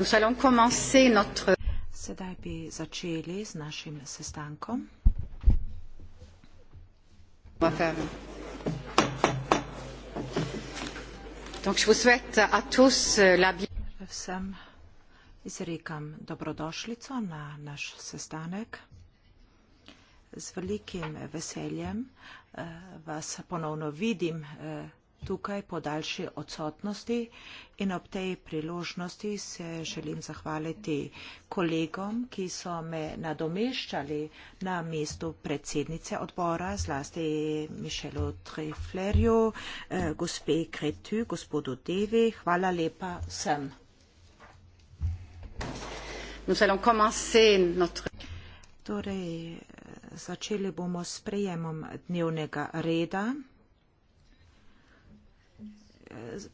Nous allons commencer notre... Sedaj bi začeli z našim sestankom. Donc, je vous à tous euh, la... Vsem izrekam dobrodošlico na naš sestanek. Z velikim veseljem eh, vas ponovno vidim. Eh, tukaj po daljši odsotnosti in ob tej priložnosti se želim zahvaliti kolegom, ki so me nadomeščali na mestu predsednice odbora, zlasti Mišelu Treflerju, eh, gospe Kretu, gospodu Devi. Hvala lepa vsem. Torej, eh, začeli bomo s prejemom dnevnega reda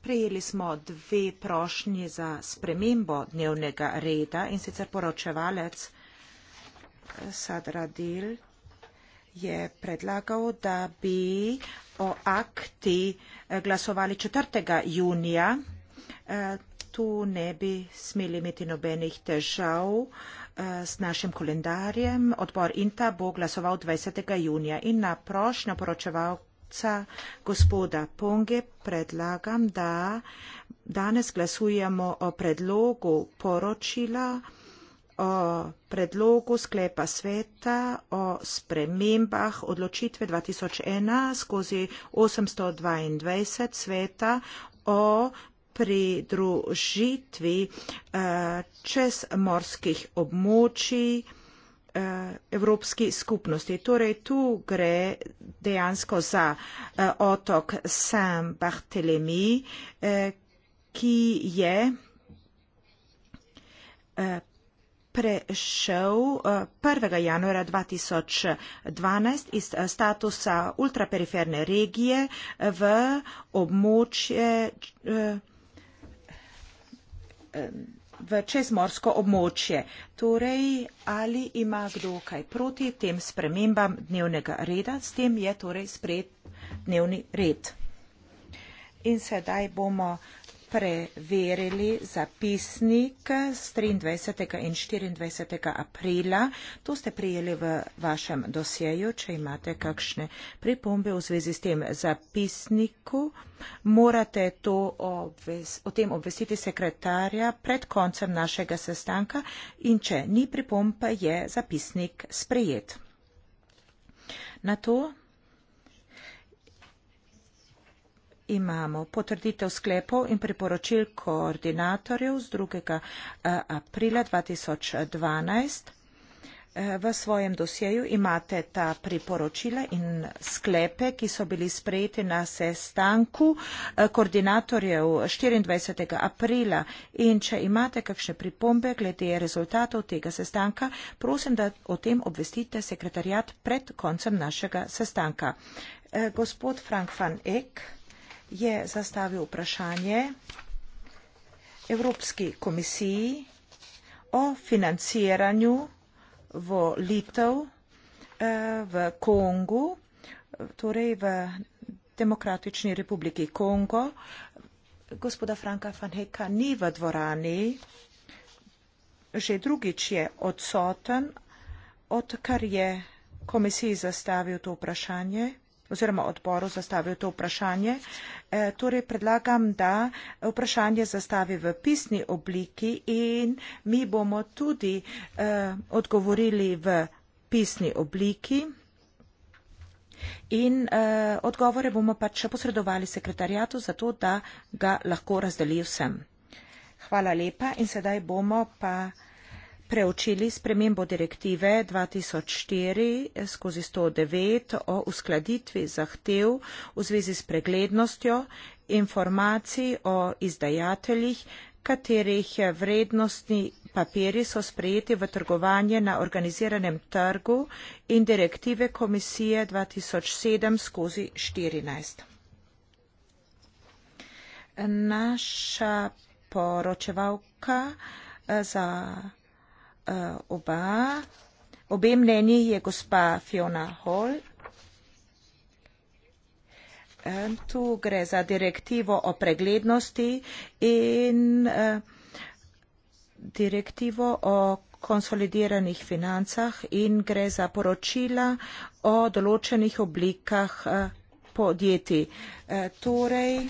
prejeli smo dve prošnji za spremembo dnevnega reda in sicer poročevalec eh, Sadradil je predlagal, da bi o akti eh, glasovali 4. junija. Eh, tu ne bi smeli imeti nobenih težav s našim kolendarjem. Odbor INTA bo glasoval 20. junija in na prošnjo poročeval poslanca gospoda Ponge predlagam, da danes glasujemo o predlogu poročila o predlogu sklepa sveta o spremembah odločitve 2001 skozi 822 sveta o pridružitvi eh, čezmorskih območij Eh, evropski skupnosti. Torej, tu gre dejansko za eh, otok Saint-Barthélemy, eh, ki je prešel 1. januara 2012 iz statusa ultraperiferne regije v območje v čezmorsko območje. Torej, ali ima kdo kaj proti tem spremembam dnevnega reda, s tem je torej spred dnevni red. In sedaj bomo preverili zapisnik z 23. in 24. aprila. To ste prijeli v vašem dosjeju. Če imate kakšne pripombe v zvezi s tem zapisniku, morate to obves, o tem obvestiti sekretarja pred koncem našega sestanka in če ni pripomba, je zapisnik sprejet. Na to imamo potrditev sklepov in priporočil koordinatorjev z 2. Eh, aprila 2012. Eh, v svojem dosjeju imate ta priporočila in sklepe, ki so bili sprejeti na sestanku eh, koordinatorjev 24. aprila. In če imate kakšne pripombe glede rezultatov tega sestanka, prosim, da o tem obvestite sekretarjat pred koncem našega sestanka. Gospod Frank van Eck je zastavil vprašanje Evropski komisiji o financiranju volitev eh, v Kongu, torej v Demokratični republiki Kongo. Gospoda Franka Fanheka ni v dvorani, že drugič je odsoten, odkar je komisiji zastavil to vprašanje oziroma odboru zastavil to vprašanje. E, torej predlagam, da vprašanje zastavi v pisni obliki in mi bomo tudi e, odgovorili v pisni obliki. In e, odgovore bomo pač posredovali sekretarjatu, zato da ga lahko razdelijo vsem. Hvala lepa in sedaj bomo pa preučili spremembo direktive 2004/109 o uskladitvi zahtev v zvezi s preglednostjo informacij o izdajateljih, katerih vrednostni papiri so sprejeti v trgovanje na organiziranem trgu in direktive komisije 2007/14. Naša poročevalka eh, za uh, oba. Obe mnenji je gospa Fiona Hall. Um, tu gre za direktivo o preglednosti in uh, direktivo o konsolidiranih financah in gre za poročila o določenih oblikah uh, podjetij. Uh, torej,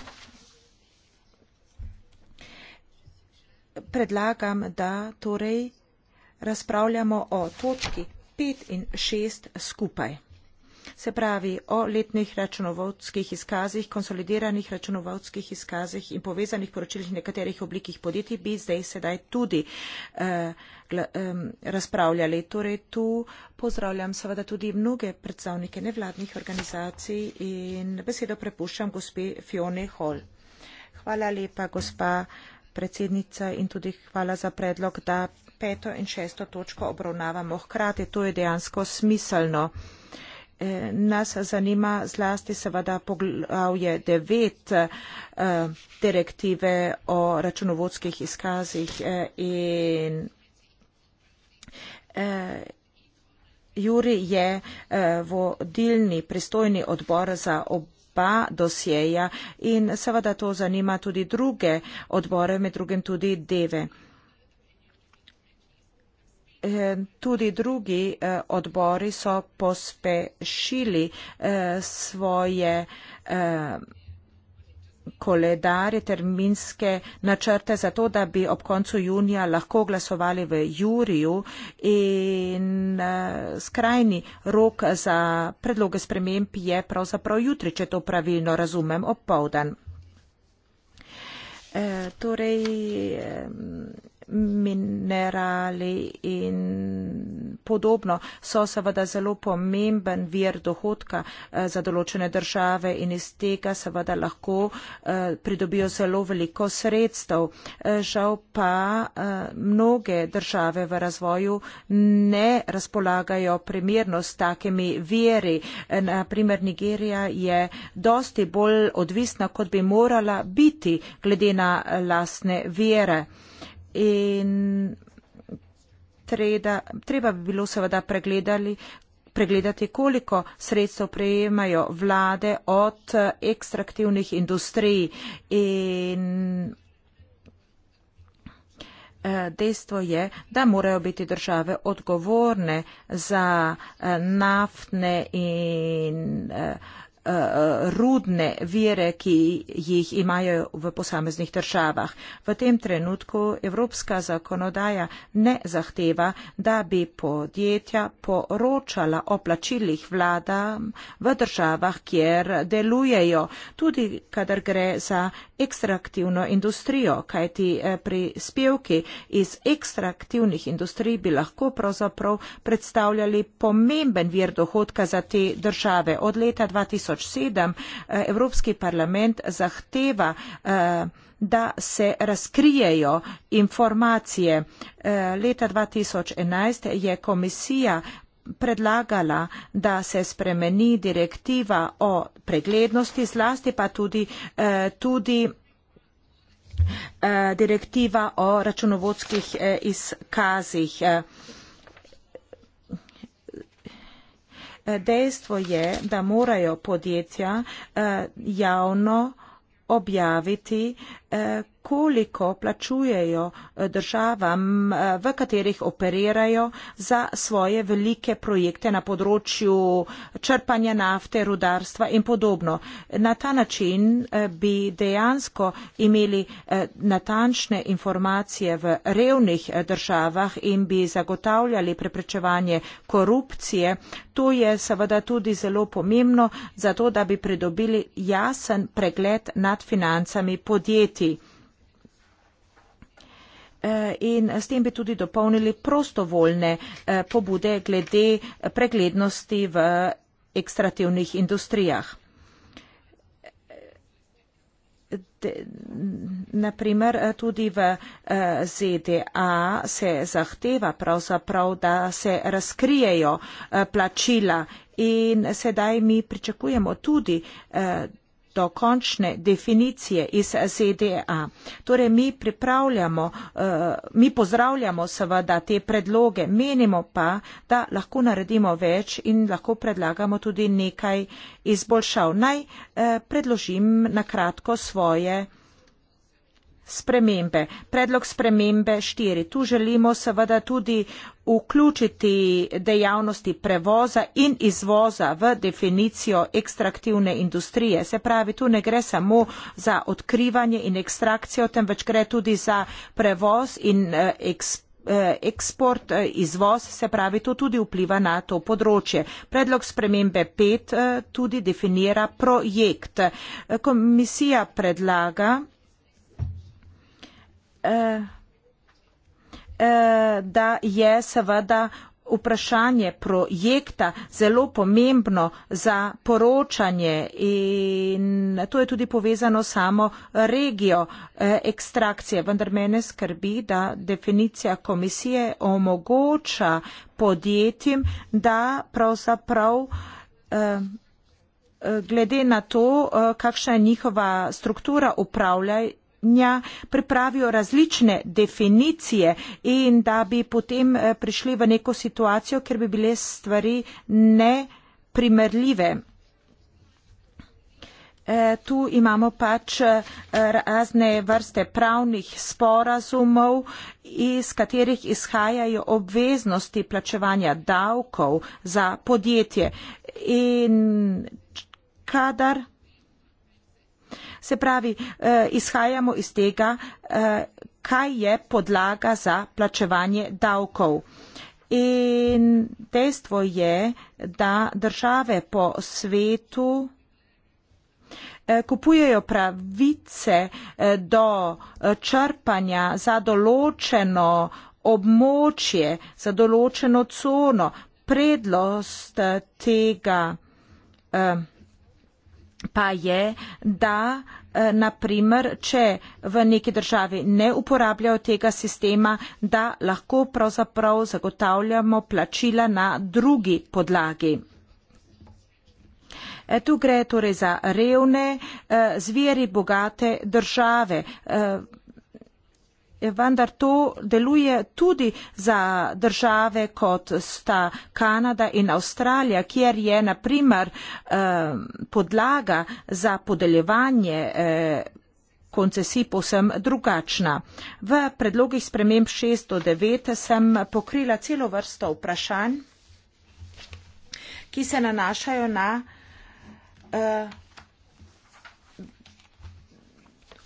predlagam, da torej, razpravljamo o točki 5 in 6 skupaj. Se pravi o letnih računovodskih izkazih, konsolideranih računovodskih izkazih in povezanih poročilih nekaterih oblikih podjetij bi zdaj sedaj tudi eh, razpravljali. Torej tu pozdravljam seveda tudi mnoge predstavnike nevladnih organizacij in besedo prepuščam gospe Fione Hall. Hvala lepa, gospa predsednica in tudi hvala za predlog, da peto in šesto točko obravnavamo hkrati. To je dejansko smiselno. E, nas zanima zlasti seveda poglavje 9 e, direktive o računovodskih izkazih e, in Juri je vodilni pristojni odbor za obvodnje dva dosjeja in seveda to zanima tudi druge odbore, med drugim tudi deve. Eh, tudi drugi eh, odbori so pospešili eh, svoje koledare, terminske načrte za to, da bi ob koncu junija lahko glasovali v juriju in eh, skrajni rok za predloge sprememb je pravzaprav jutri, če to pravilno razumem, opovdan. E, eh, torej, e, minerali in podobno so seveda zelo pomemben vir dohodka eh, za določene države in iz tega seveda lahko eh, pridobijo zelo veliko sredstev. Eh, žal pa mnoge države v razvoju ne razpolagajo primerno s takimi viri. Naprimer Nigerija je dosti bolj odvisna, kot bi morala biti glede na lasne vire in treda, treba bi bilo seveda pregledali pregledati, koliko sredstev prejemajo vlade od ekstraktivnih industrij. In eh, dejstvo je, da morajo biti države odgovorne za eh, naftne in eh, rudne vire, ki jih imajo v posameznih državah. V tem trenutku evropska zakonodaja ne zahteva, da bi podjetja poročala o plačilih vladam v državah, kjer delujejo, tudi kadar gre za ekstraktivno industrijo, kajti eh, prispevki iz ekstraktivnih industrij bi lahko pravzaprav predstavljali pomemben vir dohodka za te države. Od leta 2000 2007 eh, Evropski parlament zahteva, eh, da se razkrijejo informacije. Eh, leta 2011 je komisija predlagala, da se spremeni direktiva o preglednosti, zlasti pa tudi, tudi direktiva o računovodskih izkazih. dejstvo je, da morajo podjetja eh, javno objaviti Eh, koliko plačujejo eh, državam, eh, v katerih operirajo za svoje velike projekte na področju črpanja nafte, rudarstva in podobno. Na ta način bi dejansko imeli natančne informacije v revnih državah in bi zagotavljali preprečevanje korupcije. To je seveda tudi zelo pomembno, zato da bi pridobili jasen pregled nad financami podjetij biti. E, in s tem bi tudi dopolnili prostovoljne e, pobude glede preglednosti v ekstrativnih industrijah. De, naprimer, e, tudi v ZDA se zahteva pravzaprav, da se razkrijejo plačila in sedaj mi pričakujemo tudi do končne definicije iz ZDA. Torej, mi pripravljamo, eh, mi pozdravljamo seveda te predloge, menimo pa, da lahko naredimo več in lahko predlagamo tudi nekaj izboljšav. Naj eh, predložim na kratko svoje spremembe. Predlog spremembe štiri. Tu želimo seveda tudi vključiti dejavnosti prevoza in izvoza v definicijo ekstraktivne industrije. Se pravi, tu ne gre samo za odkrivanje in ekstrakcijo, temveč gre tudi za prevoz in eh, eh, eksport eksport, eh, izvoz, se pravi, to tudi vpliva na to področje. Predlog spremembe 5 tudi definira projekt. Komisija predlaga, Eh, eh, da je seveda vprašanje projekta zelo pomembno za poročanje in to je tudi povezano samo regijo eh, ekstrakcije, vendar mene skrbi, da definicija komisije omogoča podjetjem, da pravzaprav glede na to, kakšna je njihova struktura upravljaj, mnenja, pripravijo različne definicije in da bi potem eh, prišli v neko situacijo, ker bi bile stvari neprimerljive. Eh, tu imamo pač eh, razne vrste pravnih sporazumov, iz katerih izhajajo obveznosti plačevanja davkov za podjetje. In kadar Se pravi, eh, izhajamo iz tega, eh, kaj je podlaga za plačevanje davkov. In dejstvo je, da države po svetu eh, kupujejo pravice do črpanja za določeno območje, za določeno cono. Predlost tega pa je, da eh, naprimer, če v neki državi ne uporabljajo tega sistema, da lahko pravzaprav zagotavljamo plačila na drugi podlagi. E, tu gre torej za revne, eh, zveri bogate države. E, Eh, vendar to deluje tudi za države kot sta Kanada in Avstralija, kjer je na primer eh, podlaga za podeljevanje eh, koncesij posem drugačna. V predlogih sprememb 6 do 9 sem pokrila celo vrsto vprašanj, ki se nanašajo na uh,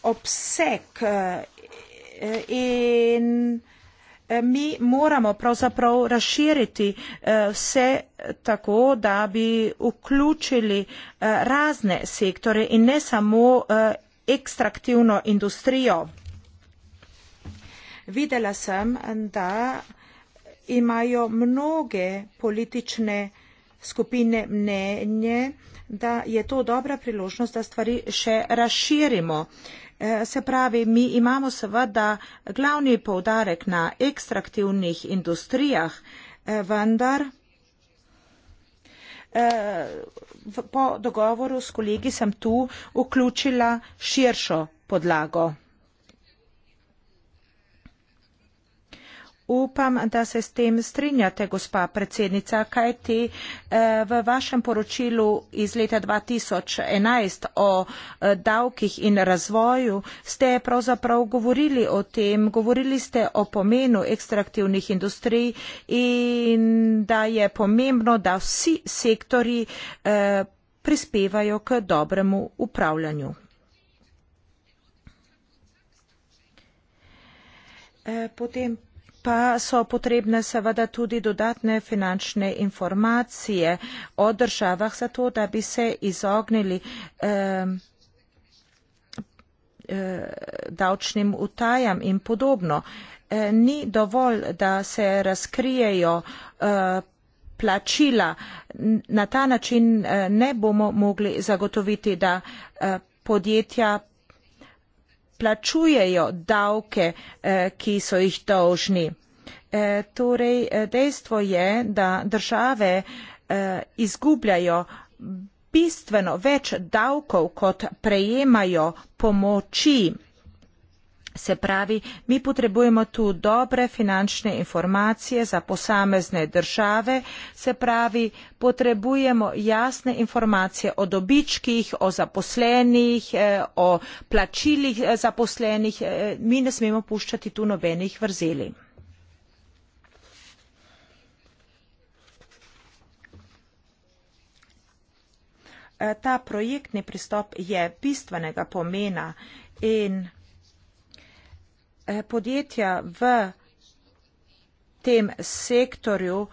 obseg uh, in eh, mi moramo pravzaprav razširiti eh, vse tako, da bi vključili eh, razne sektore in ne samo ekstraktivno industrijo. Videla sem, da imajo mnoge politične skupine mnenje, da je to dobra priložnost, da stvari še razširimo. Se pravi, mi imamo seveda glavni povdarek na ekstraktivnih industrijah, eh, vendar eh, po dogovoru s kolegi sem tu vključila širšo podlago. upam, da se s tem strinjate, gospa predsednica, kajti eh, v vašem poročilu iz leta 2011 o eh, davkih in razvoju ste pravzaprav govorili o tem, govorili ste o pomenu ekstraktivnih industrij in da je pomembno, da vsi sektori eh, prispevajo k dobremu upravljanju. Potem pa so potrebne seveda tudi dodatne finančne informacije o državah za to, da bi se izognili eh, davčnim utajam in podobno. Eh, ni dovolj, da se razkrijejo eh, plačila. Na ta način ne bomo mogli zagotoviti, da podjetja plačujejo davke, eh, ki so jih dolžni. Eh, torej, eh, dejstvo je, da države izgubljajo bistveno več davkov, kot prejemajo pomoči. Se pravi, mi potrebujemo tu dobre finančne informacije za posamezne države, se pravi, potrebujemo jasne informacije o dobičkih, o zaposlenih, eh, o plačilih eh, zaposlenih. Eh, mi ne smemo puščati tu nobenih vrzeli. Ta projektni pristop je bistvenega pomena in Eh, podjetja v tem sektorju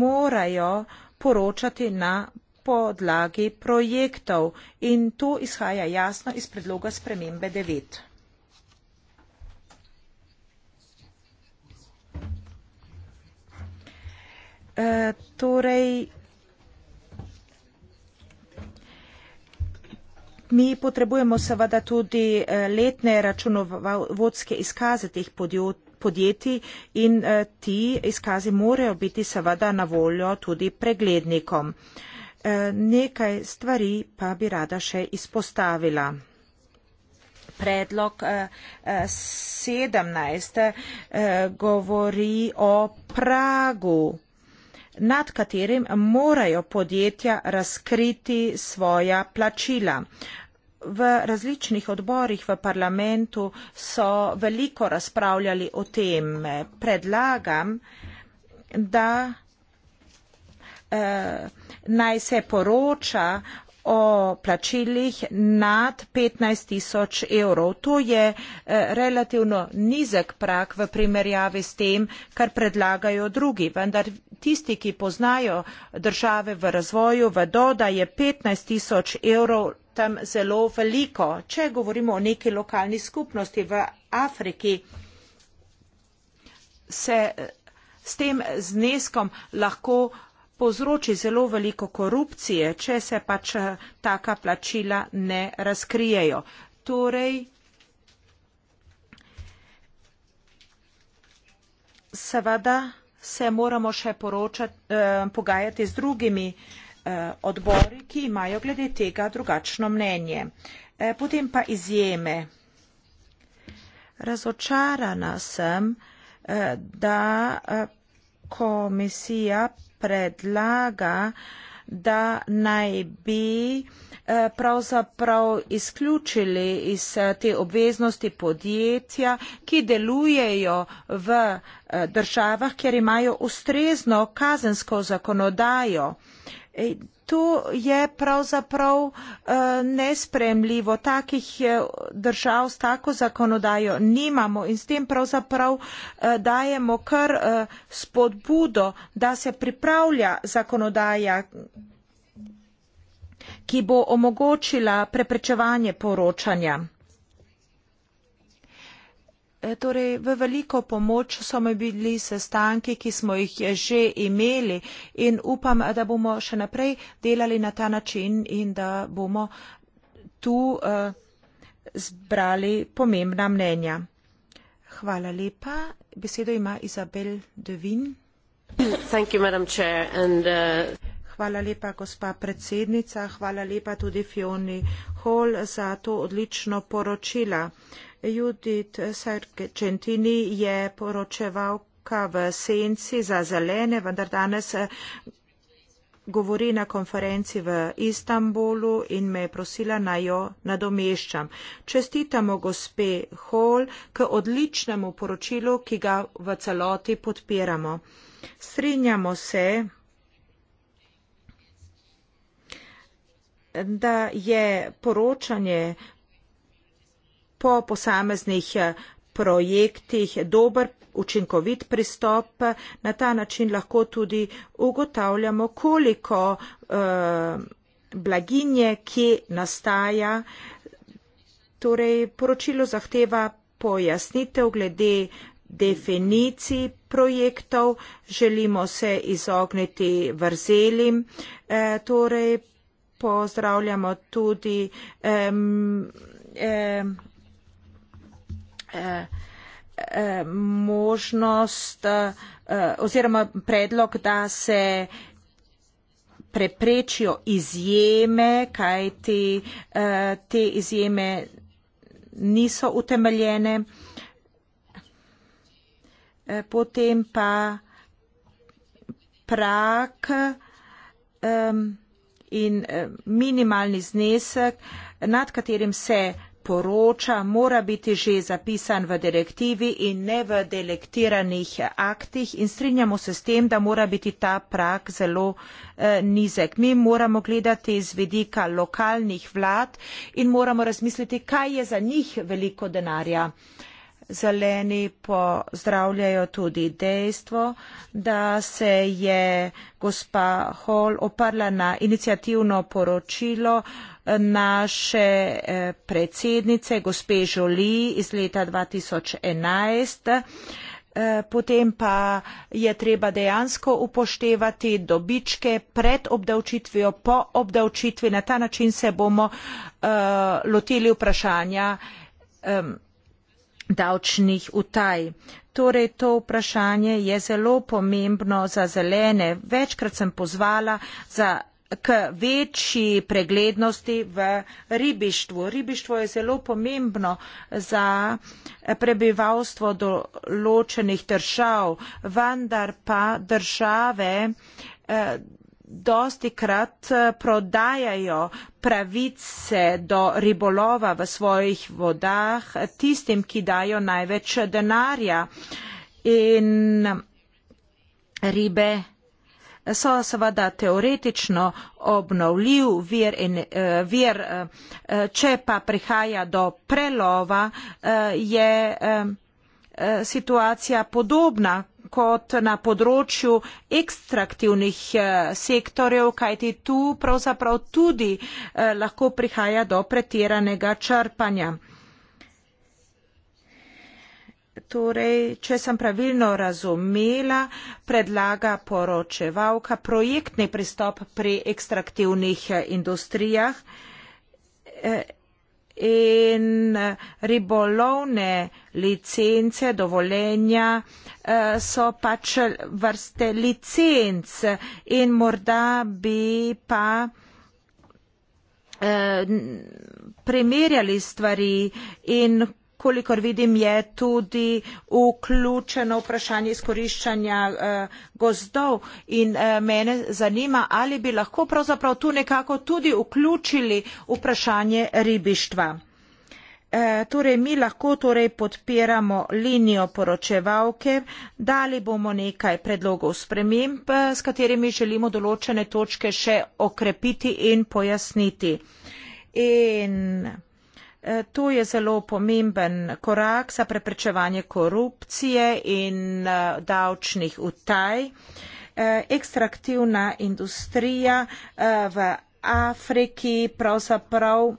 morajo poročati na podlagi projektov in to izhaja jasno iz predloga spremembe devet. Eh, torej, Mi potrebujemo seveda tudi eh, letne računovodske izkaze teh podjetij in eh, ti izkazi morajo biti seveda na voljo tudi preglednikom. Eh, nekaj stvari pa bi rada še izpostavila. Predlog 17 govori o pragu nad katerim morajo podjetja razkriti svoja plačila. V različnih odborih v parlamentu so veliko razpravljali o tem. Predlagam, da eh, naj se poroča o plačilih nad 15 tisoč evrov. To je eh, relativno nizek prak v primerjavi s tem, kar predlagajo drugi. Vendar tisti, ki poznajo države v razvoju, vedo, da je 15 tisoč evrov tam zelo veliko. Če govorimo o neki lokalni skupnosti v Afriki, se eh, s tem zneskom lahko povzroči zelo veliko korupcije, če se pač eh, taka plačila ne razkrijejo. Torej, seveda se moramo še poročati, eh, pogajati z drugimi eh, odbori, ki imajo glede tega drugačno mnenje. Potem pa izjeme. Razočarana sem, da komisija predlaga, da naj bi eh, pravzaprav izključili iz eh, te obveznosti podjetja, ki delujejo v eh, državah, kjer imajo ustrezno kazensko zakonodajo. Ej, to je pravzaprav e, nespremljivo. Takih eh, držav s tako zakonodajo nimamo in s tem pravzaprav e, dajemo kar e, spodbudo, da se pripravlja zakonodaja, ki bo omogočila preprečevanje poročanja. Eh, torej, v veliko pomoč so mi bili sestanki, ki smo jih že imeli in upam, da bomo še naprej delali na ta način in da bomo tu uh, zbrali pomembna mnenja. Hvala lepa. Besedo ima Izabel Devin. Thank you, Chair, and, uh... Hvala lepa, gospa predsednica. Hvala lepa tudi Fioni Hall za to odlično poročilo. Judith Sargentini je poročevalka v senci za zelene, vendar danes eh, govori na konferenci v Istanbulu in me je prosila naj jo nadomeščam. Čestitamo gospe Hall k odličnemu poročilu, ki ga v celoti podpiramo. Strinjamo se, da je poročanje po posameznih eh, projektih dober, učinkovit pristop. Na ta način lahko tudi ugotavljamo, koliko eh, blaginje, ki nastaja. Torej, poročilo zahteva pojasnitev glede definicij projektov, želimo se izogniti vrzelim, e, torej pozdravljamo tudi e, e, možnost eh, oziroma predlog, da se preprečijo izjeme, kaj te, eh, te izjeme niso utemeljene. Eh, potem pa prak in minimalni znesek, nad katerim se poroča, mora biti že zapisan v direktivi in ne v delektiranih aktih in strinjamo se s tem, da mora biti ta prak zelo eh, nizek. Mi moramo gledati z vidika lokalnih vlad in moramo razmisliti, kaj je za njih veliko denarja. Eh, Zeleni pozdravljajo tudi dejstvo, da se je gospa Hall oprla na inicijativno poročilo naše eh, predsednice, gospe Žoli iz leta 2011. Eh, potem pa je treba dejansko upoštevati dobičke pred obdavčitvijo, po obdavčitvi. Na ta način se bomo uh, lotili vprašanja um, davčnih utaj. Torej, to vprašanje je zelo pomembno za zelene. Večkrat sem pozvala za k večji preglednosti v ribištvu. Ribištvo je zelo pomembno za prebivalstvo določenih držav, vendar pa države eh, dosti krat eh, prodajajo pravice do ribolova v svojih vodah tistim, ki dajo največ denarja in ribe so seveda teoretično obnovljiv vir, in, eh, vir, eh, če pa prihaja do prelova, je situacija podobna kot na področju ekstraktivnih eh, sektorjev, kajti tu pravzaprav tudi eh, lahko prihaja do pretiranega črpanja. Torej, če sem pravilno razumela, predlaga poročevalka projektni pristop pri ekstraktivnih eh, industrijah in ribolovne licence, dovoljenja eh, so pač vrste licenc in morda bi pa eh, primerjali stvari in kolikor vidim, je tudi vključeno vprašanje izkoriščanja eh, gozdov in eh, mene zanima, ali bi lahko pravzaprav tu nekako tudi vključili vprašanje ribištva. Eh, torej, mi lahko torej podpiramo linijo poročevalke, dali bomo nekaj predlogov sprememb, s katerimi želimo določene točke še okrepiti in pojasniti. In To je zelo pomemben korak za preprečevanje korupcije in eh, davčnih utaj. Eh, ekstraktivna industrija eh, v Afriki pravzaprav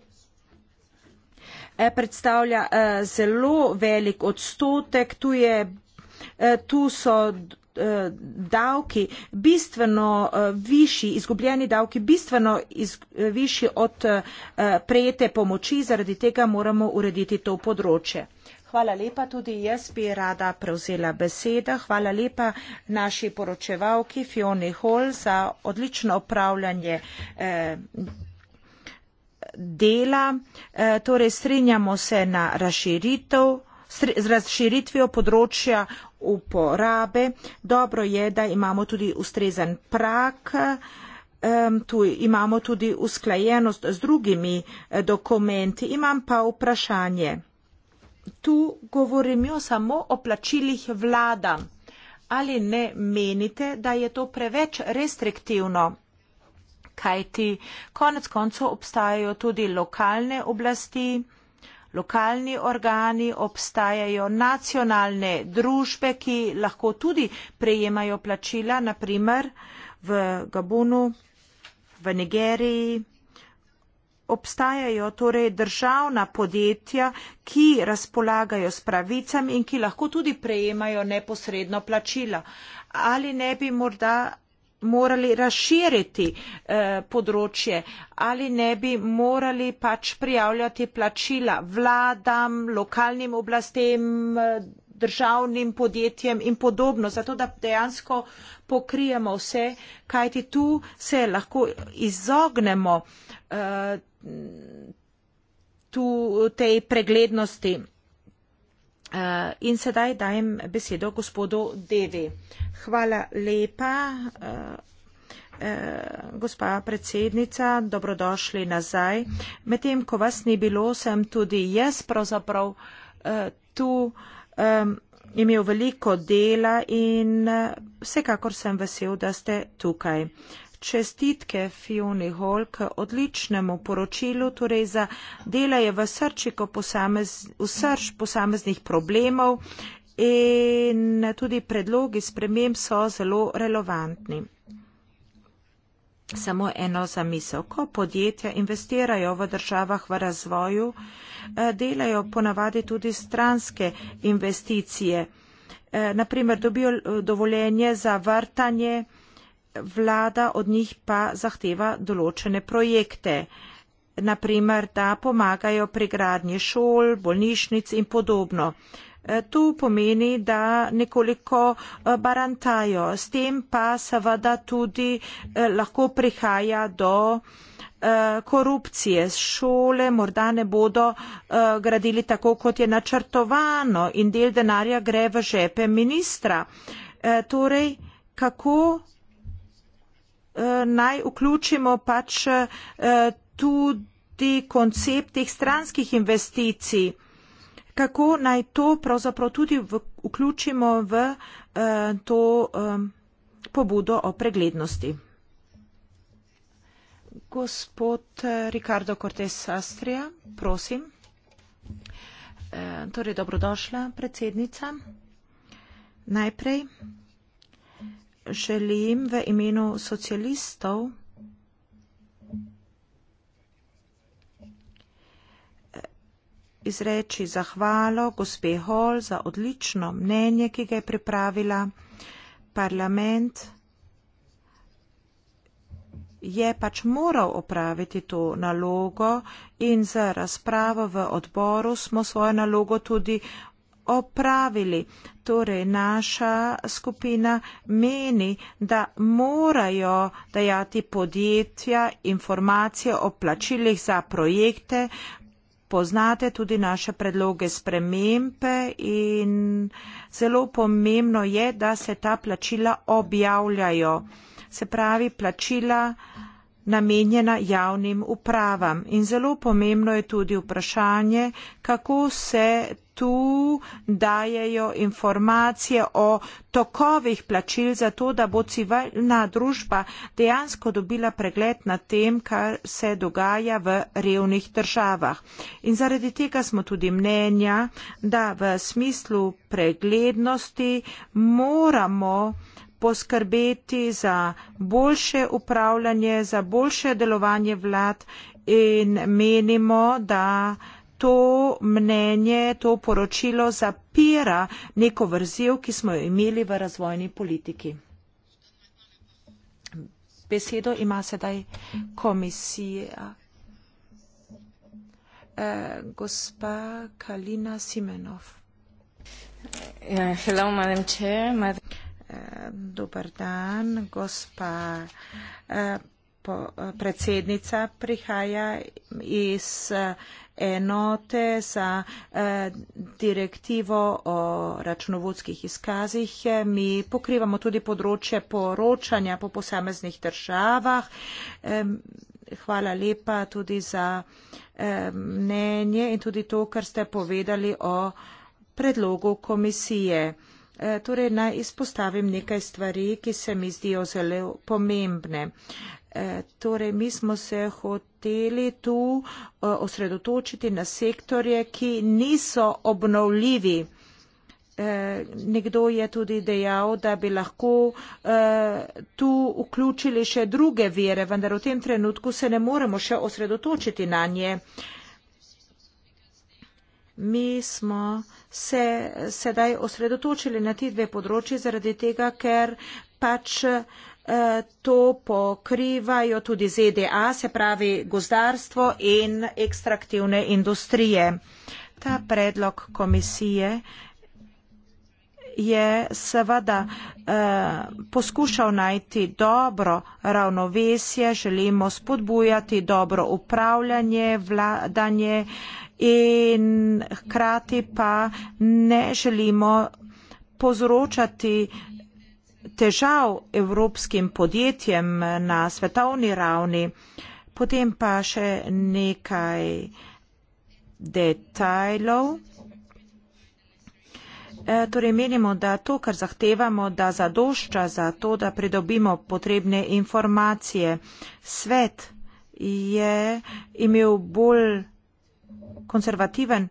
predstavlja zelo velik odstotek. Tu, je, tu so Eh, davki bistveno eh, višji, izgubljeni davki bistveno iz, eh, višji od prejete pomoči, zaradi tega moramo urediti to področje. Hvala lepa, tudi jaz bi rada prevzela besedo. Hvala lepa naši poročevalki Fioni Hall za odlično upravljanje eh, dela. Eh, torej, strinjamo se na razširitev z razširitvijo področja uporabe. Dobro je, da imamo tudi ustrezen prak, tu imamo tudi usklajenost z drugimi eh, dokumenti. Imam pa vprašanje. Tu govorim jo samo o plačilih vlada. Ali ne menite, da je to preveč restriktivno? Kajti konec koncev obstajajo tudi lokalne oblasti lokalni organi, obstajajo nacionalne družbe, ki lahko tudi prejemajo plačila, naprimer v Gabonu, v Nigeriji. Obstajajo torej državna podjetja, ki razpolagajo s pravicami in ki lahko tudi prejemajo neposredno plačila. Ali ne bi morda morali razširiti eh, področje ali ne bi morali pač prijavljati plačila vladam, lokalnim oblastem, eh, državnim podjetjem in podobno, zato da dejansko pokrijemo vse, kajti tu se lahko izognemo eh, tu, tej preglednosti. Eh, in sedaj dajem besedo gospodu Devi. Hvala lepa, eh, eh, gospa predsednica, dobrodošli nazaj. Medtem, ko vas ni bilo, sem tudi jaz pravzaprav tu imel veliko dela in vsekakor sem vesel, da ste tukaj čestitke Fioni Holk odličnemu poročilu, torej za dela je v srčiko posamez, v srč posameznih problemov in tudi predlogi spremem so zelo relevantni. Samo eno zamisel. Ko podjetja investirajo v državah v razvoju, eh, delajo ponavadi tudi stranske investicije. Eh, Naprimer, dobijo eh, dovoljenje za vrtanje, vlada od njih pa zahteva določene projekte. Naprimer, da pomagajo pri gradnje šol, bolnišnic in podobno. E, tu pomeni, da nekoliko e, barantajo. S tem pa seveda tudi e, lahko prihaja do korupcije. Šole morda ne bodo gradili tako, kot je načrtovano in del denarja gre v žepe ministra. Torej, kako Eh, naj vključimo pač eh, tudi koncept teh stranskih investicij. Kako naj to pravzaprav tudi v, vključimo v eh, to pobudo o preglednosti? Gospod Ricardo Cortez Astria, prosim. Torej, dobrodošla, predsednica. Najprej želim v imenu socialistov eh, izreči zahvalo gospe Hall za odlično mnenje, ki ga je pripravila parlament. Je pač moral opraviti to nalogo in za razpravo v odboru smo svojo nalogo tudi opravili. Torej, naša skupina meni, da morajo dajati podjetja informacije o plačilih za projekte. Poznate tudi naše predloge spremembe in zelo pomembno je, da se ta plačila objavljajo. Se pravi, plačila namenjena javnim upravam. In zelo pomembno je tudi vprašanje, kako se tu dajejo informacije o tokovih plačil za to, da bo civilna družba dejansko dobila pregled na tem, kar se dogaja v revnih državah. In zaradi tega smo tudi mnenja, da v smislu preglednosti moramo poskrbeti za boljše upravljanje, za boljše delovanje vlad in menimo, da to mnenje, to poročilo zapira neko vrzel, ki smo jo imeli v razvojni politiki. Besedo ima sedaj komisija. Eh, gospa Kalina Simenov. Ja, hello, madam chair. Madam dober dan, gospa eh, po, predsednica prihaja iz eh, enote za eh, direktivo o računovodskih izkazih. Mi pokrivamo tudi področje poročanja po posameznih državah. Hvala lepa tudi za mnenje in tudi to, kar ste povedali o predlogu komisije. Eh, torej naj izpostavim nekaj stvari, ki se mi zdijo zelo pomembne. Eh, torej, mi smo se hoteli tu eh, osredotočiti na sektorje, ki niso obnovljivi. Nekdo je tudi dejal, da bi lahko tu vključili še druge vire, vendar v tem trenutku se ne moremo še osredotočiti na nje. Mi smo se sedaj osredotočili na ti dve področji zaradi tega, ker pač eh, to pokrivajo tudi ZDA, se pravi gozdarstvo in ekstraktivne industrije. Ta predlog komisije je seveda eh, poskušal najti dobro ravnovesje, želimo spodbujati dobro upravljanje, vladanje. Eh, in hkrati pa ne želimo povzročati težav evropskim podjetjem na svetovni ravni. Potem pa še nekaj detajlov. E, torej menimo, da to, kar zahtevamo, da zadošča za to, da pridobimo potrebne informacije. Svet je imel bolj konservativen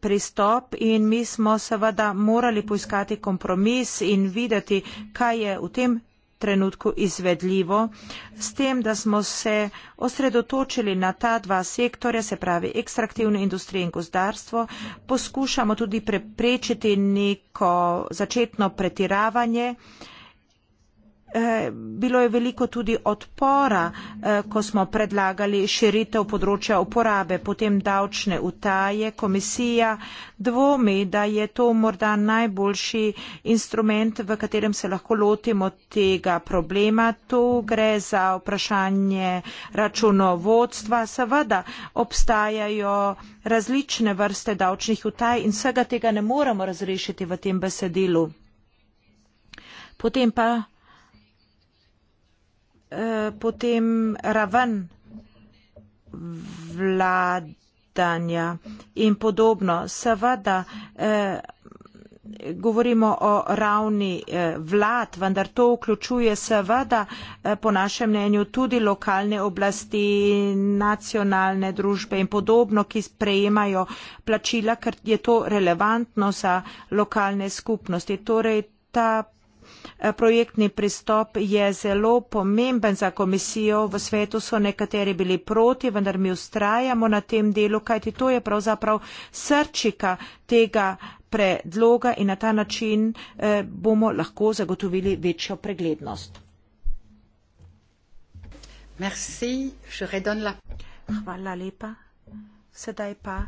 pristop in mi smo seveda morali poiskati kompromis in videti, kaj je v tem trenutku izvedljivo, s tem, da smo se osredotočili na ta dva sektorja, se pravi ekstraktivno industrijo in gozdarstvo, poskušamo tudi preprečiti neko začetno pretiravanje, uh, bilo je veliko tudi odpora, eh, ko smo predlagali širitev področja uporabe, potem davčne utaje. Komisija dvomi, da je to morda najboljši instrument, v katerem se lahko lotimo tega problema. Tu gre za vprašanje računovodstva. Seveda obstajajo različne vrste davčnih utaj in vsega tega ne moremo razrešiti v tem besedilu. Potem pa Eh, potem raven vladanja in podobno. Seveda eh, govorimo o ravni eh, vlad, vendar to vključuje seveda po našem mnenju tudi lokalne oblasti, nacionalne družbe in podobno, ki sprejemajo plačila, ker je to relevantno za lokalne skupnosti. Torej, ta projektni pristop je zelo pomemben za komisijo. V svetu so nekateri bili proti, vendar mi ustrajamo na tem delu, kajti to je pravzaprav srčika tega predloga in na ta način eh, bomo lahko zagotovili večjo preglednost. Merci, la... Hvala lepa. Sedaj pa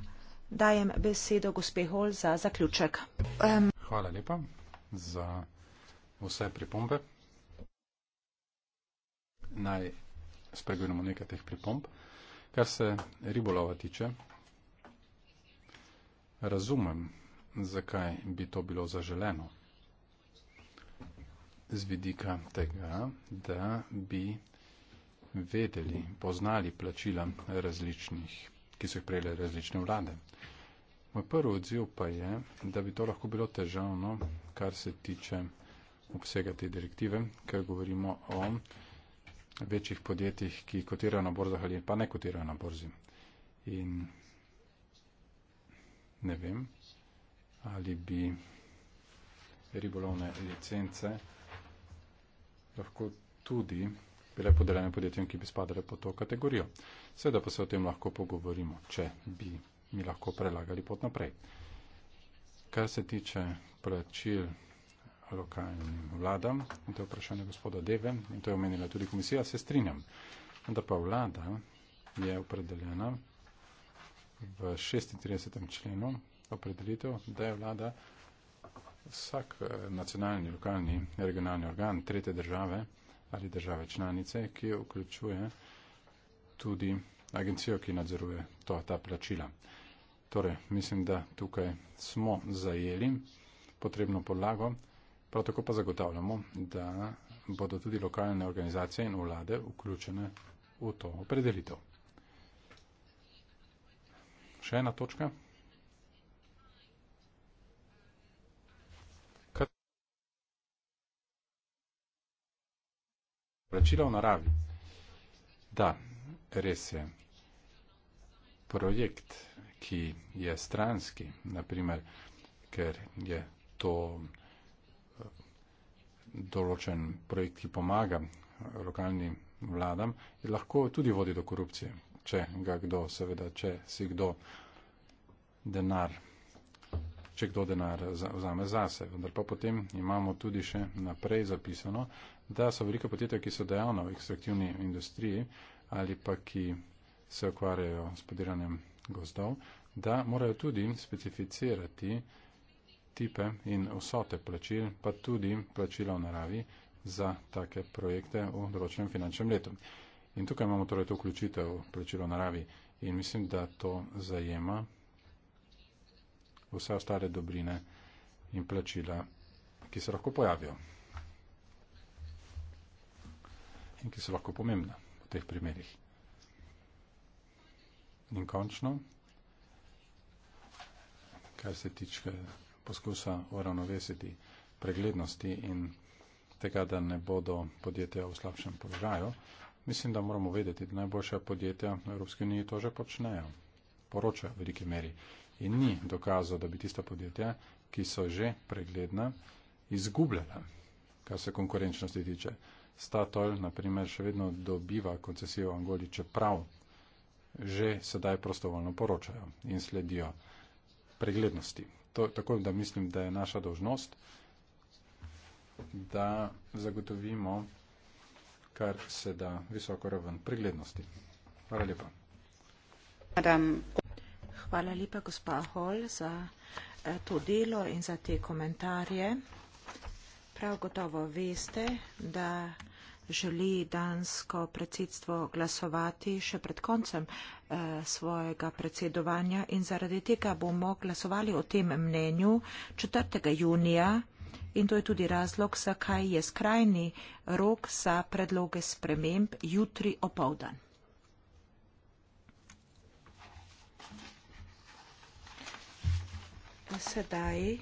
dajem besedo gospe Hol za zaključek. Um... Hvala lepa za vse pripombe. Naj spregovorimo nekaj teh pripomb. Kar se ribolova tiče, razumem, zakaj bi to bilo zaželeno z vidika tega, da bi vedeli, poznali plačila različnih, ki so jih prejeli različne vlade. Moj prvi odziv pa je, da bi to lahko bilo težavno, kar se tiče obsega te direktive, ker govorimo o večjih podjetjih, ki kotirajo na borzah ali pa ne kotirajo na borzi. In ne vem, ali bi ribolovne licence lahko tudi bile podeljene podjetjem, ki bi spadale pod to kategorijo. Seveda pa se o tem lahko pogovorimo, če bi mi lahko prelagali pot naprej. Kar se tiče plačil lokalnim vladam in to je vprašanje gospoda Deve in to je omenila tudi komisija, se strinjam. Vendar pa vlada je opredeljena v 36. členu opredelitev, da je vlada vsak eh, nacionalni, lokalni, regionalni organ trete države ali države članice, ki vključuje tudi agencijo, ki nadzoruje to, ta plačila. Torej, mislim, da tukaj smo zajeli potrebno podlago, Prav tako pa zagotavljamo, da bodo tudi lokalne organizacije in vlade vključene v to opredelitev. Še ena točka. Vračila v naravi. Da, res je. Projekt, ki je stranski, naprimer, ker je to vsega, določen projekt, ki pomaga lokalnim vladam, lahko tudi vodi do korupcije, če ga kdo, seveda, če si kdo denar, če kdo denar vzame zase. Vendar pa potem imamo tudi še naprej zapisano, da so velika podjetja, ki so dejavna v ekstraktivni industriji ali pa ki se ukvarjajo s podiranjem gozdov, da morajo tudi specificirati, tipe in vsote plačil, pa tudi plačila v naravi za take projekte v določenem finančnem letu. In tukaj imamo torej to vključitev plačilo v naravi in mislim, da to zajema vse ostale dobrine in plačila, ki se lahko pojavijo in ki so lahko pomembna v teh primerjih. In končno, kar se tiče poskusa uravnovesiti preglednosti in tega, da ne bodo podjetja v slabšem položaju. Mislim, da moramo vedeti, da najboljša podjetja v Evropski uniji to že počnejo, poročajo v veliki meri. In ni dokazov, da bi tista podjetja, ki so že pregledna, izgubljala, kar se konkurenčnosti tiče. Statoil, na primer, še vedno dobiva koncesijo v Angoli, čeprav že sedaj prostovoljno poročajo in sledijo preglednosti to, tako da mislim, da je naša dožnost, da zagotovimo kar se da visoko raven preglednosti. Hvala lepa. Adam. Hvala lepa, gospa Hol, za eh, to delo in za te komentarje. Prav gotovo veste, da želi dansko predsedstvo glasovati še pred koncem eh, svojega predsedovanja in zaradi tega bomo glasovali o tem mnenju 4. junija in to je tudi razlog, zakaj je skrajni rok za predloge sprememb jutri opovdan. Sedaj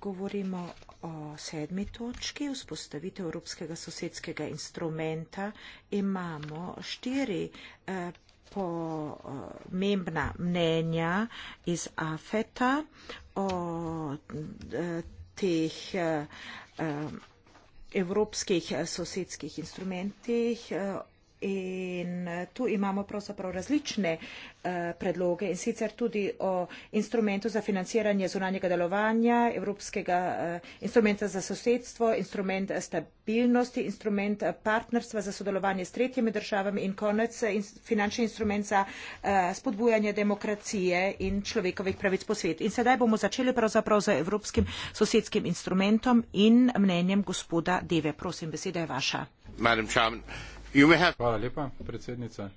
govorimo o sedmi točki, vzpostavitev Evropskega sosedskega instrumenta, imamo štiri eh, pomembna mnenja iz AFETA o eh, teh eh, evropskih sosedskih instrumentih, In eh, tu imamo pravzaprav različne uh, predloge in sicer tudi o instrumentu za financiranje zunanjega delovanja, evropskega uh, instrumenta za sosedstvo, instrument stabilnosti, instrument partnerstva za sodelovanje s tretjimi državami in konec in finančni instrument za uh, spodbujanje demokracije in človekovih pravic po svetu. In sedaj bomo začeli pravzaprav z evropskim sosedskim instrumentom in mnenjem gospoda Deve. Prosim, beseda je vaša. Madam Chairman, Hvala lepa, predsednica.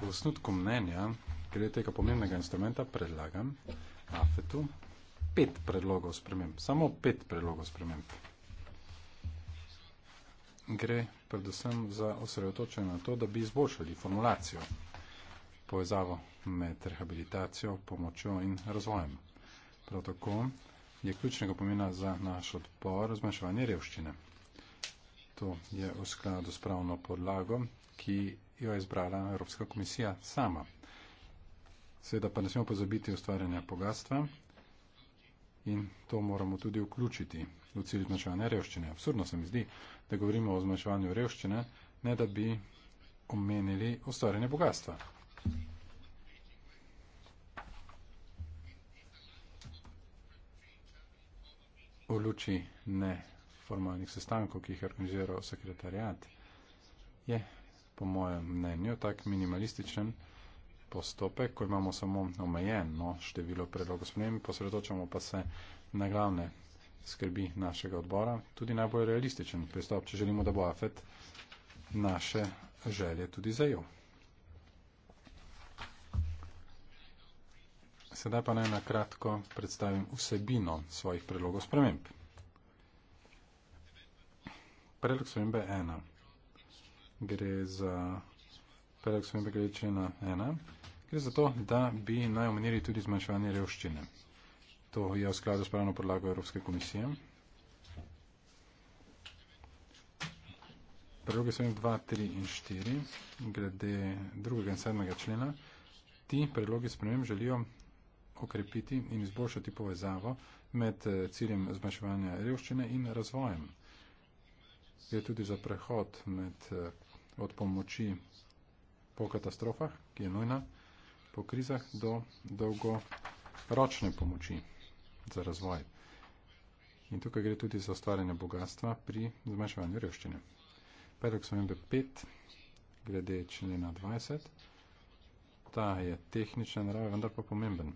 V osnutku mnenja, glede tega pomembnega instrumenta, predlagam AFET-u pet predlogov sprememb, samo pet predlogov sprememb. Gre predvsem za osredotočenje na to, da bi izboljšali formulacijo, povezavo med rehabilitacijo, pomočjo in razvojem. Prav tako je ključnega pomena za naš odpor zmanjševanje revščine to je v skladu s pravno podlago, ki jo je izbrala Evropska komisija sama. Seveda pa ne smemo pozabiti ustvarjanja bogatstva in to moramo tudi vključiti v cilj zmanjševanja revščine. Absurdno se mi zdi, da govorimo o zmanjševanju revščine, ne da bi omenili ustvarjanje bogatstva. V luči ne formalnih sestankov, ki jih organizira sekretarijat, je po mojem mnenju tak minimalističen postopek, ko imamo samo omejeno število predlogov sprememb, posredočamo pa se na glavne skrbi našega odbora, tudi najbolj realističen pristop, če želimo, da bo AFET naše želje tudi zajel. Sedaj pa naj na kratko predstavim vsebino svojih predlogov sprememb predlog svembe 1. Gre za predlog svembe glede 1. Gre za to, da bi naj omenili tudi zmanjševanje revščine. To je v skladu s pravno podlago Evropske komisije. Predloge svembe 2, 3 in 4 glede 2. in 7. člena. Ti predlogi sprememb želijo okrepiti in izboljšati povezavo med eh, ciljem zmanjševanja revščine in razvojem je tudi za prehod med, eh, od pomoči po katastrofah, ki je nujna, po krizah, do dolgoročne pomoči za razvoj. In tukaj gre tudi za ustvarjanje bogatstva pri zmanjševanju revščine. Predlog spremembe 5, glede člena 20, ta je tehnična narava, vendar pa pomemben.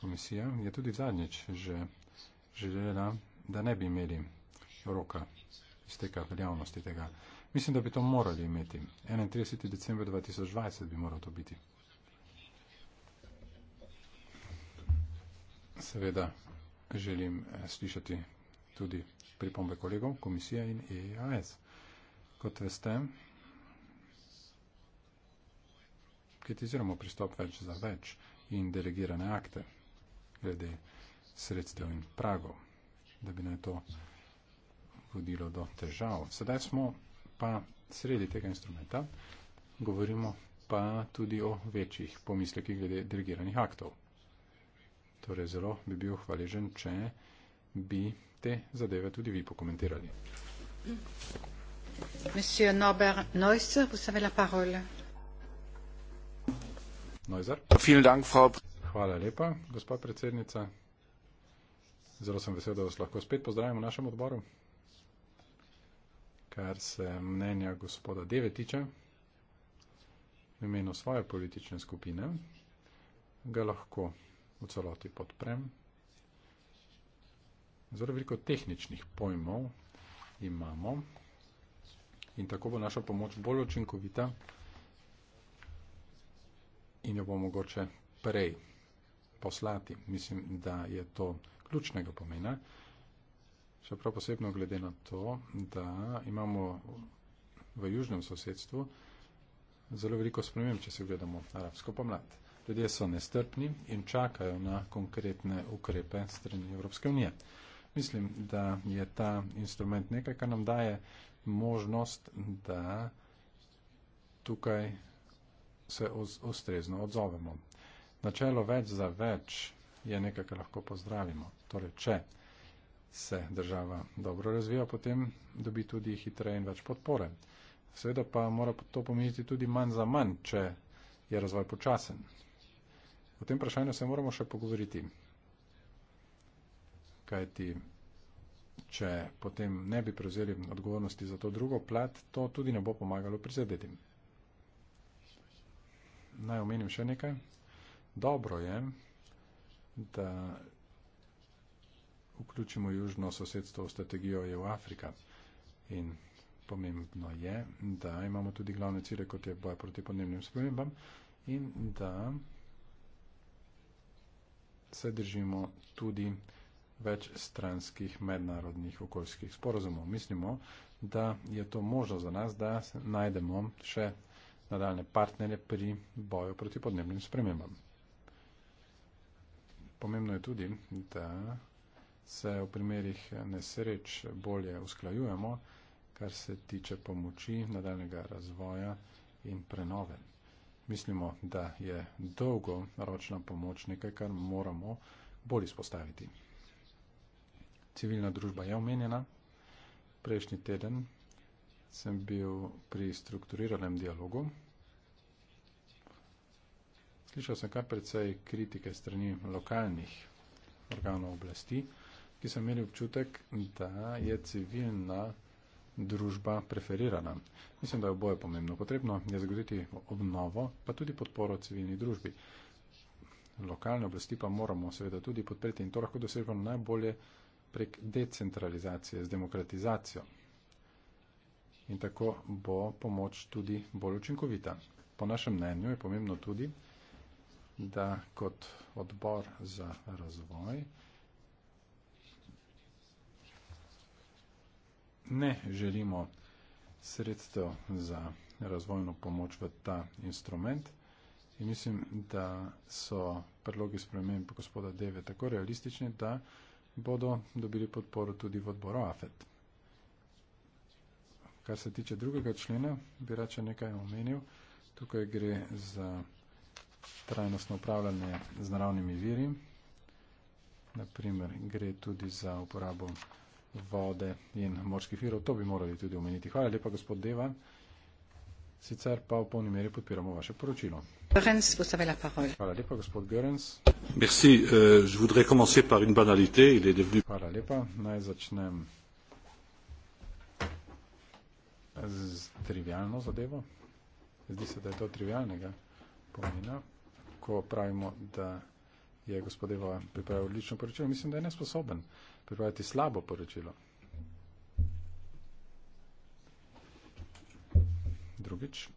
Komisija je tudi zadnjič že želela, da ne bi imeli roka izteka veljavnosti tega. Mislim, da bi to morali imeti. 31. decembra 2020 bi moral to biti. Seveda želim eh, slišati tudi pripombe kolegov, komisija in EAS. Kot veste, kritiziramo pristop več za več in delegirane akte glede sredstev in pragov, da bi naj to vodilo do težav. Sedaj smo pa sredi tega instrumenta, govorimo pa tudi o večjih pomislekih glede delegiranih aktov. Torej zelo bi bil hvaležen, če bi te zadeve tudi vi pokomentirali. Monsieur Norbert Neusser, vous avez la parole. Neuser. Vielen Dank, Frau Hvala lepa, gospa predsednica. Zelo sem vesel, da vas lahko spet pozdravim v našem odboru kar se mnenja gospoda Devetiča v imenu svoje politične skupine, ga lahko v celoti podprem. Zelo veliko tehničnih pojmov imamo in tako bo naša pomoč bolj učinkovita in jo bo mogoče prej poslati. Mislim, da je to ključnega pomena še prav posebno glede na to, da imamo v južnem sosedstvu zelo veliko sprememb, če se gledamo arabsko pomlad. Ljudje so nestrpni in čakajo na konkretne ukrepe strani Evropske unije. Mislim, da je ta instrument nekaj, kar nam daje možnost, da tukaj se ustrezno odzovemo. Načelo več za več je nekaj, kar lahko pozdravimo. Torej, če se država dobro razvija, potem dobi tudi hitreje in več podpore. Seveda pa mora to pomeniti tudi manj za manj, če je razvoj počasen. O tem vprašanju se moramo še pogovoriti. Kajti, če potem ne bi prevzeli odgovornosti za to drugo plat, to tudi ne bo pomagalo prizadeti. Naj omenim še nekaj. Dobro je, da vključimo južno sosedstvo v strategijo, je v Afrika. In pomembno je, da imamo tudi glavne cilje, kot je boj proti podnebnim spremembam in da se držimo tudi več stranskih mednarodnih okoljskih sporozumov. Mislimo, da je to možno za nas, da najdemo še nadaljne partnere pri boju proti podnebnim spremembam. Pomembno je tudi, da se v primerih nesreč bolje usklajujemo, kar se tiče pomoči, nadaljnega razvoja in prenove. Mislimo, da je dolgoročna pomoč nekaj, kar moramo bolj izpostaviti. Civilna družba je omenjena. Prejšnji teden sem bil pri strukturiranem dialogu. Slišal sem kar precej kritike strani lokalnih organov oblasti ki so imeli občutek, da je civilna družba preferirana. Mislim, da je oboje pomembno. Potrebno je zagotoviti obnovo, pa tudi podporo civilni družbi. Lokalne oblasti pa moramo seveda tudi podpreti in to lahko dosežemo najbolje prek decentralizacije, z demokratizacijo. In tako bo pomoč tudi bolj učinkovita. Po našem mnenju je pomembno tudi, da kot odbor za razvoj ne želimo sredstev za razvojno pomoč v ta instrument. In mislim, da so predlogi spremenj gospoda Deve tako realistični, da bodo dobili podporo tudi v odboru AFET. Kar se tiče drugega člena, bi rače nekaj omenil. Tukaj gre za trajnostno upravljanje z naravnimi viri. Naprimer, gre tudi za uporabo vode in morskih virov. To bi morali tudi omeniti. Hvala lepa, gospod Deva. Sicer pa v polni meri podpiramo vaše poročilo. Hvala lepa, gospod Görens. Euh, Hvala lepa, naj začnem z trivialno zadevo. Zdi se, da je to trivialnega pomena, ko pravimo, da je gospod Evo pripravil odlično poročilo. Mislim, da je nesposoben pripraviti slabo poročilo. Drugič,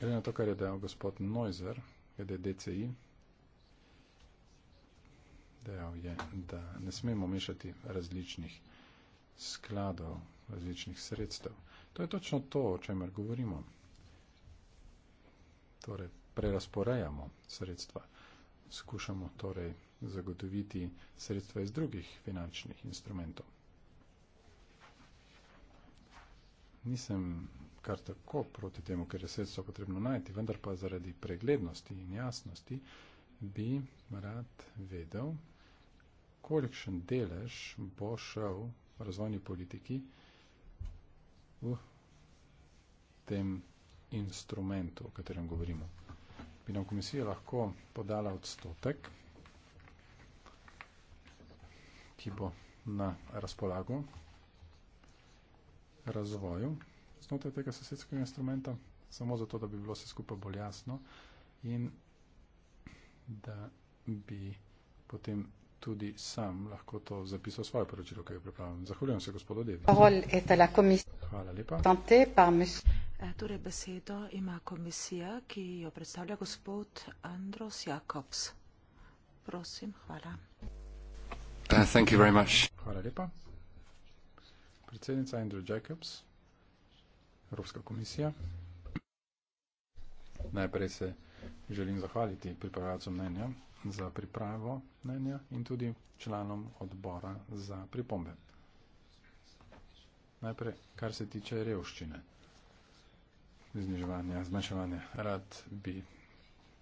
glede na to, kar je dejal gospod Neuser, glede DCI, dejal je, da ne smemo mešati različnih skladov, različnih sredstev. To je točno to, o čemer govorimo. Torej, prerasporejamo sredstva skušamo torej zagotoviti sredstva iz drugih finančnih instrumentov. Nisem kar tako proti temu, ker je sredstvo potrebno najti, vendar pa zaradi preglednosti in jasnosti bi rad vedel, kolikšen delež bo šel v razvojni politiki v tem instrumentu, o katerem govorimo bi nam komisija lahko podala odstotek, ki bo na razpolago razvoju znotraj tega sosedskega instrumenta, samo zato, da bi bilo vse skupaj bolj jasno in da bi potem tudi sam lahko to zapisal svoje poročilo, ki je pripravljeno. Zahvaljujem se gospodu Devi. Hvala lepa. Tante, pa mislim. Eh, torej besedo ima komisija, ki jo predstavlja gospod Andros Jakobs. Prosim, hvala. Uh, hvala lepa. Predsednica Andrew Jacobs, Evropska komisija. Najprej se želim zahvaliti pripravljalcu mnenja za pripravo mnenja in tudi članom odbora za pripombe. Najprej, kar se tiče revščine zniževanja, zmanjševanja. Rad bi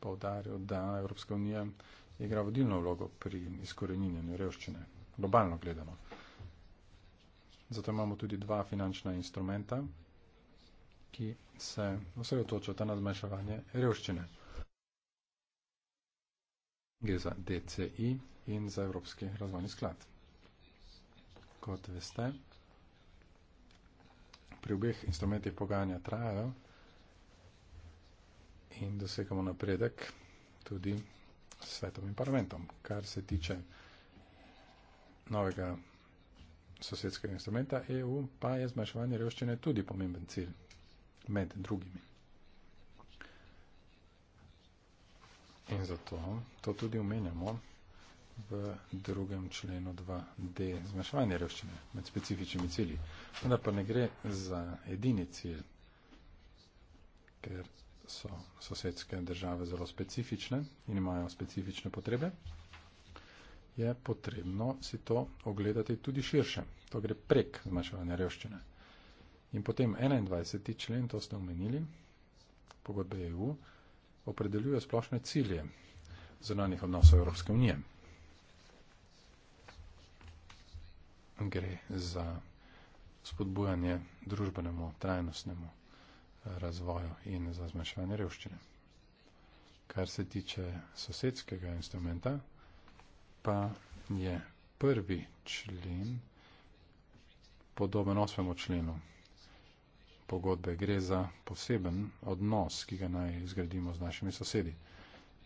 povdaril, da Evropska unija igra vodilno vlogo pri izkoreninjenju revščine, globalno gledano. Zato imamo tudi dva finančna instrumenta, ki se osredotočata na zmanjševanje revščine. Gre za DCI in za Evropski razvojni sklad. Kot veste, pri obeh instrumentih pogajanja trajajo in dosekamo napredek tudi s svetom in parlamentom, kar se tiče novega sosedskega instrumenta EU, pa je zmanjševanje revščine tudi pomemben cilj med drugimi. In zato to tudi omenjamo v drugem členu 2D zmanjševanje revščine med specifičnimi cilji. Vendar pa ne gre za edini cilj, ker so sosedske države zelo specifične in imajo specifične potrebe, je potrebno si to ogledati tudi širše. To gre prek zmanjševanja revščine. In potem 21. člen, to ste omenili, pogodbe EU, opredeljuje splošne cilje zunanih odnosov Evropske unije. Gre za spodbujanje družbenemu, trajnostnemu razvoju in za zmanjševanje revščine. Kar se tiče sosedskega instrumenta, pa je prvi člen podoben osmemu členu pogodbe. Gre za poseben odnos, ki ga naj izgradimo z našimi sosedi.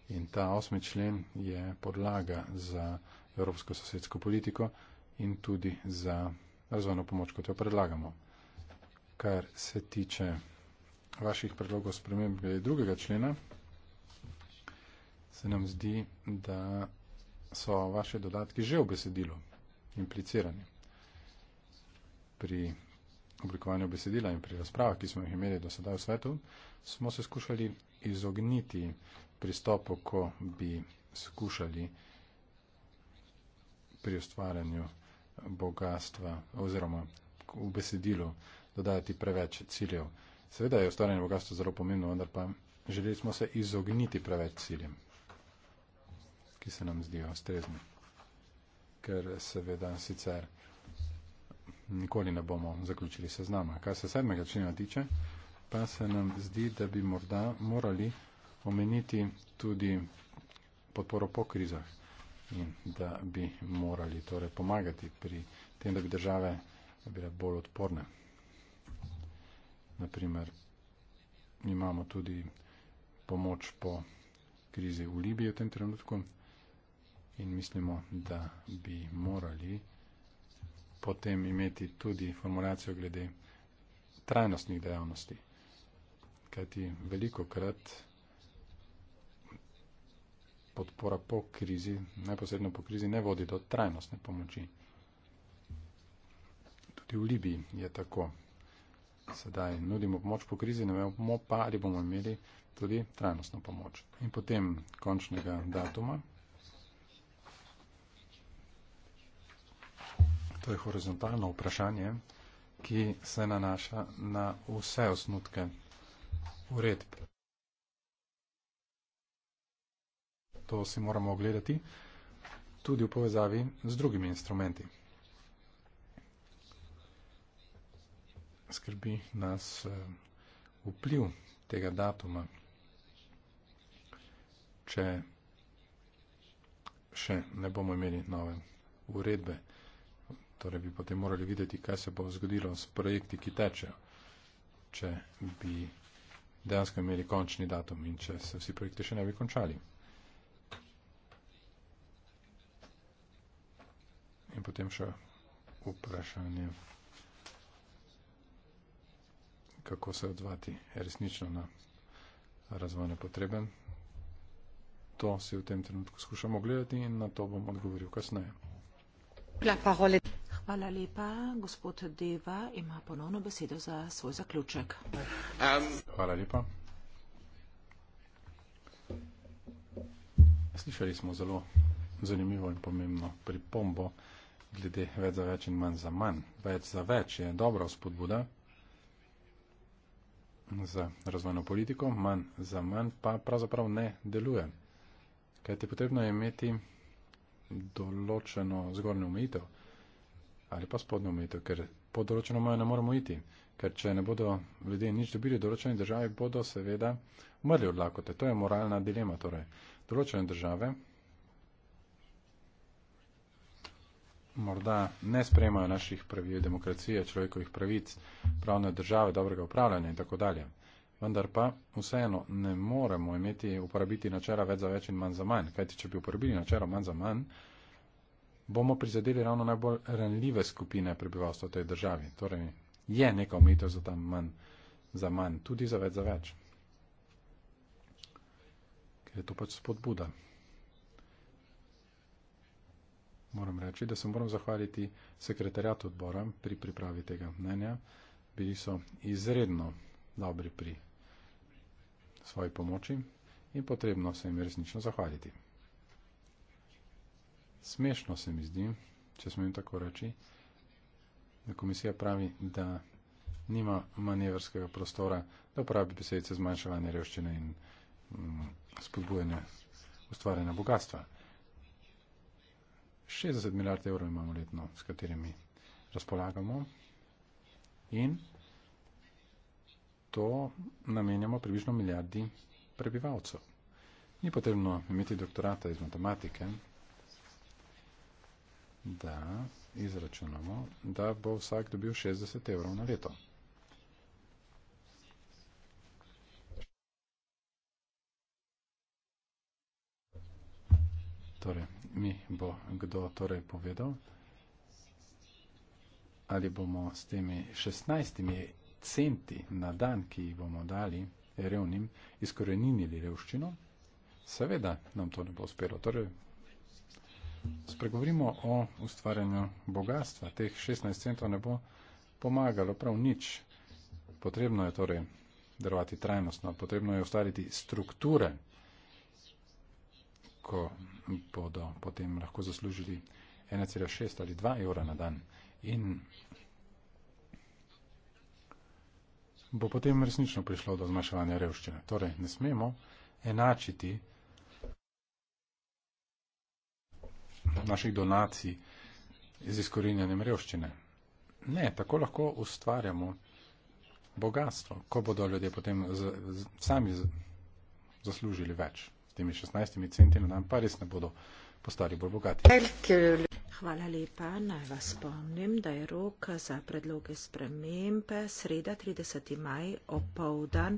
In ta osmi člen je podlaga za evropsko sosedsko politiko in tudi za razvojno pomoč, kot jo predlagamo. Kar se tiče vaših predlogov sprememb glede drugega člena, se nam zdi, da so vaše dodatki že v besedilu implicirani. Pri oblikovanju besedila in pri razpravah, ki smo jih imeli do sedaj v svetu, smo se skušali izogniti pristopu, ko bi skušali pri ustvarjanju bogatstva oziroma v besedilu dodajati preveč ciljev. Seveda je ustvarjanje bogatstva zelo pomembno, vendar pa želeli smo se izogniti preveč ciljem, ki se nam zdijo strezni. Ker seveda sicer nikoli ne bomo zaključili seznama. Kar se sedmega člena tiče, pa se nam zdi, da bi morda morali omeniti tudi podporo po krizah in da bi morali torej pomagati pri tem, da bi države bile bolj odporne naprimer imamo tudi pomoč po krizi v Libiji v tem trenutku in mislimo, da bi morali potem imeti tudi formulacijo glede trajnostnih dejavnosti. Kajti veliko krat podpora po krizi, najposredno po krizi, ne vodi do trajnostne pomoči. Tudi v Libiji je tako sedaj nudimo pomoč po krizi, ne vemo pa, ali bomo imeli tudi trajnostno pomoč. In potem končnega datuma. To je horizontalno vprašanje, ki se nanaša na vse osnutke uredb. To si moramo ogledati tudi v povezavi z drugimi instrumenti. skrbi nas eh, vpliv tega datuma. Če še ne bomo imeli nove uredbe, torej bi potem morali videti, kaj se bo zgodilo s projekti, ki tečejo, če bi dejansko imeli končni datum in če se vsi projekti še ne bi končali. In potem še vprašanje kako se odzvati resnično na razvojne potrebe. To si v tem trenutku skušamo gledati in na to bom odgovoril kasneje. Hvala lepa. Gospod Deva ima ponovno besedo za svoj zaključek. Hvala lepa. Slišali smo zelo zanimivo in pomembno pripombo glede več za več in manj za manj. Več za več je dobra spodbuda, za razvojno politiko, manj za manj pa pravzaprav ne deluje. Kaj ti potrebno je imeti določeno zgornjo omejitev ali pa spodnjo omejitev, ker po določeno mojo ne moramo iti, ker če ne bodo ljudje nič dobili v določeni državi, bodo seveda umrli od lakote. To je moralna dilema. Torej, določene države morda ne sprejemajo naših pravil demokracije, človekovih pravic, pravne države, dobrega upravljanja in tako dalje. Vendar pa vseeno ne moremo imeti, uporabiti načela več za več in manj za manj. Kajti, če bi uporabili načelo manj za manj, bomo prizadeli ravno najbolj ranljive skupine prebivalstva v tej državi. Torej, je neka omejitev za ta manj za manj, tudi za več za več. Ker je to pač spodbuda. moram reči, da se moram zahvaliti sekretarjatu odbora pri pripravi tega mnenja. Bili so izredno dobri pri svoji pomoči in potrebno se jim resnično zahvaliti. Smešno se mi zdi, če smem tako reči, da komisija pravi, da nima manevrskega prostora, da uporabi besedice zmanjševanje revščine in mm, spodbujanje ustvarjanja bogatstva. 60 milijard evrov imamo letno, s katerimi razpolagamo in to namenjamo približno milijardi prebivalcev. Ni potrebno imeti doktorata iz matematike, da izračunamo, da bo vsak dobil 60 evrov na leto. Torej, mi bo kdo torej povedal? Ali bomo s temi 16 centi na dan, ki jih bomo dali revnim, izkoreninili revščino? Seveda nam to ne bo uspelo. Torej, spregovorimo o ustvarjanju bogatstva. Teh 16 centov ne bo pomagalo prav nič. Potrebno je torej darovati trajnostno, potrebno je ustvariti strukture, ko bodo potem lahko zaslužili 1,6 ali 2 evra na dan. In bo potem resnično prišlo do zmaševanja revščine. Torej, ne smemo enačiti naših donacij z izkorinjanjem revščine. Ne, tako lahko ustvarjamo bogatstvo, ko bodo ljudje potem z, z, sami z, zaslužili več temi 16 centi na dan pa res ne bodo postali bolj bogati. Hvala lepa. Naj vas spomnim, da je rok za predloge spremembe sreda 30. maj opovdan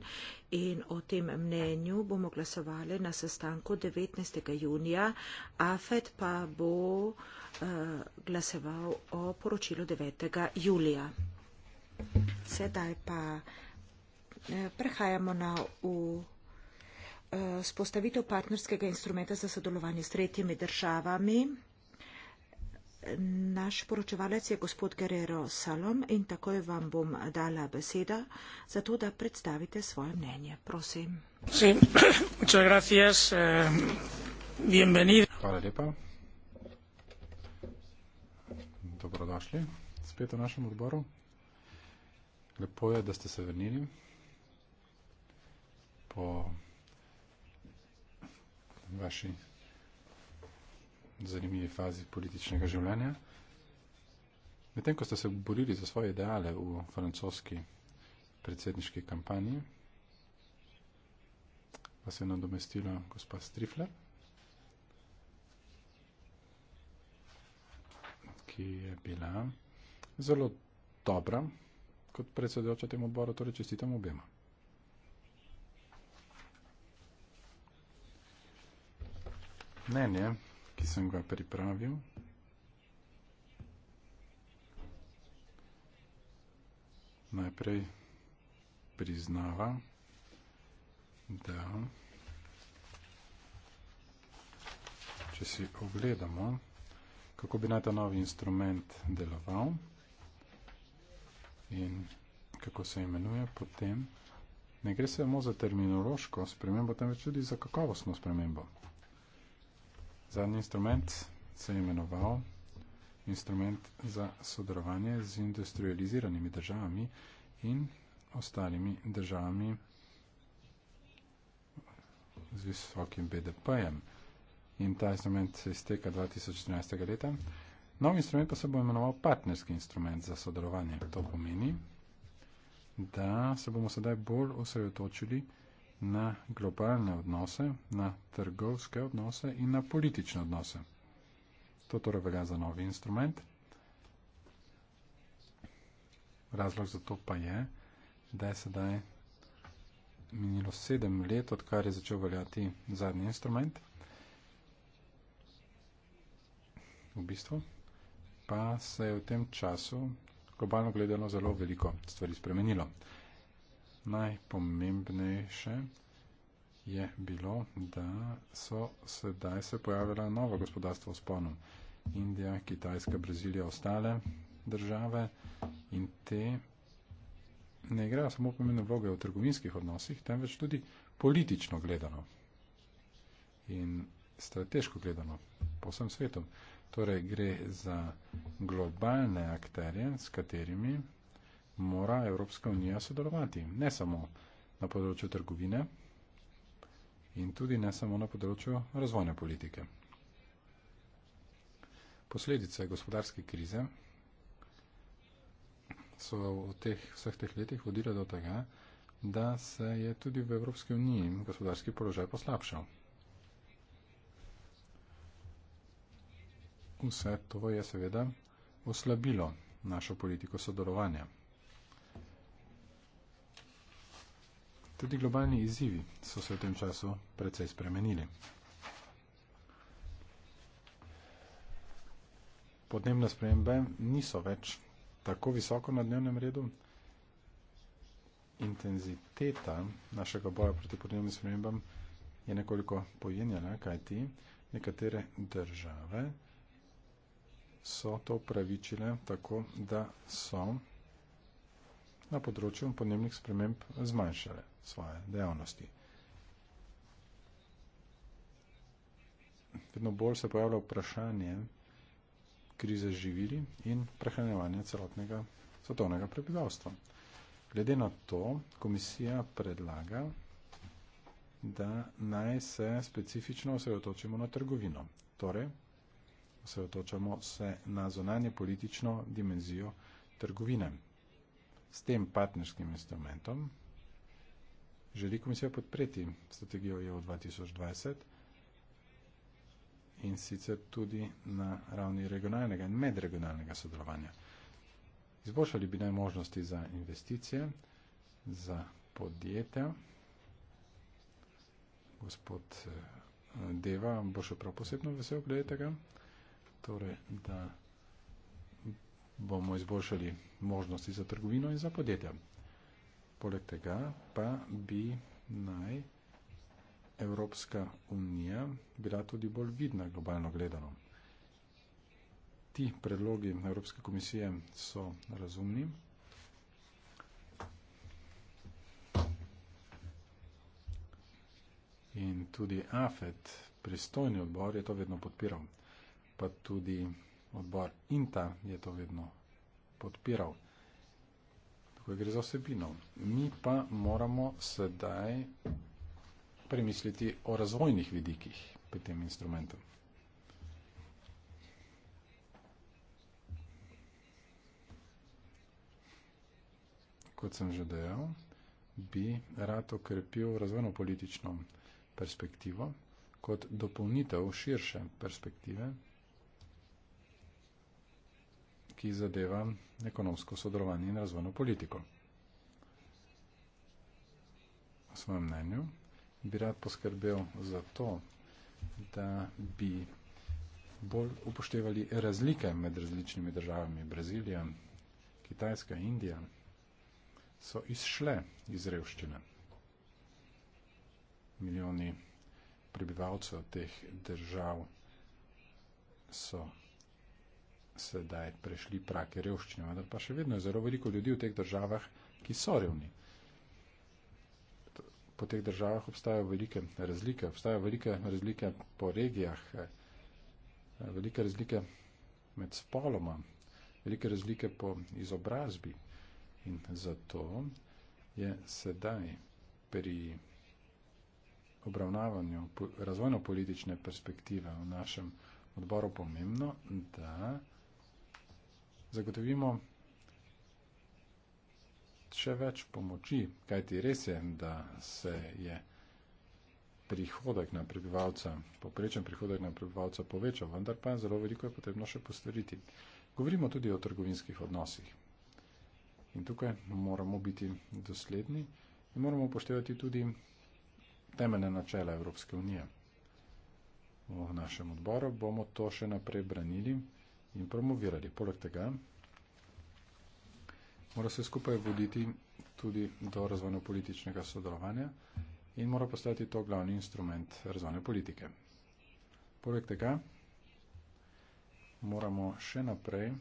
in o tem mnenju bomo glasovali na sestanku 19. junija. AFED pa bo uh, glasoval o poročilu 9. julija. Sedaj pa eh, prehajamo na u. Uh, spostavitev eh, partnerskega instrumenta za sodelovanje s tretjimi državami. Naš poročevalec je gospod Guerrero Salom in takoj vam bom dala beseda, zato da predstavite svoje mnenje. Prosim. Eh, Hvala lepa. Dobrodošli spet v našem odboru. Lepo je, da ste se vrnili po vaši zanimivi fazi političnega življenja. Medtem, ko ste se borili za svoje ideale v francoski predsedniški kampanji, pa se je nadomestila gospa Strifler, ki je bila zelo dobra kot predsedujoča tem odboru, torej čestitam obema. mnenje, ki sem ga pripravil. Najprej priznava, da če si ogledamo, kako bi naj ta novi instrument deloval in kako se imenuje potem, ne gre samo za terminološko spremembo, temveč tudi za kakovostno spremembo. Zadnji instrument se je imenoval instrument za sodelovanje z industrializiranimi državami in ostalimi državami z visokim BDP-jem. In ta instrument se izteka 2013. leta. Nov instrument pa se bo imenoval partnerski instrument za sodelovanje. To pomeni, da se bomo sedaj bolj osredotočili na na globalne odnose, na trgovske odnose in na politične odnose. To torej velja za novi instrument. Razlog za to pa je, da je sedaj minilo sedem let, odkar je začel veljati zadnji instrument. V bistvu pa se je v tem času globalno gledano zelo veliko stvari spremenilo najpomembnejše je bilo, da so sedaj se pojavila novo gospodarstvo v sponu. Indija, Kitajska, Brazilija, ostale države in te ne igrajo samo pomembne vloge v trgovinskih odnosih, temveč tudi politično gledano in strateško gledano po vsem svetu. Torej gre za globalne akterje, s katerimi mora Evropska unija sodelovati. Ne samo na področju trgovine in tudi ne samo na področju razvojne politike. Posledice gospodarske krize so v teh, vseh teh letih vodile do tega, da se je tudi v Evropski uniji gospodarski položaj poslabšal. Vse to je seveda oslabilo našo politiko sodelovanja. Tudi globalni izzivi so se v tem času precej spremenili. Podnebne spremembe niso več tako visoko na dnevnem redu. Intenziteta našega boja proti podnebnim spremembam je nekoliko pojenjena, kajti nekatere države so to pravičile tako, da so na področju podnebnih sprememb zmanjšale svoje dejavnosti. Vedno bolj se pojavlja vprašanje krize živili in prehranjevanja celotnega svetovnega prebivalstva. Glede na to, komisija predlaga, da naj se specifično osredotočimo na trgovino. Torej, osredotočamo se na zonanje politično dimenzijo trgovine s tem partnerskim instrumentom želi komisija podpreti strategijo EU 2020 in sicer tudi na ravni regionalnega in medregionalnega sodelovanja. Izboljšali bi naj možnosti za investicije, za podjetja. Gospod eh, Deva bo še prav posebno vesel glede tega, torej da bomo izboljšali možnosti za trgovino in za podjetja. Poleg tega pa bi naj Evropska unija bila tudi bolj vidna globalno gledano. Ti predlogi Evropske komisije so razumni. In tudi AFET, pristojni odbor, je to vedno podpiral, pa tudi odbor INTA je to vedno podpiral. Tako gre za vsebino. Mi pa moramo sedaj premisliti o razvojnih vidikih pri tem instrumentu. Kot sem že dejal, bi rad okrepil razvojno-politično perspektivo kot dopolnitev širše perspektive, ki zadeva ekonomsko sodelovanje in razvojno politiko. V svojem mnenju bi rad poskrbel za to, da bi bolj upoštevali razlike med različnimi državami. Brazilija, Kitajska, Indija so izšle iz revščine. Milijoni prebivalcev teh držav so sedaj prešli prake revščine, vendar pa še vedno je zelo veliko ljudi v teh državah, ki so revni. Po teh državah obstajajo velike razlike, obstajajo velike razlike po regijah, velike razlike med spoloma, velike razlike po izobrazbi. In zato je sedaj pri obravnavanju razvojno-politične perspektive v našem odboru pomembno, da zagotovimo še več pomoči, kajti res je, da se je prihodek na prebivalca, poprečen prihodek na prebivalca povečal, vendar pa je zelo veliko je potrebno še postoriti. Govorimo tudi o trgovinskih odnosih. In tukaj moramo biti dosledni in moramo upoštevati tudi temeljne načela Evropske unije. V našem odboru bomo to še naprej branili in promovirali. Poleg tega mora se skupaj voditi tudi do razvojno političnega sodelovanja in mora postati to glavni instrument razvojne politike. Poleg tega moramo še naprej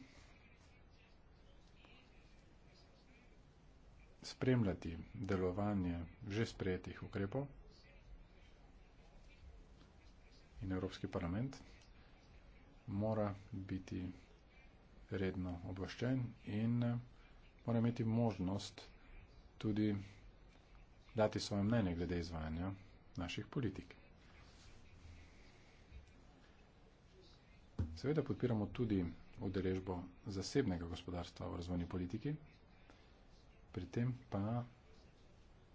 spremljati delovanje že sprejetih ukrepov in Evropski parlament, mora biti redno obveščen in eh, mora imeti možnost tudi dati svoje mnenje glede izvajanja naših politik. Seveda podpiramo tudi udeležbo zasebnega gospodarstva v razvojni politiki, pri tem pa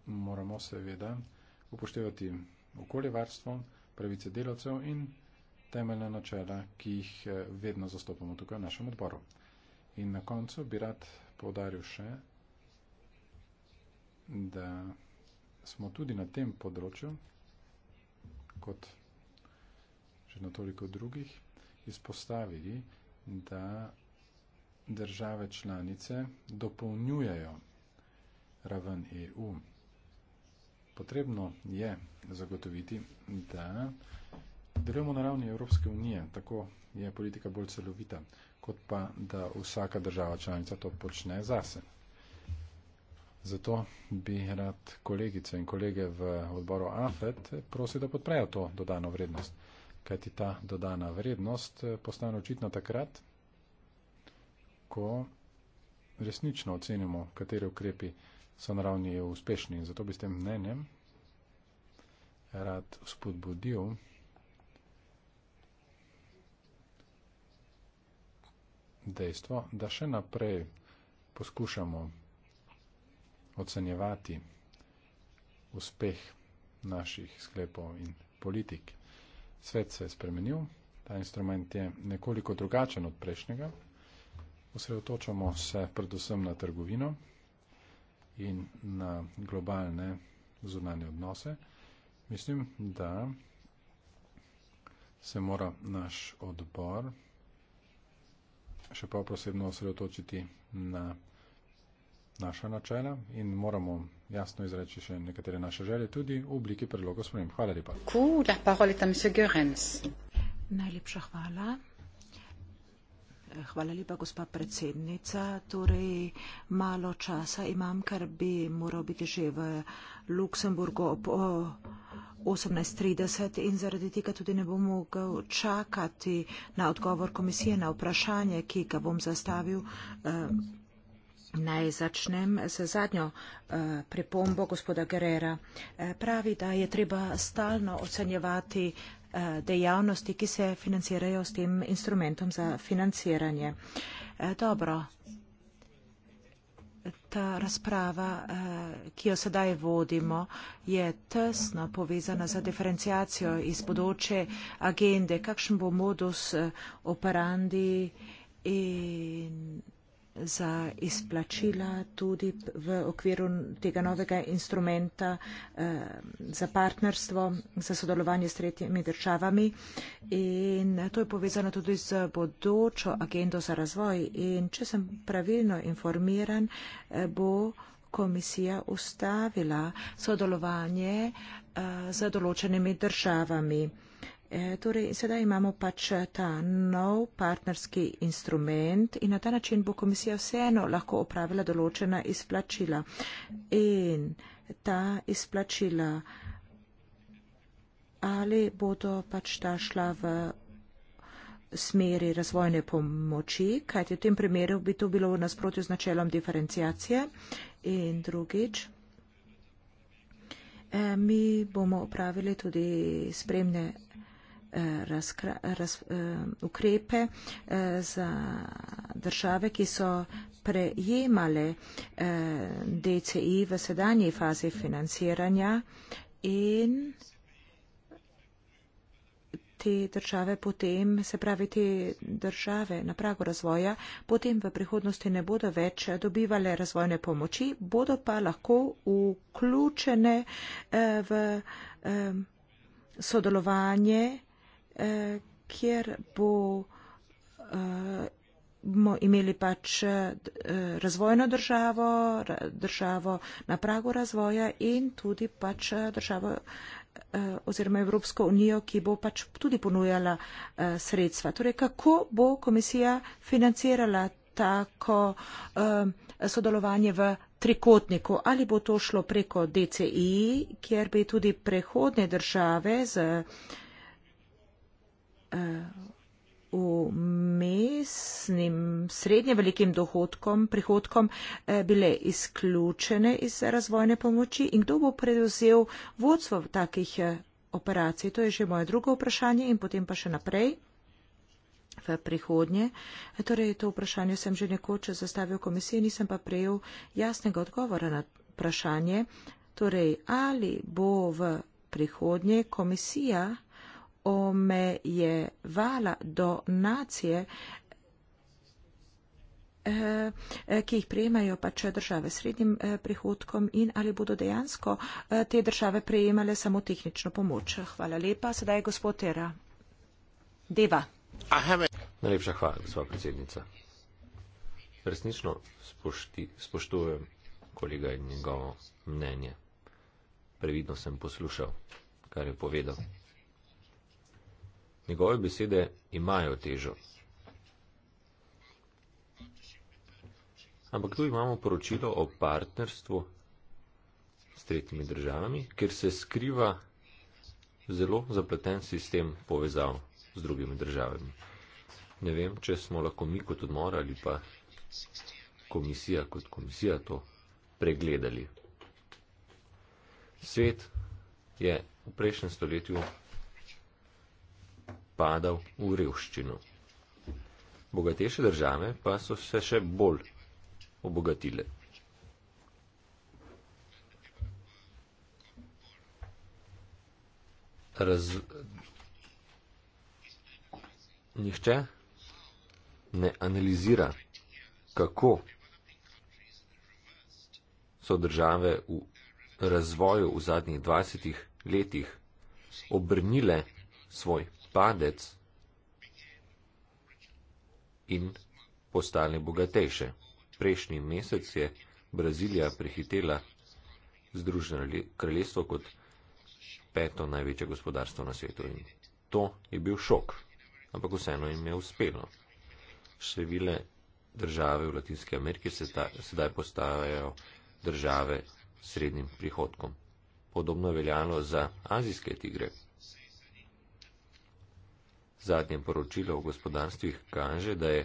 moramo seveda upoštevati okoljevarstvo, pravice delavcev in temeljne načela, ki jih eh, vedno zastopamo tukaj v našem odboru. In na koncu bi rad povdaril še, da smo tudi na tem področju, kot že na toliko drugih, izpostavili, da države članice dopolnjujejo raven EU. Potrebno je zagotoviti, da Delujemo na ravni Evropske unije, tako je politika bolj celovita, kot pa, da vsaka država članica to počne zase. Zato bi rad kolegice in kolege v odboru AFET prosil, da podprejo to dodano vrednost, kajti ta dodana vrednost eh, postane očitna takrat, ko resnično ocenimo, kateri ukrepi so na ravni uspešni. Zato bi s tem mnenjem rad spodbudil dejstvo, da še naprej poskušamo ocenjevati uspeh naših sklepov in politik. Svet se je spremenil, ta instrument je nekoliko drugačen od prejšnjega. Osredotočamo se predvsem na trgovino in na globalne zunanje odnose. Mislim, da se mora naš odbor še pa posebno osredotočiti na naša načela in moramo jasno izreči še nekatere naše želje tudi v obliki predlogov sprememb. Hvala lepa. Cool, Najlepša hvala. Hvala lepa, gospa predsednica. Torej, malo časa imam, ker bi moral biti že v Luksemburgu ob 18.30 in zaradi tega tudi ne bom mogel čakati na odgovor komisije na vprašanje, ki ga bom zastavil. Eh, naj začnem z zadnjo eh, pripombo gospoda Gerera. Eh, pravi, da je treba stalno ocenjevati Eh, dejavnosti, ki se financirajo s tem instrumentom za financiranje. Eh, dobro, ta razprava, eh, ki jo sedaj vodimo, je tesno povezana za diferencijacijo iz bodoče agende, kakšen bo modus operandi in za izplačila tudi v okviru tega novega instrumenta eh, za partnerstvo, za sodelovanje s tretjimi državami. In to je povezano tudi z bodočo agendo za razvoj. In če sem pravilno informiran, eh, bo komisija ustavila sodelovanje eh, z določenimi državami. E, torej sedaj imamo pač e, ta nov partnerski instrument in na ta način bo komisija vseeno lahko opravila določena izplačila. In ta izplačila, ali bodo pač ta šla v smeri razvojne pomoči, kajti v tem primeru bi to bilo v nasprotju z načelom diferencijacije. In drugič, e, mi bomo opravili tudi spremne raz, raz, eh, ukrepe eh, za države, ki so prejemale eh, DCI v sedanji fazi financiranja in te države potem, se pravi te države na pragu razvoja, potem v prihodnosti ne bodo več dobivale razvojne pomoči, bodo pa lahko vključene v sodelovanje Eh, kjer bo, bomo eh, imeli pač eh, razvojno državo, državo na pragu razvoja in tudi pač državo oziroma Evropsko unijo, ki bo pač tudi ponujala sredstva. Torej, kako bo komisija financirala tako sodelovanje v trikotniku? Ali bo to šlo preko DCI, kjer bi tudi prehodne države z Eh, v mestnim srednje velikim dohodkom, prihodkom eh, bile izključene iz razvojne pomoči in kdo bo prevzel vodstvo takih eh, operacij? To je že moje drugo vprašanje in potem pa še naprej v prihodnje. Torej, to vprašanje sem že nekoč zastavil komisiji, nisem pa prejel jasnega odgovora na vprašanje. Torej, ali bo v prihodnje komisija omejevala donacije, eh, ki jih prejemajo pač države s srednjim eh, prihodkom in ali bodo dejansko eh, te države prejemale samo tehnično pomoč. Hvala lepa. Sedaj je gospod Tera. Deva. Najlepša hvala, gospod predsednica. Resnično spoštujem kolega in njegovo mnenje. Previdno sem poslušal, kar je povedal. Njegove besede imajo težo. Ampak tu imamo poročilo o partnerstvu s tretjimi državami, kjer se skriva zelo zapleten sistem povezav z drugimi državami. Ne vem, če smo lahko mi kot odmor ali pa komisija kot komisija to pregledali. Svet je v prejšnjem stoletju padal v revščino. Bogatejše države pa so se še bolj obogatile. Raz... Nihče ne analizira, kako so države v razvoju v zadnjih 20 letih obrnile svoj padec in postale bogatejše. Prejšnji mesec je Brazilija prehitela Združeno kraljestvo kot peto največje gospodarstvo na svetu in to je bil šok, ampak vseeno jim je uspelo. Števile države v Latinski Ameriki se ta, sedaj postavljajo države srednjim prihodkom. Podobno je veljalo za azijske tigre, zadnje poročilo o gospodarstvih kaže, da je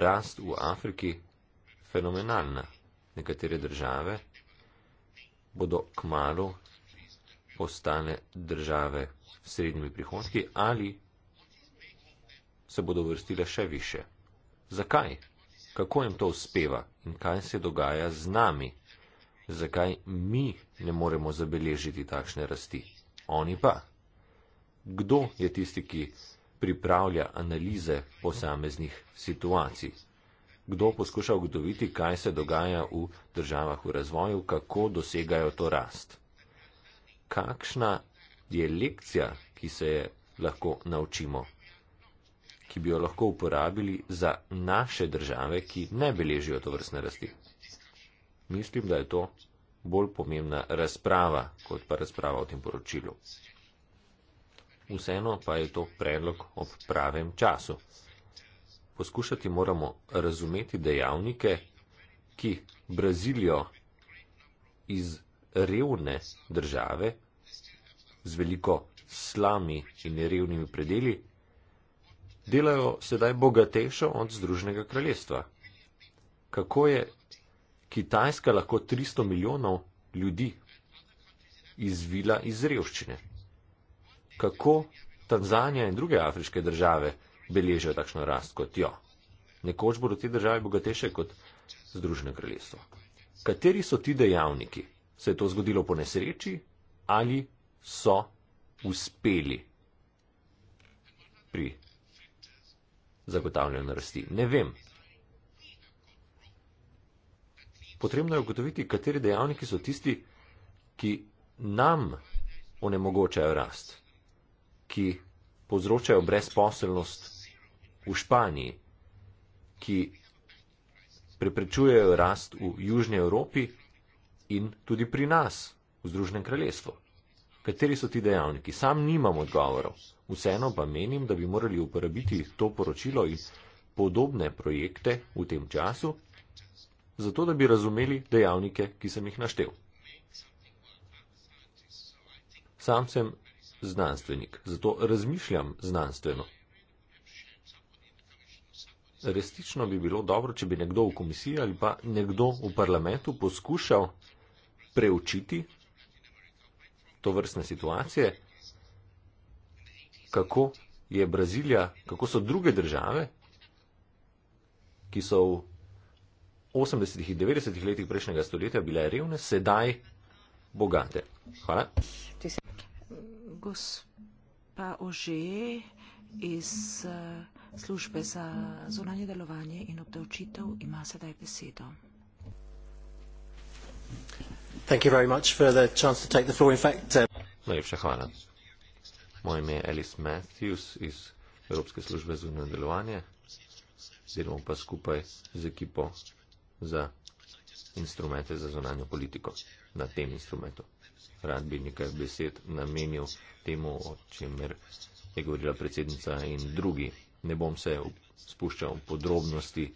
rast v Afriki fenomenalna. Nekatere države bodo kmalo postale države s srednjimi prihodki ali se bodo vrstile še više. Zakaj? Kako jim to uspeva in kaj se dogaja z nami? Zakaj mi ne moremo zabeležiti takšne rasti? Oni pa? Kdo je tisti, ki pripravlja analize posameznih situacij. Kdo poskuša ugotoviti, kaj se dogaja v državah v razvoju, kako dosegajo to rast? Kakšna je lekcija, ki se je lahko naučimo, ki bi jo lahko uporabili za naše države, ki ne beležijo to vrstne rasti? Mislim, da je to bolj pomembna razprava, kot pa razprava o tem poročilu vseeno pa je to predlog ob pravem času. Poskušati moramo razumeti dejavnike, ki Brazilijo iz revne države z veliko slami in revnimi predeli delajo sedaj bogatejšo od Združenega kraljestva. Kako je Kitajska lahko 300 milijonov ljudi izvila iz revščine? kako Tanzanija in druge afriške države beležijo takšno rast kot jo. Nekoč bodo te države bogatejše kot Združeno kraljestvo. Kateri so ti dejavniki? Se je to zgodilo po nesreči ali so uspeli pri zagotavljanju rasti? Ne vem. Potrebno je ugotoviti, kateri dejavniki so tisti, ki nam onemogočajo rast ki povzročajo brezposelnost v Španiji, ki preprečujejo rast v Južnji Evropi in tudi pri nas, v Združenem kraljestvu. Kateri so ti dejavniki? Sam nimam odgovorov. Vseeno pa menim, da bi morali uporabiti to poročilo in podobne projekte v tem času, zato da bi razumeli dejavnike, ki sem jih naštel. Sam sem znanstvenik, zato razmišljam znanstveno. Resnično bi bilo dobro, če bi nekdo v komisiji ali pa nekdo v parlamentu poskušal preučiti to vrstne situacije, kako je Brazilija, kako so druge države, ki so v 80. in 90. letih prejšnjega stoletja bile revne, sedaj bogate. Hvala gospa Ože iz eh, službe za zunanje delovanje in obdavčitev ima sedaj besedo. Uh, Najlepša hvala. Moje ime je Alice Matthews iz Evropske službe za zunanje delovanje. Sedemo pa skupaj z ekipo za instrumente za zunanjo politiko na tem instrumentu rad bi nekaj besed namenil temu, o čemer je govorila predsednica in drugi. Ne bom se spuščal v podrobnosti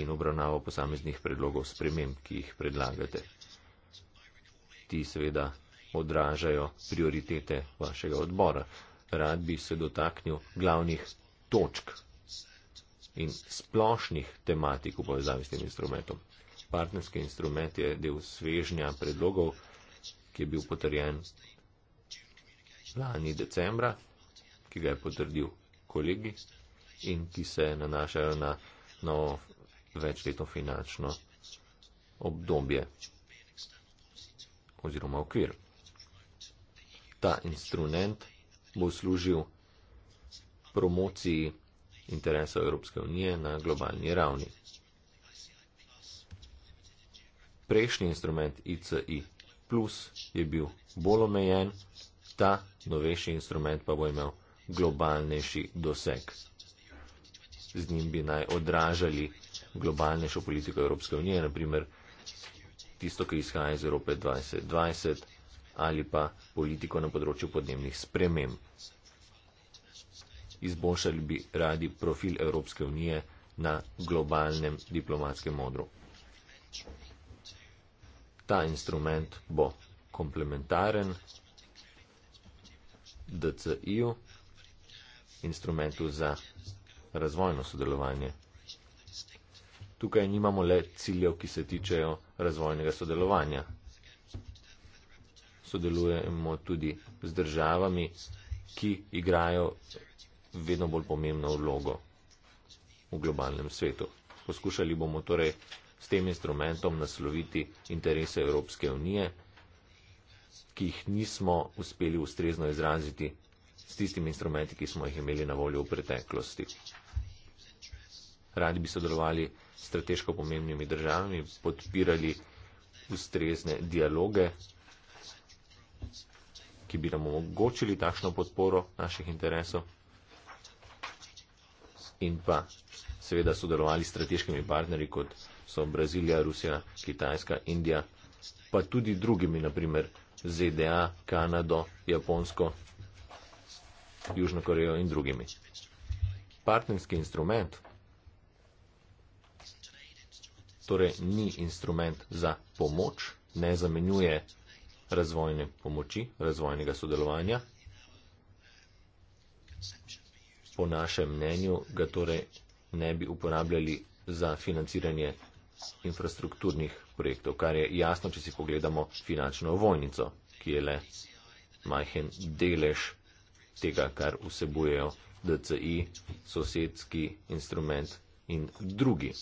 in obravnaval posameznih predlogov sprememb, ki jih predlagate. Ti seveda odražajo prioritete vašega odbora. Rad bi se dotaknil glavnih točk in splošnih tematik v povezavi s tem instrumentom. Partnerski instrument je del svežnja predlogov ki je bil potrjen lani decembra, ki ga je potrdil kolegi in ki se nanašajo na novo večletno finančno obdobje oziroma okvir. Ta instrument bo služil promociji interesov Evropske unije na globalni ravni. Prejšnji instrument ICI plus je bil bolj omejen, ta novejši instrument pa bo imel globalnejši doseg. Z njim bi naj odražali globalnejšo politiko Evropske unije, naprimer tisto, ki izhaja iz Evrope 2020 ali pa politiko na področju podnebnih sprememb. Izboljšali bi radi profil Evropske unije na globalnem diplomatskem modru ta instrument bo komplementaren DCI-ju, instrumentu za razvojno sodelovanje. Tukaj nimamo le ciljev, ki se tičejo razvojnega sodelovanja. Sodelujemo tudi z državami, ki igrajo vedno bolj pomembno vlogo v globalnem svetu. Poskušali bomo torej s tem instrumentom nasloviti interese Evropske unije, ki jih nismo uspeli ustrezno izraziti s tistimi instrumenti, ki smo jih imeli na voljo v preteklosti. Radi bi sodelovali s strateško pomembnimi državami, podpirali ustrezne dialoge, ki bi nam omogočili takšno podporo naših interesov in pa seveda sodelovali s strateškimi partnerji, kot so Brazilija, Rusija, Kitajska, Indija, pa tudi drugimi, naprimer ZDA, Kanado, Japonsko, Južno Korejo in drugimi. Partnerski instrument torej ni instrument za pomoč, ne zamenjuje razvojne pomoči, razvojnega sodelovanja po našem mnenju ga torej ne bi uporabljali za financiranje infrastrukturnih projektov, kar je jasno, če si pogledamo finančno vojnico, ki je le majhen delež tega, kar vsebujejo DCI, sosedski instrument in drugi.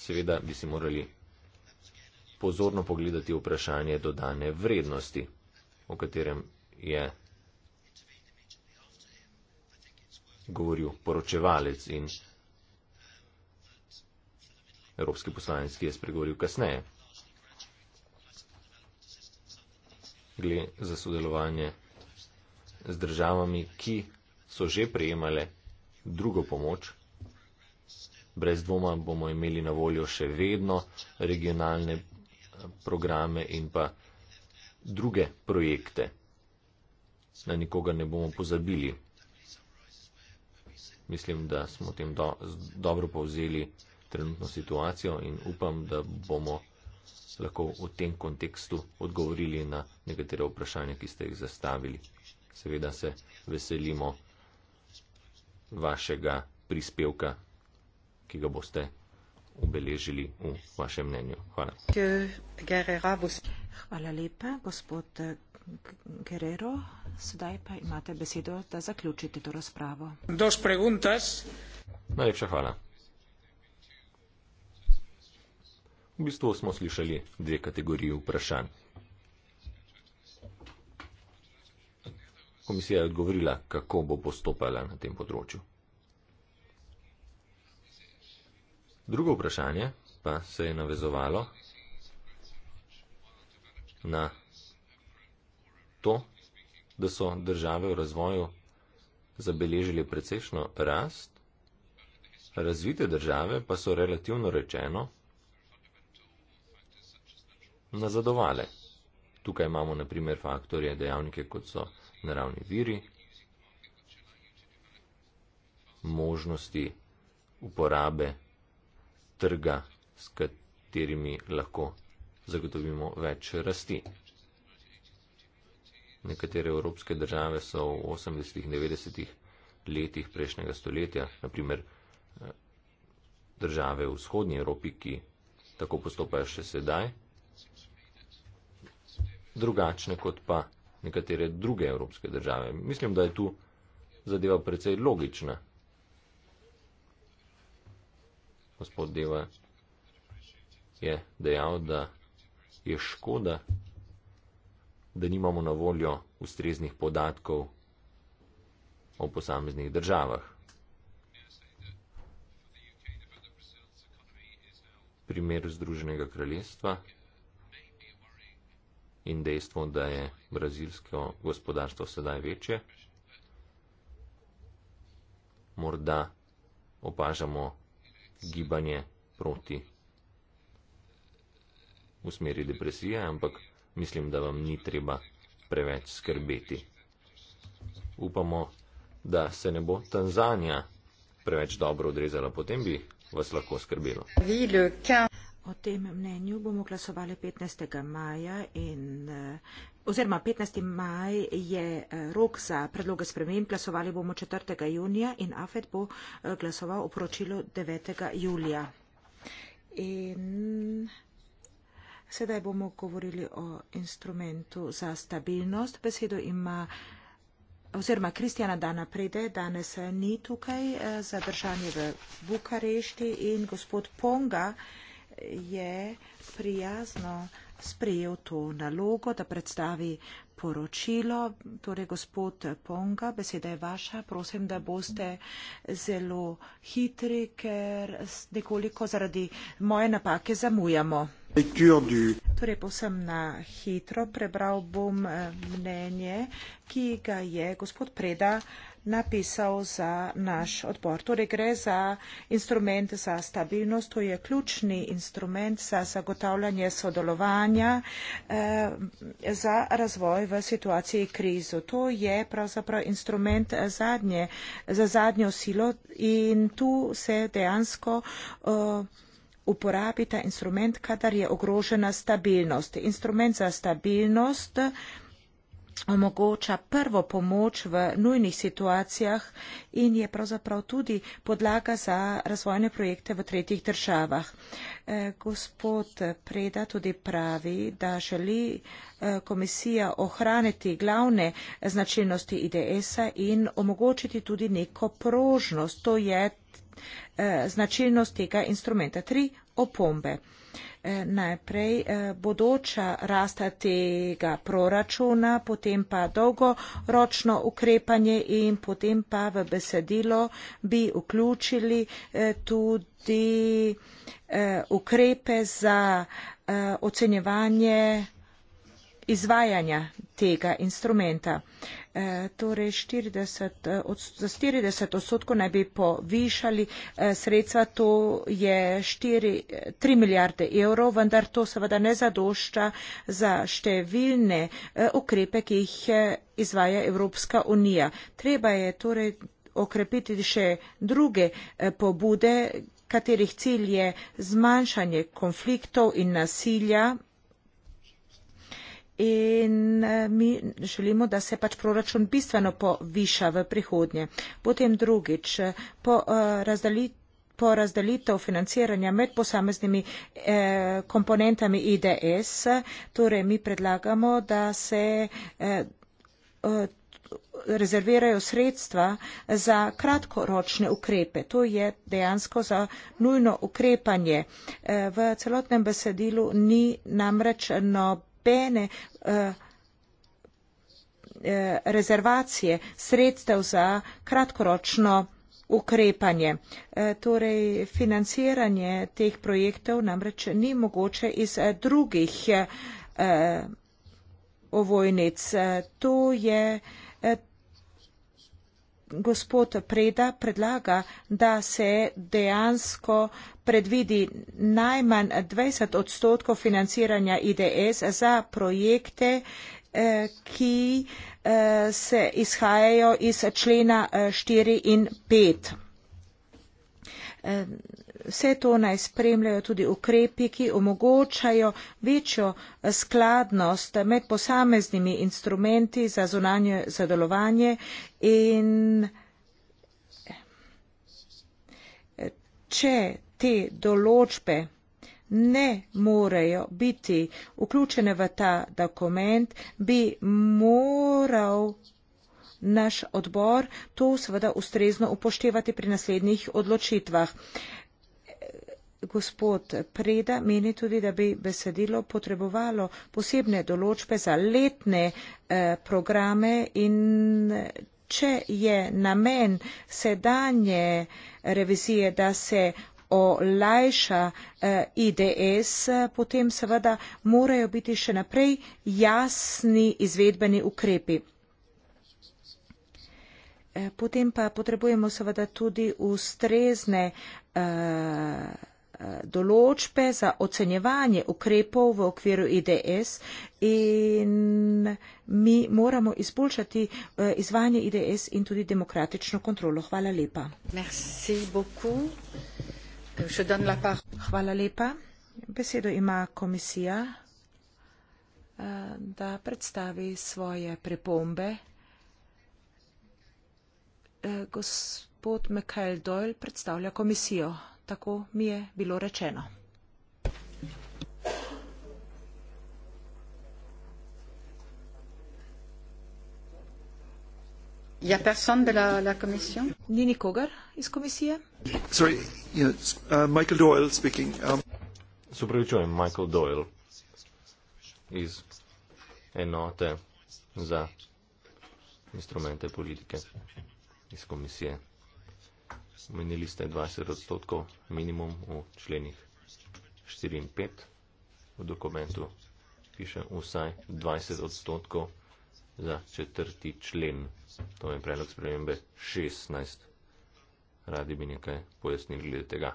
Seveda bi si morali pozorno pogledati vprašanje dodane vrednosti, o katerem je govoril poročevalec in evropski poslanec, ki je spregovoril kasneje. Gle za sodelovanje z državami, ki so že prejemale drugo pomoč. Brez dvoma bomo imeli na voljo še vedno regionalne eh, programe in pa druge projekte. Na nikoga ne bomo pozabili. Mislim, da smo tem do, dobro povzeli trenutno situacijo in upam, da bomo lahko v tem kontekstu odgovorili na nekatere vprašanja, ki ste jih zastavili. Seveda se veselimo vašega prispevka, ki ga boste obeležili v vašem mnenju. Hvala. Hvala lepa, gospod Guerrero, sedaj pa imate besedo, da zaključite to razpravo. Dos preguntas. Najlepša hvala. V bistvu smo slišali dve kategoriji vprašanj. Komisija je odgovorila, kako bo postopala na tem področju. Drugo vprašanje pa se je navezovalo na to, da so države v razvoju zabeležili precejšno rast, razvite države pa so relativno rečeno nazadovale. Tukaj imamo na primer faktorje dejavnike, kot so naravni viri, možnosti uporabe trga, s katerimi lahko zagotovimo več rasti. Nekatere evropske države so v 80-ih, 90-ih letih prejšnjega stoletja, naprimer eh, države v vzhodnji Evropi, ki tako postopajo še sedaj, drugačne kot pa nekatere druge evropske države. Mislim, da je tu zadeva precej logična. Gospod Deva je dejal, da je škoda, da nimamo na voljo ustreznih podatkov o posameznih državah. Primer Združenega kraljestva in dejstvo, da je brazilsko gospodarstvo sedaj večje. Morda opažamo gibanje proti v smeri depresije, ampak mislim, da vam ni treba preveč skrbeti. Upamo, da se ne bo Tanzanija preveč dobro odrezala, potem bi vas lahko skrbelo. O tem mnenju bomo glasovali 15. maja in. Eh, oziroma, 15. maj je eh, rok za predloge sprememb, glasovali bomo 4. junija in AFED bo eh, glasoval o poročilu 9. julija. In... Sedaj bomo govorili o instrumentu za stabilnost. Besedo ima oziroma Kristjana Dana Prede, danes eh, ni tukaj eh, za držanje v Bukarešti in gospod Ponga je prijazno sprejel to nalogo, da predstavi poročilo. Torej, gospod Ponga, beseda je vaša. Prosim, da boste zelo hitri, ker nekoliko zaradi moje napake zamujamo. Torej, posem na hitro prebral bom eh, mnenje, ki ga je gospod Preda napisal za naš odbor. Torej, gre za instrument za stabilnost, to je ključni instrument za zagotavljanje sodelovanja eh, za razvoj v situaciji krizo. To je pravzaprav instrument eh, zadnje, za zadnjo silo in tu se dejansko. Eh, uporabita instrument, kadar je ogrožena stabilnost. Instrument za stabilnost omogoča prvo pomoč v nujnih situacijah in je pravzaprav tudi podlaga za razvojne projekte v tretjih državah. Eh, gospod Preda tudi pravi, da želi eh, komisija ohraniti glavne značilnosti IDS-a e in omogočiti tudi neko prožnost. To je Eh, značilnost tega instrumenta. Tri opombe. Eh, najprej eh, bodoča rasta tega proračuna, potem pa dolgoročno ukrepanje in potem pa v besedilo bi vključili tudi ukrepe za ocenjevanje izvajanja tega instrumenta. E, torej 40, e, odst za 40 odstotkov naj bi povišali e, sredstva, to je 4, 3 milijarde evrov, vendar to seveda ne zadošča za številne e, ukrepe, ki jih e, izvaja Evropska unija. Treba je torej okrepiti še druge e, pobude, katerih cilj je zmanjšanje konfliktov in nasilja in eh, mi želimo, da se pač proračun bistveno poviša v prihodnje. Potem drugič, eh, po, eh, razdali, po razdalitev financiranja med posameznimi eh, komponentami IDS, torej mi predlagamo, da se. Eh, rezervirajo sredstva za kratkoročne ukrepe. To je dejansko za nujno ukrepanje. V celotnem besedilu ni namreč nobeno nobene eh, eh, rezervacije sredstev za kratkoročno ukrepanje. Eh, torej, financiranje teh projektov namreč ni mogoče iz drugih ovojnic. To je gospod Preda predlaga, da se dejansko predvidi najmanj 20 odstotkov financiranja IDS za projekte, eh, ki eh, se izhajajo iz člena 4 eh, in 5. Vse to naj spremljajo tudi ukrepi, ki omogočajo večjo eh, skladnost med posameznimi instrumenti za zunanje zadolovanje in eh, če te določbe ne morejo biti vključene v ta dokument, bi moral naš odbor to seveda ustrezno upoštevati pri naslednjih odločitvah gospod Preda meni tudi, da bi besedilo potrebovalo posebne določbe za letne eh, programe in če je namen sedanje revizije, da se olajša eh, IDS, potem seveda morajo biti še naprej jasni izvedbeni ukrepi. Eh, potem pa potrebujemo seveda tudi ustrezne uh, določbe za ocenjevanje ukrepov v okviru IDS in mi moramo izboljšati eh, izvajanje IDS in tudi demokratično kontrolo. Hvala lepa. Hvala lepa. Besedo ima komisija, eh, da predstavi svoje pripombe. Eh, gospod Mikael Doyle predstavlja komisijo tako mi je bilo rečeno. Ja la, la Ni nikogar iz komisije? Sorry, you know, uh, Michael Doyle speaking. Um. Supravičujem, Michael Doyle iz enote za instrumente politike iz komisije omenili ste 20 odstotkov minimum v členih 4 in 5. V dokumentu piše vsaj 20 odstotkov za četrti člen. To je predlog spremembe 16. Radi bi nekaj pojasnili glede tega.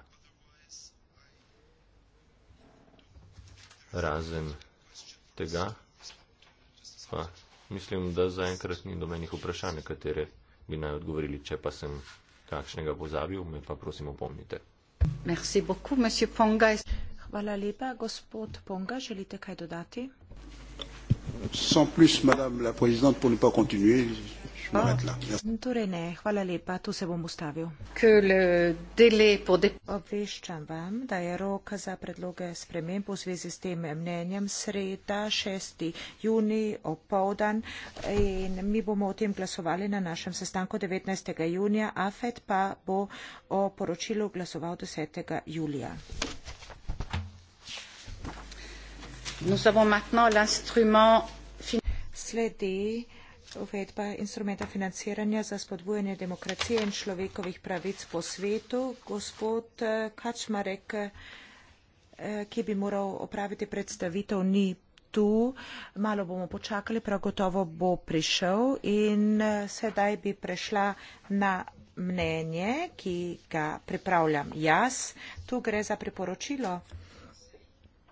Razen tega pa mislim, da zaenkrat ni domenih vprašanj, katere bi naj odgovorili, če pa sem kakšnega pozabil, me pa prosim opomnite. Hvala lepa, gospod Ponga, želite kaj dodati? sans plus, madame la présidente, pour ne pas continuer, je m'arrête là. Merci. Tu rene, hvala lepa, tu se bom ustavil. Que le délai pour dé... Obveščam vam, da je rok za predloge sprememb v zvezi s tem mnenjem sreda 6. juni opovdan in mi bomo o tem glasovali na našem sestanku 19. junija, AFED pa bo o poročilu glasoval 10. julija. Nous avons maintenant l'instrument Sledi uvedba instrumenta financiranja za spodbujanje demokracije in človekovih pravic po svetu. Gospod eh, Kačmarek, eh, ki bi moral opraviti predstavitev, ni tu. Malo bomo počakali, prav gotovo bo prišel in eh, sedaj bi prešla na mnenje, ki ga pripravljam jaz. Tu gre za priporočilo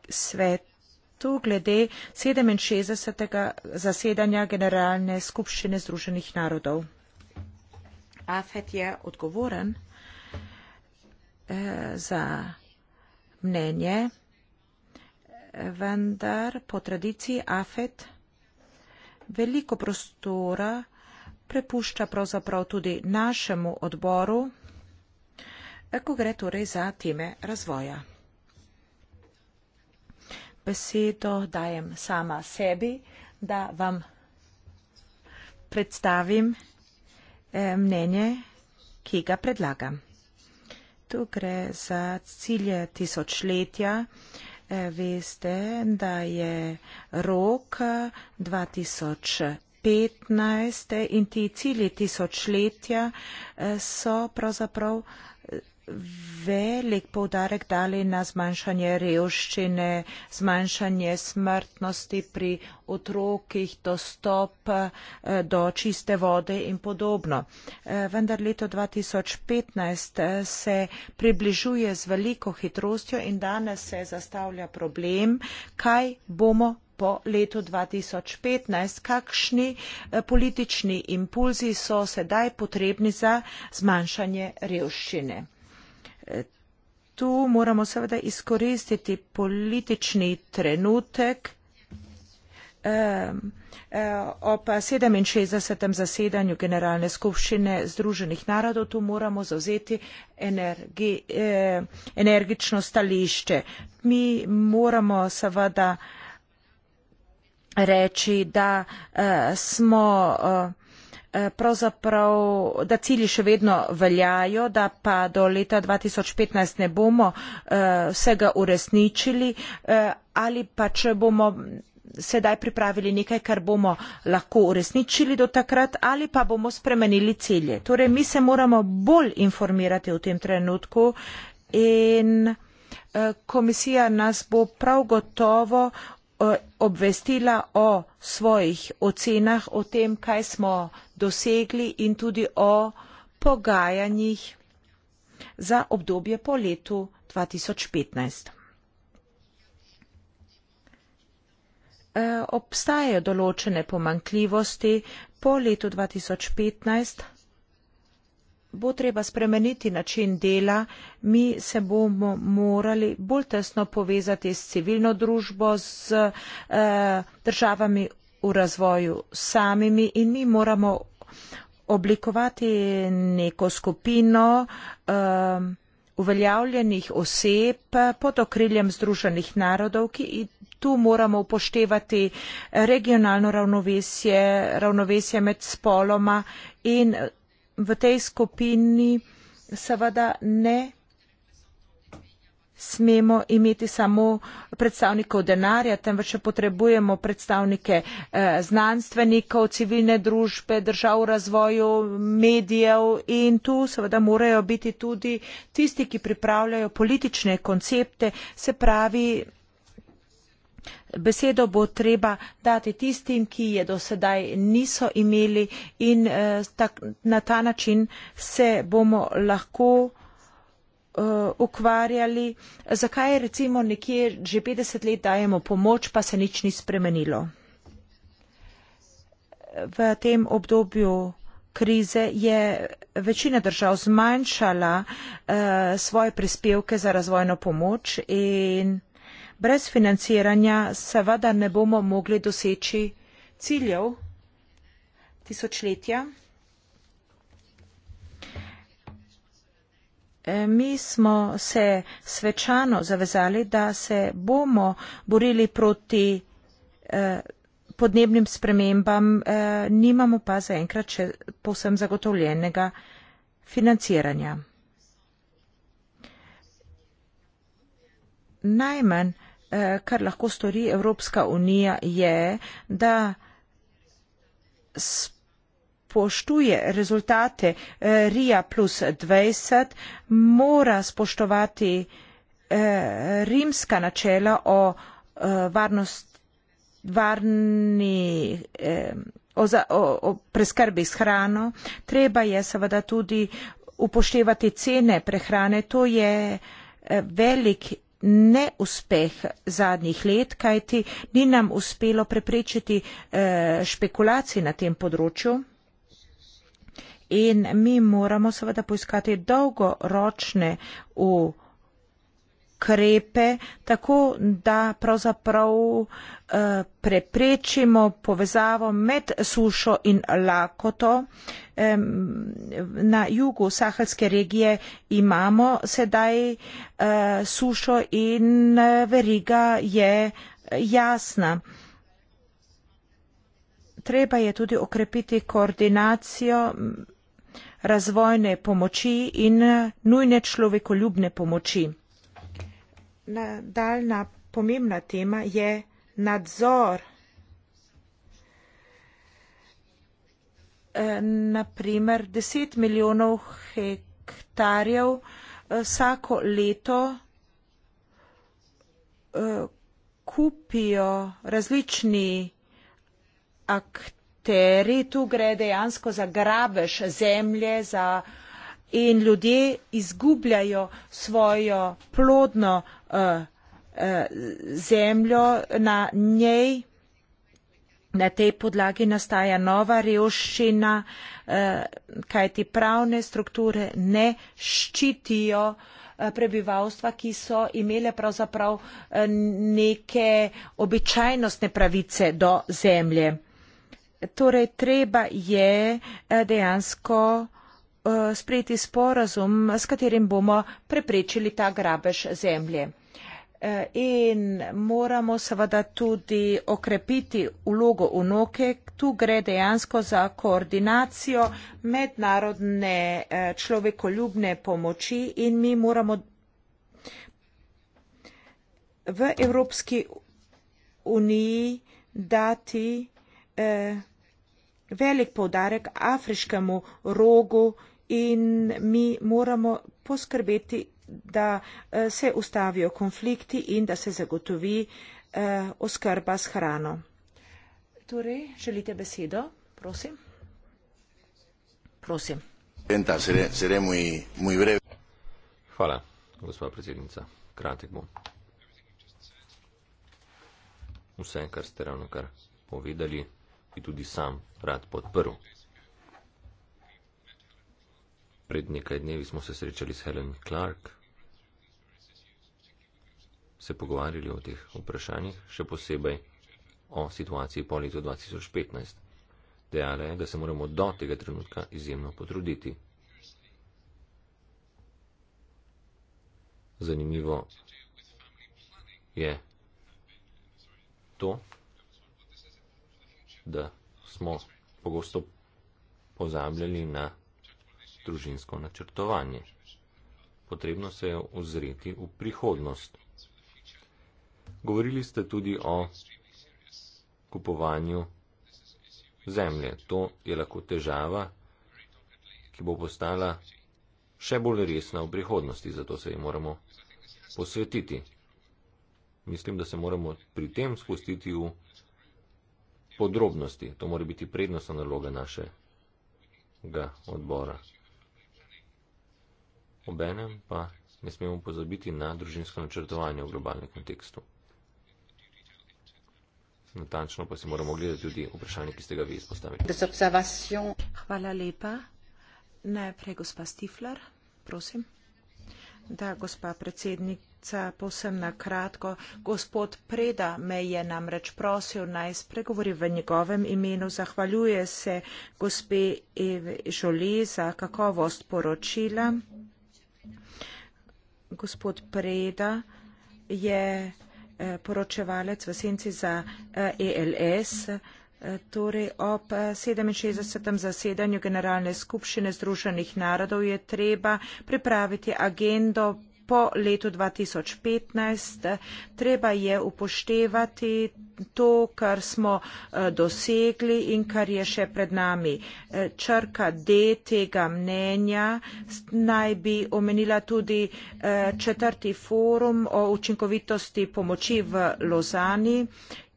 sveta tu glede 67. zasedanja Generalne skupščine Združenih narodov. AFET je odgovoren eh, za mnenje, eh, vendar po tradiciji AFET veliko prostora prepušča pravzaprav tudi našemu odboru, eh, ko gre torej za time razvoja besedo dajem sama sebi, da vam predstavim eh, mnenje, ki ga predlagam. Tu gre za cilje tisočletja. Eh, veste, da je rok 2015 eh, in ti cilji tisočletja so pravzaprav velik poudarek dali na zmanjšanje revščine, zmanjšanje smrtnosti pri otrokih, dostop eh, do čiste vode in podobno. Eh, vendar leto 2015 eh, se približuje z veliko hitrostjo in danes se zastavlja problem, kaj bomo po letu 2015, kakšni politični impulzi so sedaj potrebni za zmanjšanje revščine. Tu moramo seveda izkoristiti politični trenutek. Eh, eh, ob 67. zasedanju Generalne skupščine Združenih narodov tu moramo zauzeti eh, energično stališče. Mi moramo seveda reči, da smo Eh, pravzaprav da cilji še vedno veljajo da pa do leta dva tisoč petnajst ne bomo eh, vsega uresničili eh, ali pa če bomo sedaj pripravili nekaj kar bomo lahko uresničili do takrat ali pa bomo spremenili cilje torej mi se moramo bolj informirati v tem trenutku in komisija nas bo prav gotovo obvestila o svojih ocenah o tem kaj smo dosegli in tudi o pogajanjih za obdobje po letu 2015. E, obstajajo določene pomankljivosti. Po letu 2015 bo treba spremeniti način dela. Mi se bomo morali bolj tesno povezati s civilno družbo, z eh, državami v razvoju samimi in mi moramo oblikovati neko skupino um, uveljavljenih oseb pod okriljem Združenih narodov, ki tu moramo upoštevati regionalno ravnovesje, ravnovesje med spoloma in v tej skupini seveda ne smemo imeti samo predstavnikov denarja, temveč potrebujemo predstavnike eh, znanstvenikov, civilne družbe, držav v razvoju, medijev in tu seveda morajo biti tudi tisti, ki pripravljajo politične koncepte, se pravi, besedo bo treba dati tistim, ki je dosedaj niso imeli in eh, na ta način se bomo lahko uh, ukvarjali, zakaj recimo nekje že 50 let dajemo pomoč, pa se nič ni spremenilo. V tem obdobju krize je večina držav zmanjšala uh, svoje prispevke za razvojno pomoč in brez financiranja seveda ne bomo mogli doseči ciljev tisočletja. E, mi smo se svečano zavezali, da se bomo borili proti e, podnebnim spremembam, e, nimamo pa zaenkrat še povsem zagotovljenega financiranja. Najmanj, kar lahko stori Evropska unija, je, da spoštuje rezultate eh, RIA plus 20, mora spoštovati eh, rimska načela o eh, varnost, varni, o, za, o, o preskrbi s hrano. Treba je seveda tudi upoštevati cene prehrane. To je velik neuspeh zadnjih let, kajti ni nam uspelo preprečiti špekulacij na tem področju. In mi moramo seveda poiskati dolgoročne ukrepe, tako da pravzaprav eh, preprečimo povezavo med sušo in lakoto. Na jugu sahelske regije imamo sedaj eh, sušo in eh, veriga je jasna. Treba je tudi okrepiti koordinacijo razvojne pomoči in eh, nujne človekoljubne pomoči. Nadaljna pomembna tema je nadzor eh, na primer deset milijonov hektarjev eh, vsako leto kupijo različni nekateri, tu gre dejansko za grabež zemlje za, in ljudje izgubljajo svojo plodno uh, uh, zemljo na njej. Na tej podlagi nastaja nova revščina, eh, kajti pravne strukture ne ščitijo prebivalstva, ki so imele pravzaprav neke običajnostne pravice do zemlje torej treba je eh, dejansko eh, sprejeti sporazum, s katerim bomo preprečili ta grabež zemlje. Eh, in moramo seveda tudi okrepiti ulogo unoke. Tu gre dejansko za koordinacijo mednarodne človekoljubne pomoči in mi moramo v Evropski uniji dati eh, velik povdarek afriškemu rogu in mi moramo poskrbeti, da eh, se ustavijo konflikti in da se zagotovi eh, oskrba s hrano. Torej, želite besedo? Prosim. Prosim. Hvala, gospod predsednica. Kratek bom. Vse, kar ste ravno kar povedali bi tudi sam rad podprl. Pred nekaj dnevi smo se srečali s Helen Clark, se pogovarjali o teh vprašanjih, še posebej o situaciji po letu 2015. Dejala je, da se moramo do tega trenutka izjemno potruditi. Zanimivo je to, da smo pogosto pozabljali na družinsko načrtovanje. Potrebno se je ozreti v prihodnost. Govorili ste tudi o kupovanju zemlje. To je lahko težava, ki bo postala še bolj resna v prihodnosti, zato se ji moramo posvetiti. Mislim, da se moramo pri tem spustiti v podrobnosti. To mora biti prednostna naloga našega odbora. Obenem pa ne smemo pozabiti na družinsko načrtovanje v globalnem kontekstu. Natančno pa si moramo gledati tudi vprašanje, ki ste ga vi izpostavili. Hvala lepa. Najprej gospa Stifler, prosim. Da, gospa predsednica, povsem na kratko. Gospod Preda me je namreč prosil naj spregovori v njegovem imenu. Zahvaljuje se gospe Eve Žole za kakovost poročila. Gospod Preda je eh, poročevalec v senci za ELS. Eh, e Eh, torej ob 67. Eh, zasedanju Generalne skupščine Združenih narodov je treba pripraviti agendo po letu 2015. Eh, treba je upoštevati to, kar smo dosegli in kar je še pred nami. Črka D tega mnenja naj bi omenila tudi četrti forum o učinkovitosti pomoči v Lozani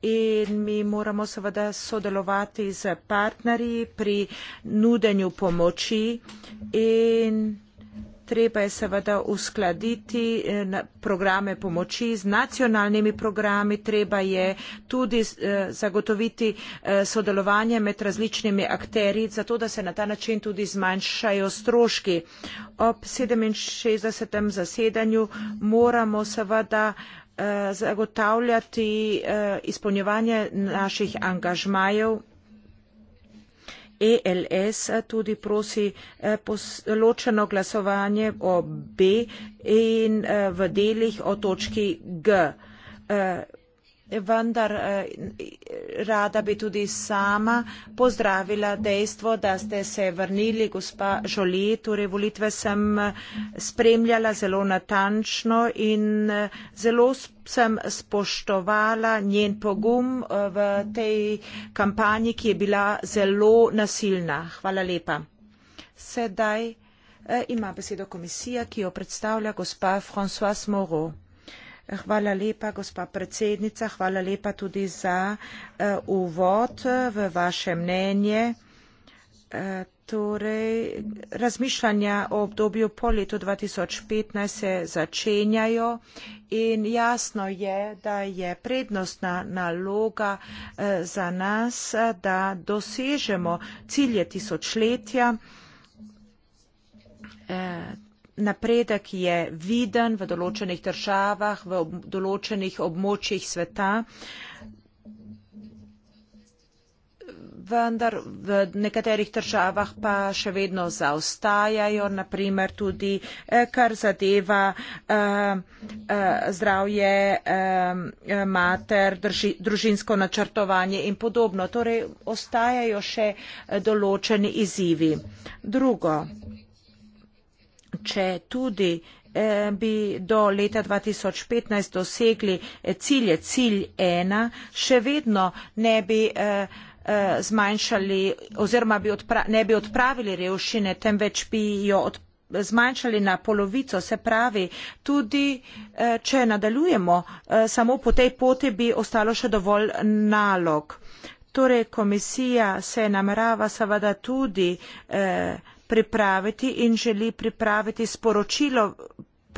in mi moramo seveda sodelovati z partnerji pri nudenju pomoči in treba je seveda uskladiti eh, programe pomoči z nacionalnimi programi, treba je tudi eh, zagotoviti eh, sodelovanje med različnimi akteri, zato da se na ta način tudi zmanjšajo stroški. Ob 67. zasedanju moramo seveda Eh, zagotavljati eh, izpolnjevanje naših angažmajev. ELS eh, tudi prosi posločeno glasovanje o B in v delih o točki G vendar eh, rada bi tudi sama pozdravila dejstvo, da ste se vrnili, gospa Žoli, torej volitve sem eh, spremljala zelo natančno in eh, zelo sem spoštovala njen pogum v tej kampanji, ki je bila zelo nasilna. Hvala lepa. Sedaj ima besedo komisija, ki jo predstavlja gospa François Moreau. Hvala lepa, gospa predsednica. Hvala lepa tudi za uh, uvod eh, v vaše mnenje. Uh, torej, razmišljanja o obdobju po letu 2015 se začenjajo in jasno je, da je prednostna naloga uh, za nas, da dosežemo cilje tisočletja. Uh, napredek je viden v določenih državah, v določenih območjih sveta, vendar v nekaterih državah pa še vedno zaostajajo, naprimer tudi eh, kar zadeva eh, eh, zdravje mater, družinsko načrtovanje in podobno. Torej, ostajajo še določeni izzivi. Drugo če tudi eh, bi do leta 2015 dosegli eh, cilje, cilj ena, še vedno ne bi eh, zmanjšali oziroma bi odpra, ne bi odpravili revšine, temveč bi jo zmanjšali na polovico. Se pravi, tudi če nadaljujemo, samo po tej poti bi ostalo še dovolj nalog. Torej, komisija se namerava seveda tudi eh, pripraviti in želi pripraviti sporočilo.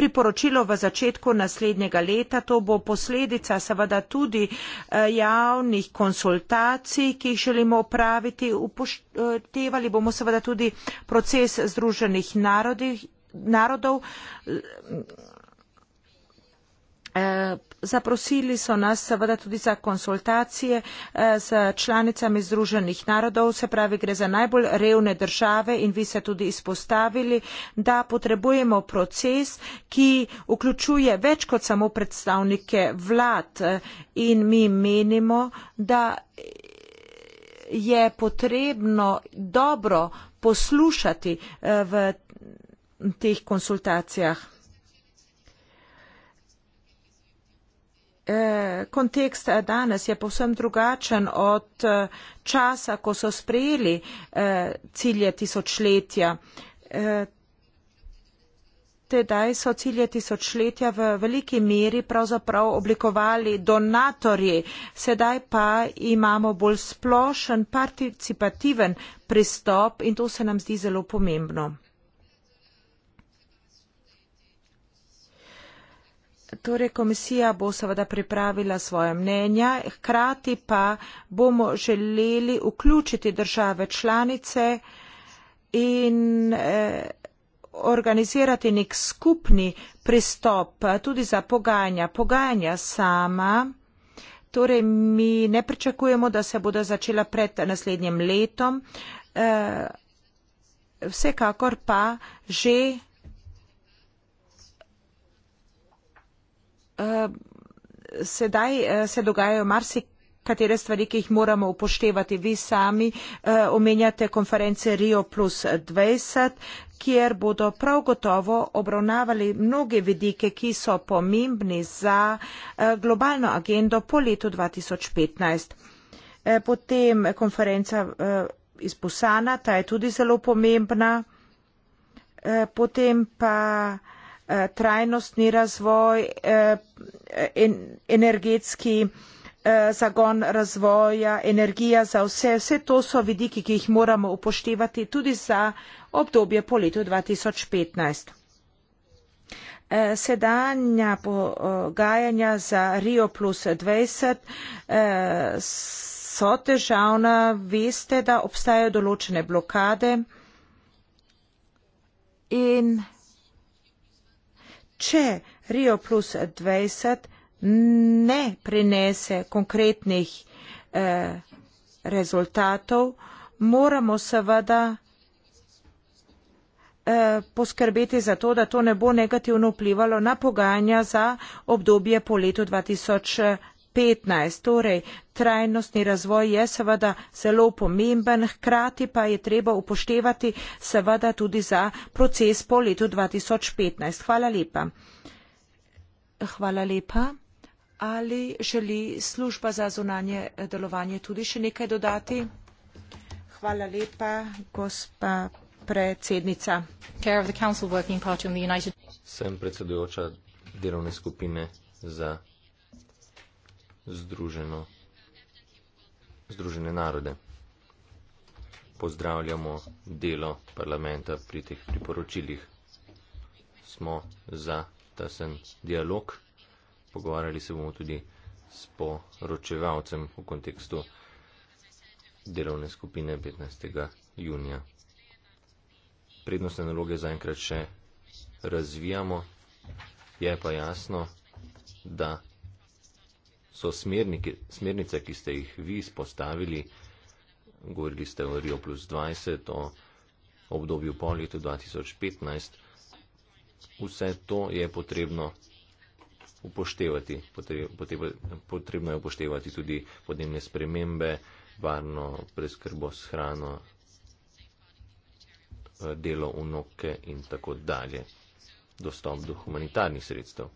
Priporočilo v začetku naslednjega leta, to bo posledica seveda tudi eh, javnih konsultacij, ki jih želimo opraviti, upoštevali bomo seveda tudi proces Združenih narodih, narodov. Eh, zaprosili so nas seveda tudi za konsultacije z eh, članicami Združenih narodov, se pravi, gre za najbolj revne države in vi ste tudi izpostavili, da potrebujemo proces, ki vključuje več kot samo predstavnike vlad eh, in mi menimo, da je potrebno dobro poslušati v teh konsultacijah. Eh, kontekst eh, danes je povsem drugačen od eh, časa, ko so sprejeli cilje tisočletja. Tedaj so cilje tisočletja v veliki meri pravzaprav oblikovali donatorji, sedaj pa imamo bolj splošen participativen pristop in to se nam zdi zelo pomembno. Torej, komisija bo seveda pripravila svoje mnenja, hkrati pa bomo želeli vključiti države članice in eh, organizirati nek skupni pristop tudi za pogajanja. Pogajanja sama, torej mi ne pričakujemo, da se bodo začela pred naslednjim letom, eh, vsekakor pa že uh, sedaj uh, se dogajajo marsik katere stvari, ki jih moramo upoštevati. Vi sami eh, omenjate konference Rio plus 20, kjer bodo prav gotovo obravnavali mnoge vidike, ki so pomembni za eh, globalno agendo po letu 2015. Eh, potem konferenca eh, iz Busana, ta je tudi zelo pomembna. Eh, potem pa. Eh, Eh, trajnostni razvoj, eh, energetski eh, zagon razvoja, energija za vse. Vse to so vidiki, ki jih moramo upoštevati tudi za obdobje po letu 2015. Sedanja pogajanja za Rio plus 20 so težavna. Veste, da obstajajo določene blokade in če Rio plus 20 ne prinese konkretnih eh, rezultatov, moramo seveda eh, poskrbeti za to, da to ne bo negativno vplivalo na pogajanja za obdobje po letu 2020. 15. Torej, trajnostni razvoj je seveda zelo pomemben, hkrati pa je treba upoštevati seveda tudi za proces po letu 2015. Hvala lepa. Hvala lepa. Ali želi služba za zunanje eh, delovanje tudi še nekaj dodati? Hvala lepa, gospa predsednica. Sem predsedujoča delovne skupine za združeno, združene narode. Pozdravljamo delo parlamenta pri teh priporočilih. Smo za tasen dialog. Pogovarjali se bomo tudi s poročevalcem v kontekstu delovne skupine 15. junija. Prednostne naloge zaenkrat še razvijamo. Je pa jasno, da so smernice, ki ste jih vi spostavili, govorili ste o Rio plus 20, o obdobju po letu 2015, vse to je potrebno upoštevati. Potrebno je upoštevati tudi podnebne spremembe, varno preskrbo s hrano, eh, delo unoke in tako dalje, dostop do humanitarnih sredstev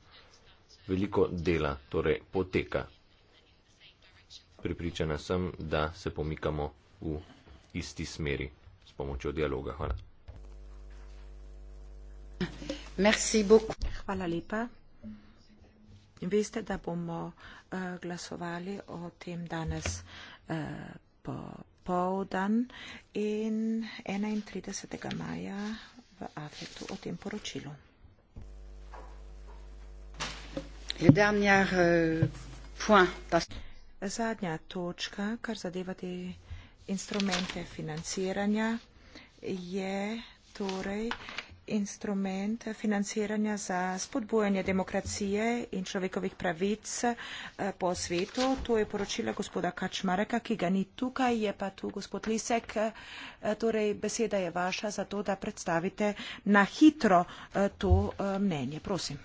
veliko dela torej poteka. Pripričana sem, da se pomikamo v isti smeri s pomočjo dialoga. Hvala. Hvala lepa. Veste, da bomo uh, glasovali o tem danes uh, eh, po povdan in 31. maja v Afriku o tem poročilu. Euh, Zadnja točka, kar zadeva te instrumente financiranja, je torej instrument financiranja za spodbojanje demokracije in človekovih pravic eh, po svetu. To je poročilo gospoda Kačmareka, ki ga ni tukaj, je pa tu gospod Lisek. Eh, torej, beseda je vaša za to, da predstavite na hitro eh, to mnenje. Prosim.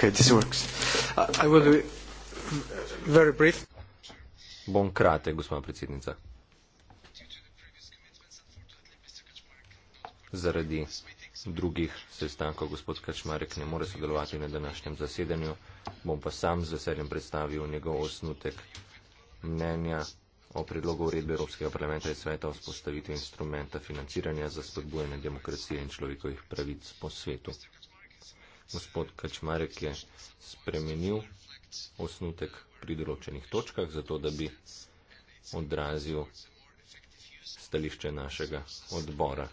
Okay, this works. Uh, I will be very brief. Bom kratek, gospa predsednica. Zaradi drugih sestankov gospod Kačmarek ne more sodelovati na današnjem zasedanju. Bom pa sam z veseljem predstavil njegov osnutek mnenja o predlogu uredbe Evropskega parlamenta in sveta o spostavitvi instrumenta financiranja za spodbujanje demokracije in človekovih pravic po svetu gospod Kačmarek je spremenil osnutek pri določenih točkah, zato da bi odrazil stališče našega odbora.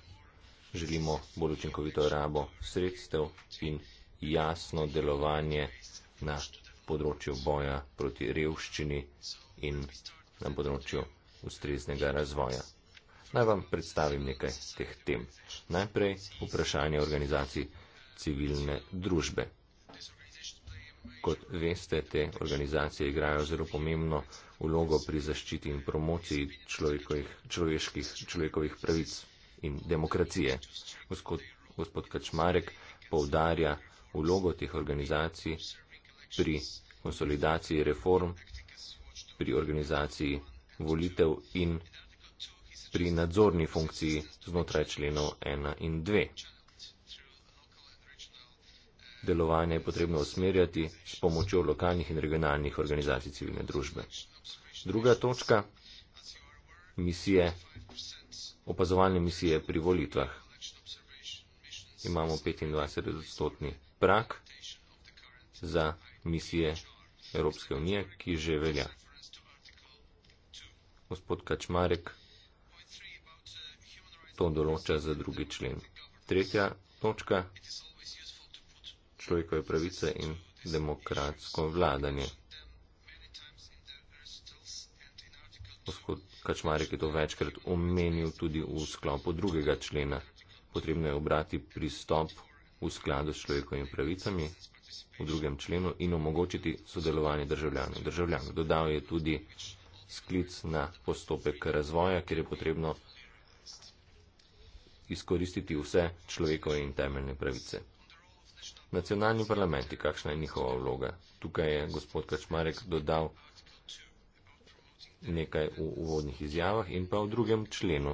Želimo bolj učinkovito rabo sredstev in jasno delovanje na področju boja proti revščini in na področju ustreznega razvoja. Naj vam predstavim nekaj teh tem. Najprej vprašanje organizacij civilne družbe. Kot veste, te organizacije igrajo zelo pomembno vlogo pri zaščiti in promociji človekovih, človekovih pravic in demokracije. Gospod, gospod Kačmarek povdarja vlogo teh organizacij pri konsolidaciji reform, pri organizaciji volitev in pri nadzorni funkciji znotraj členov 1 in 2 delovanja je potrebno usmerjati s pomočjo lokalnih in regionalnih organizacij civilne družbe. Druga točka misije, opazovalne misije pri volitvah. Imamo 25-odstotni prak za misije Evropske unije, ki že velja. Gospod Kačmarek to določa za drugi člen. Tretja točka človekove pravice in demokratsko vladanje. Gospod Kačmarek je to večkrat omenil tudi v sklopu drugega člena. Potrebno je obrati pristop v skladu s človekovimi pravicami v drugem členu in omogočiti sodelovanje državljanov. Državljan. Dodal je tudi sklic na postopek razvoja, kjer je potrebno izkoristiti vse človekove in temeljne pravice nacionalni parlamenti, kakšna je njihova vloga. Tukaj je gospod Kačmarek dodal nekaj v uvodnih izjavah in pa v drugem členu.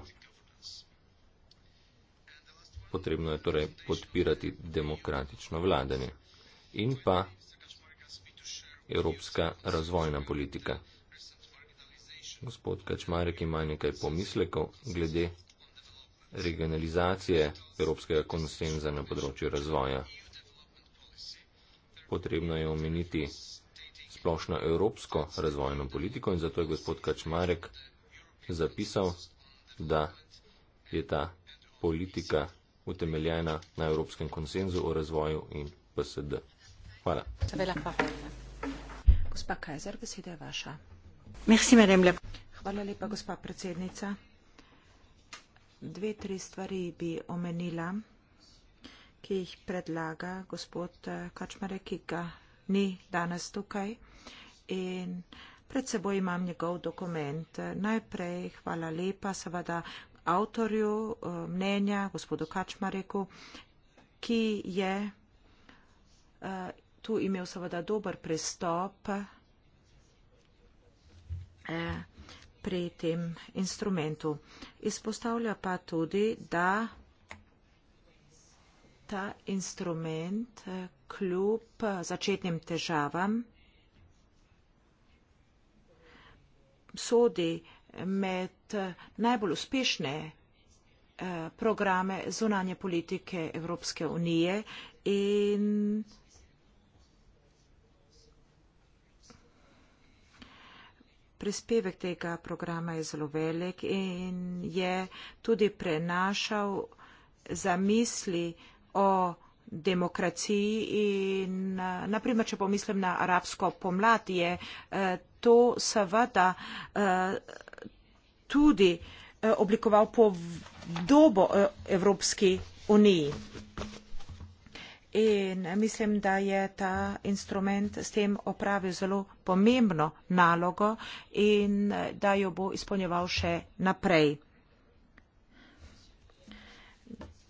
Potrebno je torej podpirati demokratično vladanje in pa evropska razvojna politika. Gospod Kačmarek ima nekaj pomislekov glede regionalizacije evropskega konsenza na področju razvoja potrebno je omeniti splošno evropsko razvojno politiko in zato je gospod Kačmarek zapisal, da je ta politika utemeljena na evropskem konsenzu o razvoju in PSD. Hvala. Gospa Kajzer, beseda je vaša. Merci, madame. Hvala lepa, gospa predsednica. Dve, tri stvari bi omenila ki jih predlaga gospod eh, Kačmare, ki ga ni danes tukaj. In pred seboj imam njegov dokument. Najprej hvala lepa seveda avtorju eh, mnenja, gospodu Kačmareku, ki je eh, tu imel seveda dober pristop pri tem instrumentu. Izpostavlja pa tudi, da ta instrument eh, kljub eh, začetnim težavam sodi med eh, najbolj uspešne programe zunanje politike Evropske unije in prispevek tega programa je zelo velik in je tudi prenašal zamisli uh, o demokraciji in eh, naprimer, če pomislim na arabsko pomlad, je eh, to seveda eh, tudi oblikoval po dobo Evropski uniji. In mislim, da je ta instrument s tem opravil zelo pomembno nalogo in da jo bo izpolnjeval še naprej.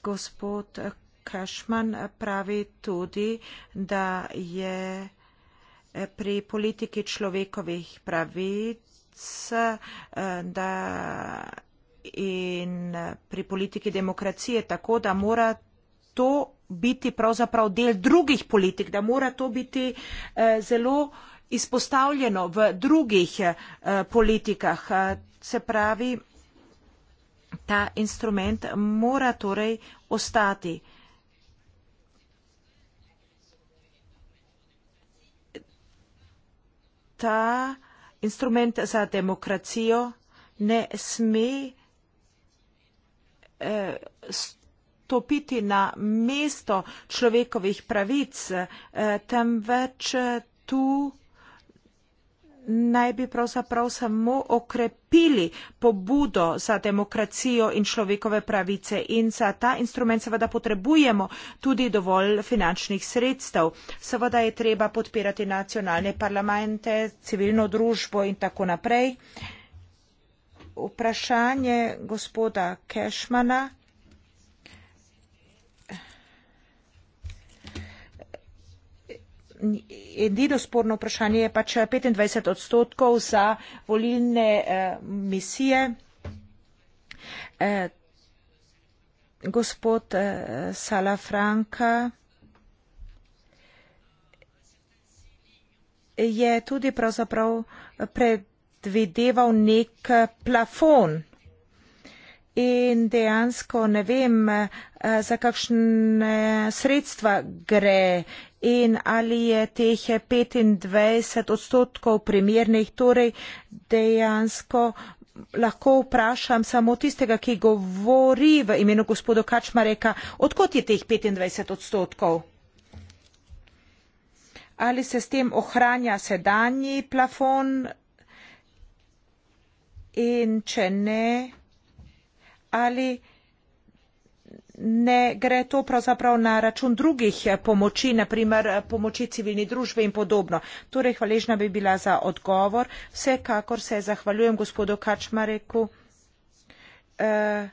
Gospod Kašman pravi tudi, da je eh, pri politiki človekovih pravic, eh, da in eh, pri politiki demokracije tako, da mora to biti pravzaprav del drugih politik, da mora to biti zelo izpostavljeno v drugih politikah. Se pravi, ta instrument mora torej ostati. ta instrument za demokracijo ne sme eh, stopiti na mesto človekovih pravic, eh, temveč tu naj bi pravzaprav samo okrepili pobudo za demokracijo in človekove pravice. In za ta instrument seveda potrebujemo tudi dovolj finančnih sredstev. Seveda je treba podpirati nacionalne parlamente, civilno družbo in tako naprej. Vprašanje gospoda Kešmana. edino sporno vprašanje je pač 25 odstotkov za volilne eh, misije. Eh, gospod eh, Salafranka je tudi pravzaprav predvideval nek eh, plafon. In dejansko ne vem, eh, za kakšne sredstva gre in ali je teh 25 odstotkov primernih, torej dejansko lahko vprašam samo tistega, ki govori v imenu gospodo Kačmareka, odkot je teh 25 odstotkov? Ali se s tem ohranja sedanji plafon in če ne, ali je ne gre to pravzaprav na račun drugih pomoči, naprimer eh, pomoči civilni družbi in podobno. Torej, hvaležna bi bila za odgovor. Vsekakor se zahvaljujem gospodu Kačmareku. E,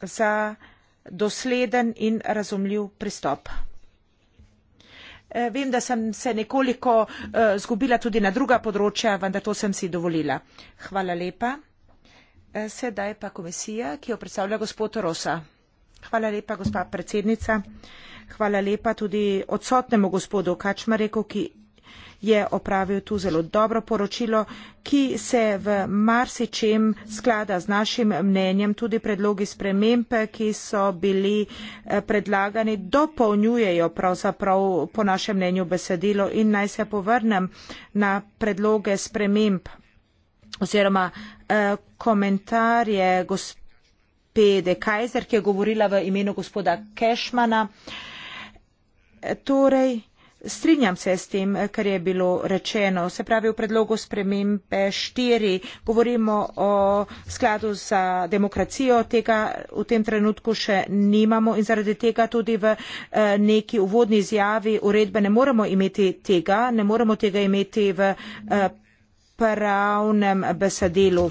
za dosleden in razumljiv pristop. E, vem, da sem se nekoliko e, zgubila tudi na druga področja, vendar to sem si dovolila. Hvala lepa. Eh, sedaj pa komisija, ki jo predstavlja gospod Rosa. Hvala lepa, gospa predsednica. Hvala lepa tudi odsotnemu gospodu Kačmareku, ki je opravil tu zelo dobro poročilo, ki se v marsičem sklada z našim mnenjem, tudi predlogi sprememb, ki so bili eh, predlagani, dopolnjujejo pravzaprav po našem mnenju besedilo in naj se povrnem na predloge sprememb oziroma Eh, komentar je gospede Kajzer, ki je govorila v imenu gospoda Kešmana. Eh, torej, strinjam se s tem, eh, kar je bilo rečeno. Se pravi, v predlogu spremembe štiri govorimo o skladu za demokracijo, tega v tem trenutku še nimamo in zaradi tega tudi v neki uvodni izjavi uredbe ne moremo imeti tega, ne moremo tega imeti v pravnem besedilu.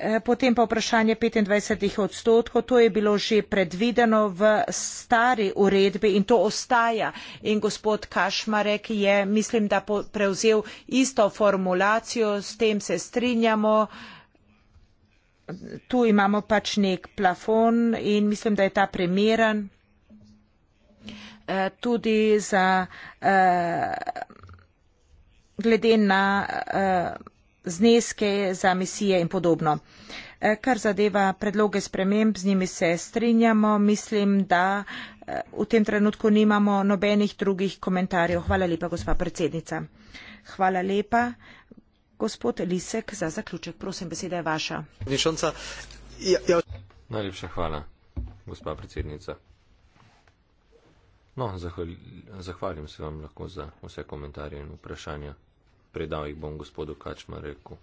E, potem pa vprašanje 25 odstotkov, to je bilo že predvideno v stari uredbi in to ostaja. In gospod Kašmarek je, mislim, da prevzel isto formulacijo, s tem se strinjamo. Tu imamo pač nek plafon in mislim, da je ta primeren e, tudi za. Uh, glede na uh, zneske za misije in podobno. Eh, kar zadeva predloge sprememb, z njimi se strinjamo. Mislim, da eh, v tem trenutku nimamo nobenih drugih komentarjev. Hvala lepa, gospa predsednica. Hvala lepa, gospod Lisek, za zaključek. Prosim, beseda je vaša. Ja, ja. Najlepša hvala, gospa predsednica. No, zahvaljujem se vam lahko za vse komentarje in vprašanja predal jih bom gospodu Kačmar reku.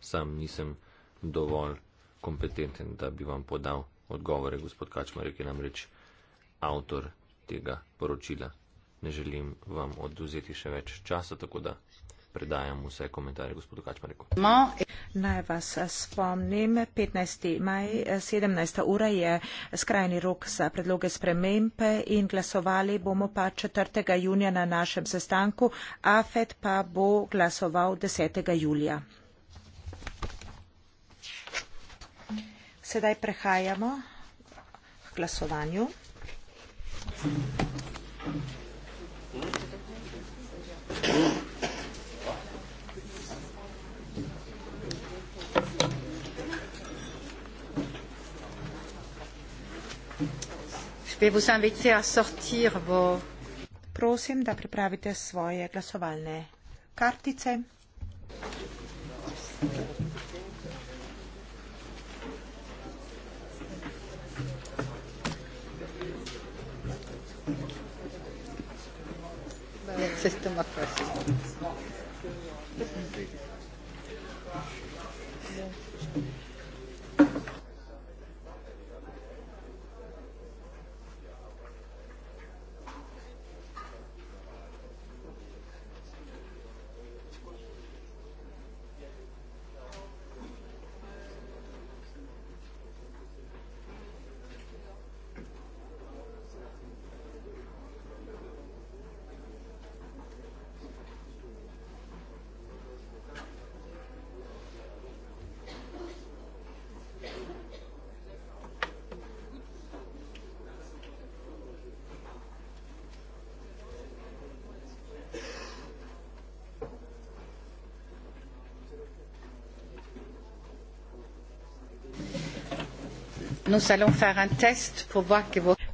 Sam nisem dovolj kompetenten, da bi vam podal odgovore, gospod Kačmar je namreč avtor tega poročila. Ne želim vam oduzeti še več časa, tako da predajam vse komentarje gospodu Kačmariku. No, naj vas spomnim, 15. maj 17. ura je skrajni rok za predloge spremembe in glasovali bomo pa 4. junija na našem sestanku, AFED pa bo glasoval 10. julija. Sedaj prehajamo k glasovanju. Thank you. vous inviter à sortir vos Prosim, da pripravite svoje glasovalne kartice. Thank you.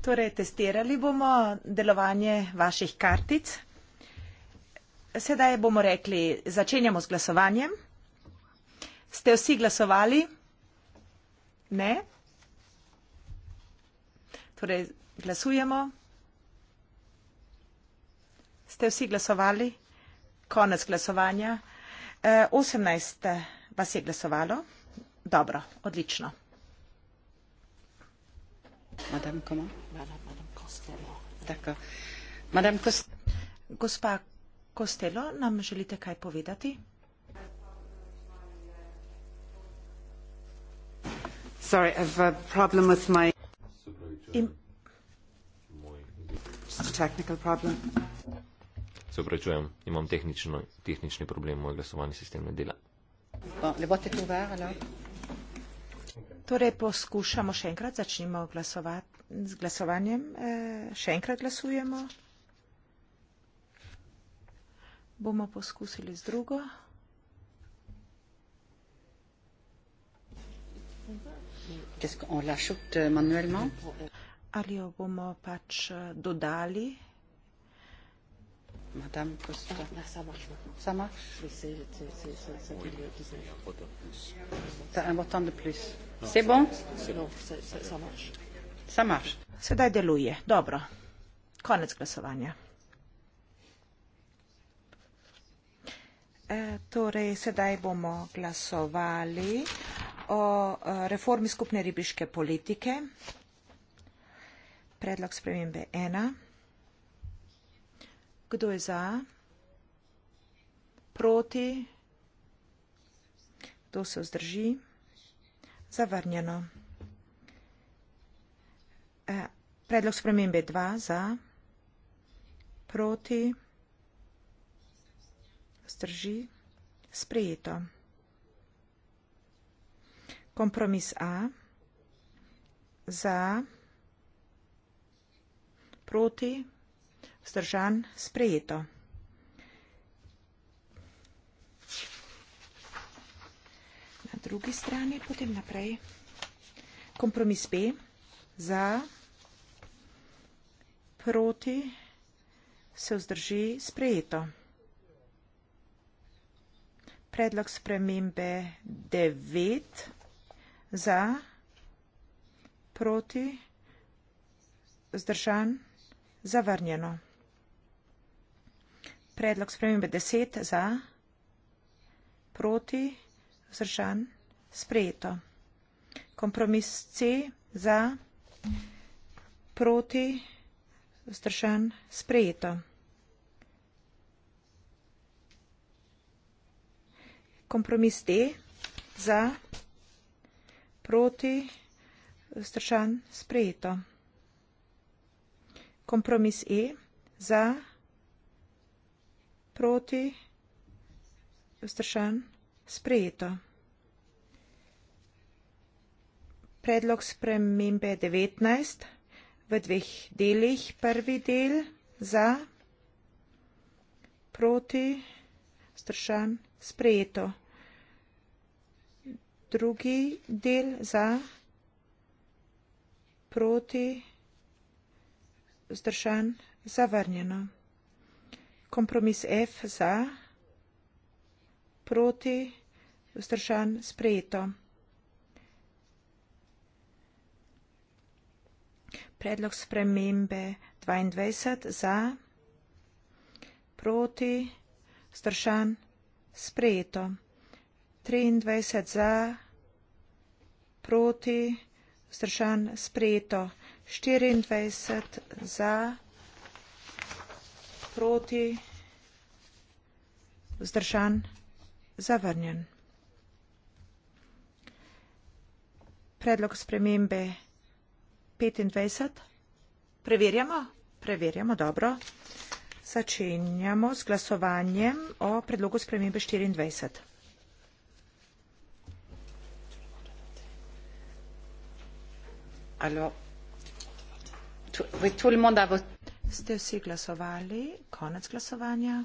Torej, testirali bomo delovanje vaših kartic. Sedaj bomo rekli, začenjamo z glasovanjem. Ste vsi glasovali? Ne? Torej, glasujemo. Ste vsi glasovali? Konec glasovanja. 18 eh, vas je glasovalo. Dobro, odlično. Madame comment Madame, Madame Costello. D'accord. Madame Costello. Gospa Costello, nam želite kaj povedati? Sorry, I have a problem with my... In... Technical problem. Se upravičujem, imam tehnični problem, moj glasovalni sistem ne dela. Bon, le boite couvert, alors? Torej poskušamo še enkrat, začnimo glasovati, z glasovanjem. E, še enkrat glasujemo. Bomo poskusili z drugo. Ali jo bomo pač e, dodali? Madame, No, no, se bo? Se marša. Sedaj deluje. Dobro. Konec glasovanja. E, torej, sedaj bomo glasovali o e, reformi skupne ribiške politike. Predlog spremembe 1. Kdo je za? Proti? Kdo se vzdrži? Kdo se vzdrži? Zavrnjeno. E, predlog spremembe dva za, proti, strži, sprejeto. Kompromis A za, proti, vzdržan, sprejeto. drugi strani, potem naprej. Kompromis B za, proti, se vzdrži sprejeto. Predlog spremembe 9 za, proti, vzdržan, zavrnjeno. Predlog spremembe 10 za, proti, vzdržan, zavrnjeno sprejeto. Kompromis C za, proti, vzdržan, sprejeto. Kompromis D za, proti, vzdržan, sprejeto. Kompromis E za, proti, vzdržan, sprejeto. predlog spremembe 19 v dveh delih. Prvi del za, proti, stršan, sprejeto. Drugi del za, proti, zdržan, zavrnjeno. Kompromis F za, proti, zdržan, sprejeto. predlog spremembe 22 za, proti, zdržan, sprejeto. 23 za, proti, zdržan, sprejeto. 24 za, proti, zdržan, zavrnjen. Predlog spremembe petindvajset preverjamo preverjamo dobro začenjamo z glasovanjem o predlogu spremembe štiriindvajset ste vsi glasovali konec glasovanja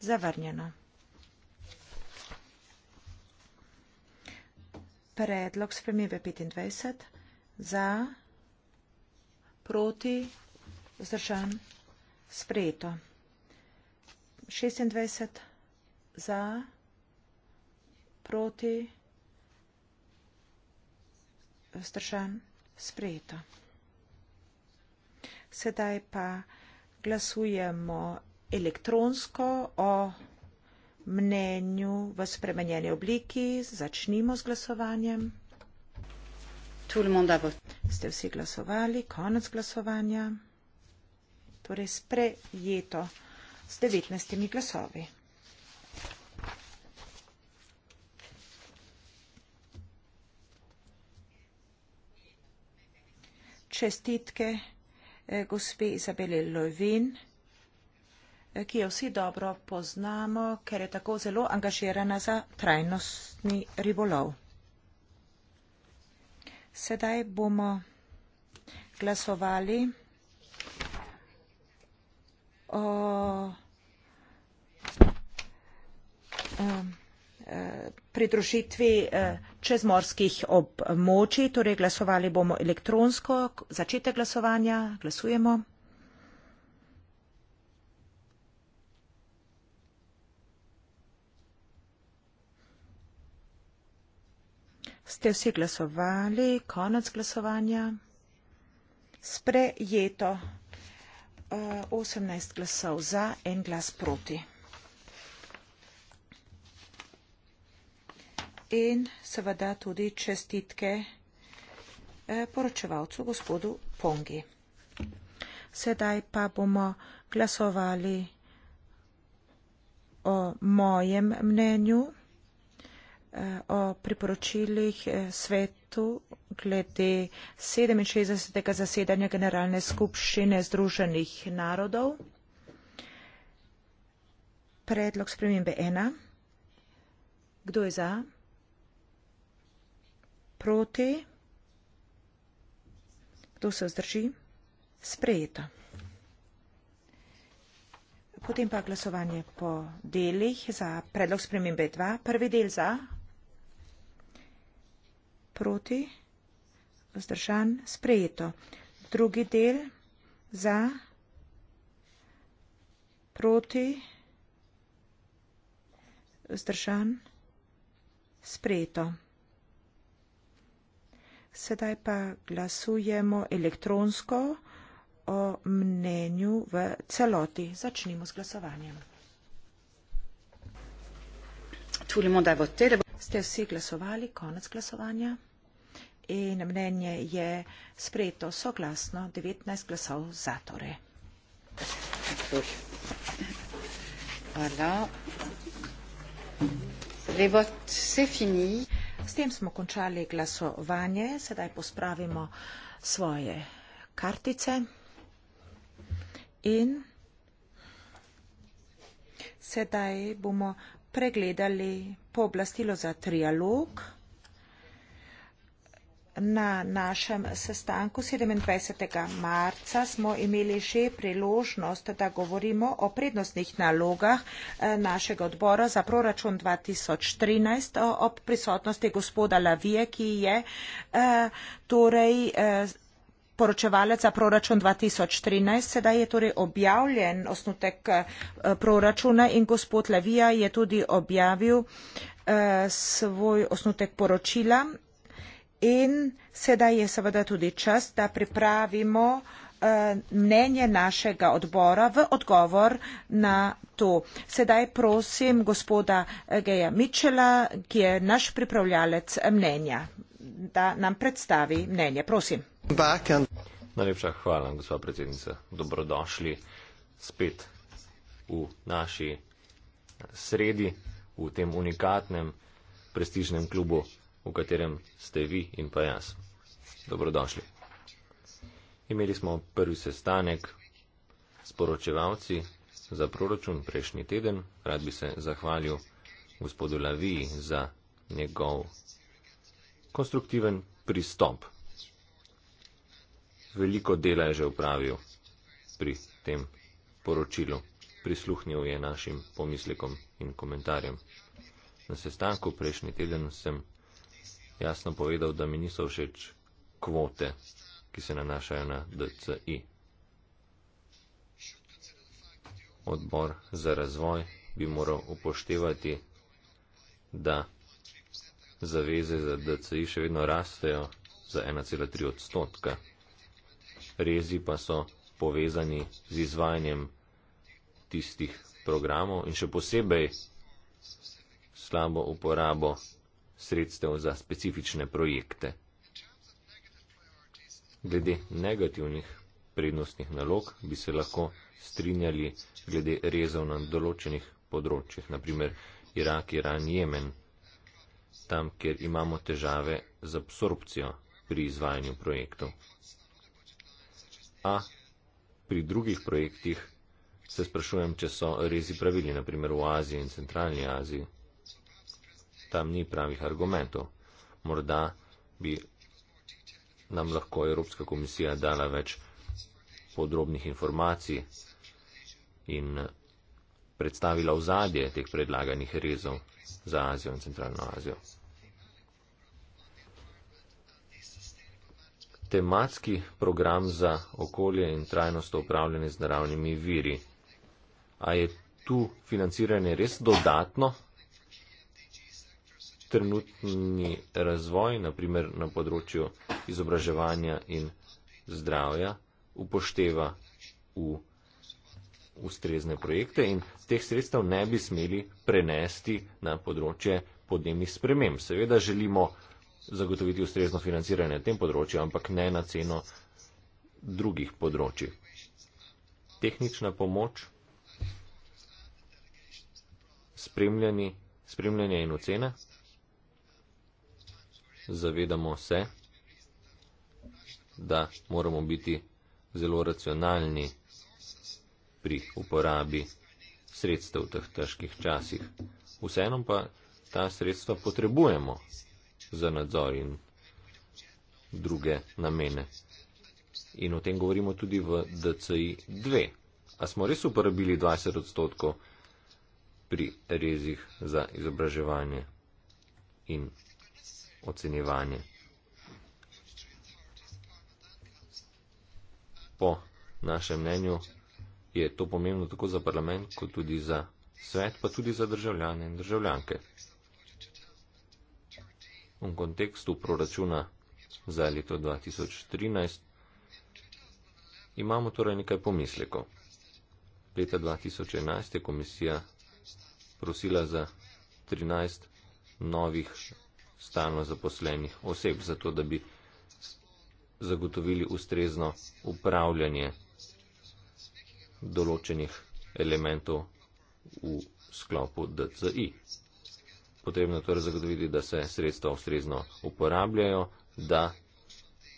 zavrnjeno predlog spremembe 25, za, proti, vzdržan, sprejeto. 26, za, proti, vzdržan, sprejeto. Sedaj pa glasujemo elektronsko o mnenju v spremenjeni obliki. Začnimo z glasovanjem. Ste vsi glasovali, konec glasovanja. Torej sprejeto s 19 glasovi. Čestitke eh, gospe Izabele Lovin ki jo vsi dobro poznamo, ker je tako zelo angažirana za trajnostni ribolov. Sedaj bomo glasovali o eh, pridružitvi eh, čezmorskih območij, torej glasovali bomo elektronsko, začete glasovanja, glasujemo. Ste vsi glasovali? Konec glasovanja? Sprejeto. 18 eh, glasov za, en glas proti. In seveda tudi čestitke eh, poročevalcu gospodu Pongi. Sedaj pa bomo glasovali o mojem mnenju o priporočilih eh, svetu glede 67. zasedanja Generalne skupščine Združenih narodov. Predlog spremembe 1. Kdo je za? Proti? Kdo se vzdrži? Sprejeto. Potem pa glasovanje po delih za predlog spremembe 2. Prvi del za, proti, vzdržan, sprejeto. Drugi del za, proti, vzdržan, sprejeto. Sedaj pa glasujemo elektronsko o mnenju v celoti. Začnimo z glasovanjem. Tudi moramo, da je v tebi ste vsi glasovali, konec glasovanja. In mnenje je sprejeto soglasno, 19 glasov za torej. Hvala. Revot se fini. S tem smo končali glasovanje, sedaj pospravimo svoje kartice in sedaj bomo pregledali pooblastilo za trialog na našem sestanku 27. marca smo imeli še priložnost, da govorimo o prednostnih nalogah eh, našega odbora za proračun 2013 ob prisotnosti gospoda Lavije, ki je eh, torej eh, poročevalec za proračun 2013, sedaj je torej objavljen osnutek eh, proračuna in gospod Levija je tudi objavil eh, svoj osnutek poročila in sedaj je seveda tudi čas, da pripravimo eh, mnenje našega odbora v odgovor na to. Sedaj prosim gospoda Geja Mičela, ki je naš pripravljalec mnenja, da nam predstavi mnenje. Prosim. Najlepša hvala, gospod predsednica. Dobrodošli spet v naši sredi, v tem unikatnem, prestižnem klubu, v katerem ste vi in pa jaz. Dobrodošli. Imeli smo prvi sestanek s poročevalci za proračun prejšnji teden. Rad bi se zahvalil gospodu Laviji za njegov konstruktiven pristop veliko dela je že upravil pri tem poročilu. Prisluhnil je našim pomislekom in komentarjem. Na sestanku prejšnji teden sem jasno povedal, da mi niso všeč kvote, ki se nanašajo na DCI. Odbor za razvoj bi moral upoštevati, da zaveze za DCI še vedno rastejo za 1,3 odstotka rezi pa so povezani z izvajanjem tistih programov in še posebej slabo uporabo sredstev za specifične projekte. Glede negativnih prednostnih nalog bi se lahko strinjali glede rezov na določenih področjih, naprimer Irak, Iran, Jemen, tam, kjer imamo težave z absorpcijo pri izvajanju projektov a pri drugih projektih se sprašujem, če so rezi pravili, naprimer v Aziji in centralni Aziji. Tam ni pravih argumentov. Morda bi nam lahko Evropska komisija dala več podrobnih informacij in predstavila vzadje teh predlaganih rezov za Azijo in centralno Azijo. tematski program za okolje in trajnostno upravljanje z naravnimi viri. A je tu financiranje res dodatno? Trenutni razvoj, naprimer na področju izobraževanja in zdravja, upošteva v ustrezne projekte in teh sredstev ne bi smeli prenesti na področje podnebnih sprememb. Seveda želimo zagotoviti ustrezno financiranje tem področju, ampak ne na ceno drugih področji. Tehnična pomoč, spremljanje, spremljanje in ocena. Zavedamo se, da moramo biti zelo racionalni pri uporabi sredstev v teh težkih časih. Vseeno pa ta sredstva potrebujemo za nadzor in druge namene. In o tem govorimo tudi v DCI 2. A smo res uporabili 20 odstotkov pri rezih za izobraževanje in ocenjevanje? Po našem mnenju je to pomembno tako za parlament, kot tudi za svet, pa tudi za državljane in državljanke v kontekstu proračuna za leto 2013 imamo torej nekaj pomisleko. Leta 2011 je komisija prosila za 13 novih stalno zaposlenih oseb, zato da bi zagotovili ustrezno upravljanje določenih elementov v sklopu DCI potrebno torej zagotoviti, da se sredstva ustrezno uporabljajo, da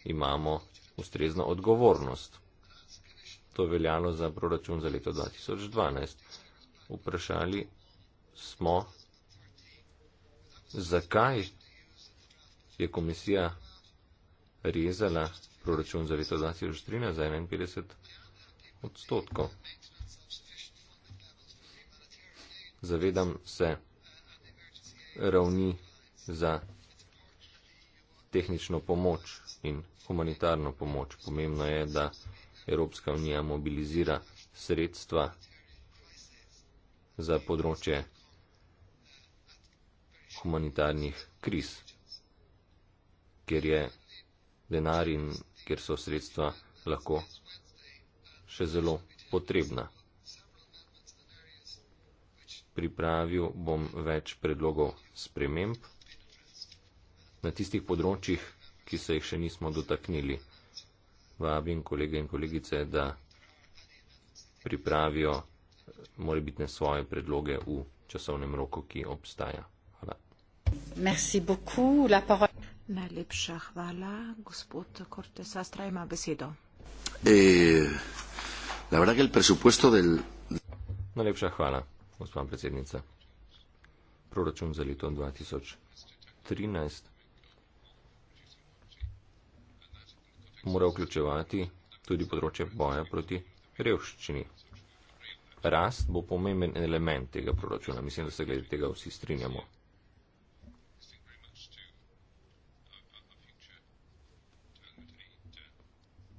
imamo ustrezno odgovornost. To je veljalo za proračun za leto 2012. Vprašali smo, zakaj je komisija rezala proračun za leto 2013 za 51 odstotkov. Zavedam se, ravni za tehnično pomoč in humanitarno pomoč. Pomembno je, da Evropska unija mobilizira sredstva za področje humanitarnih kriz, kjer je denar in kjer so sredstva lahko še zelo potrebna pripravil bom več predlogov sprememb na tistih področjih, ki se jih še nismo dotaknili. Vabim kolege in kolegice, da pripravijo morebitne svoje predloge v časovnem roku, ki obstaja. Hvala. Merci beaucoup, la parole. Najlepša hvala, gospod Korte Sastra ima besedo. Eh, la verdad que el presupuesto del. Najlepša hvala gospa predsednica. Proračun za leto 2013 mora vključevati tudi področje boja proti revščini. Rast bo pomemben element tega proračuna. Mislim, da se glede tega vsi strinjamo.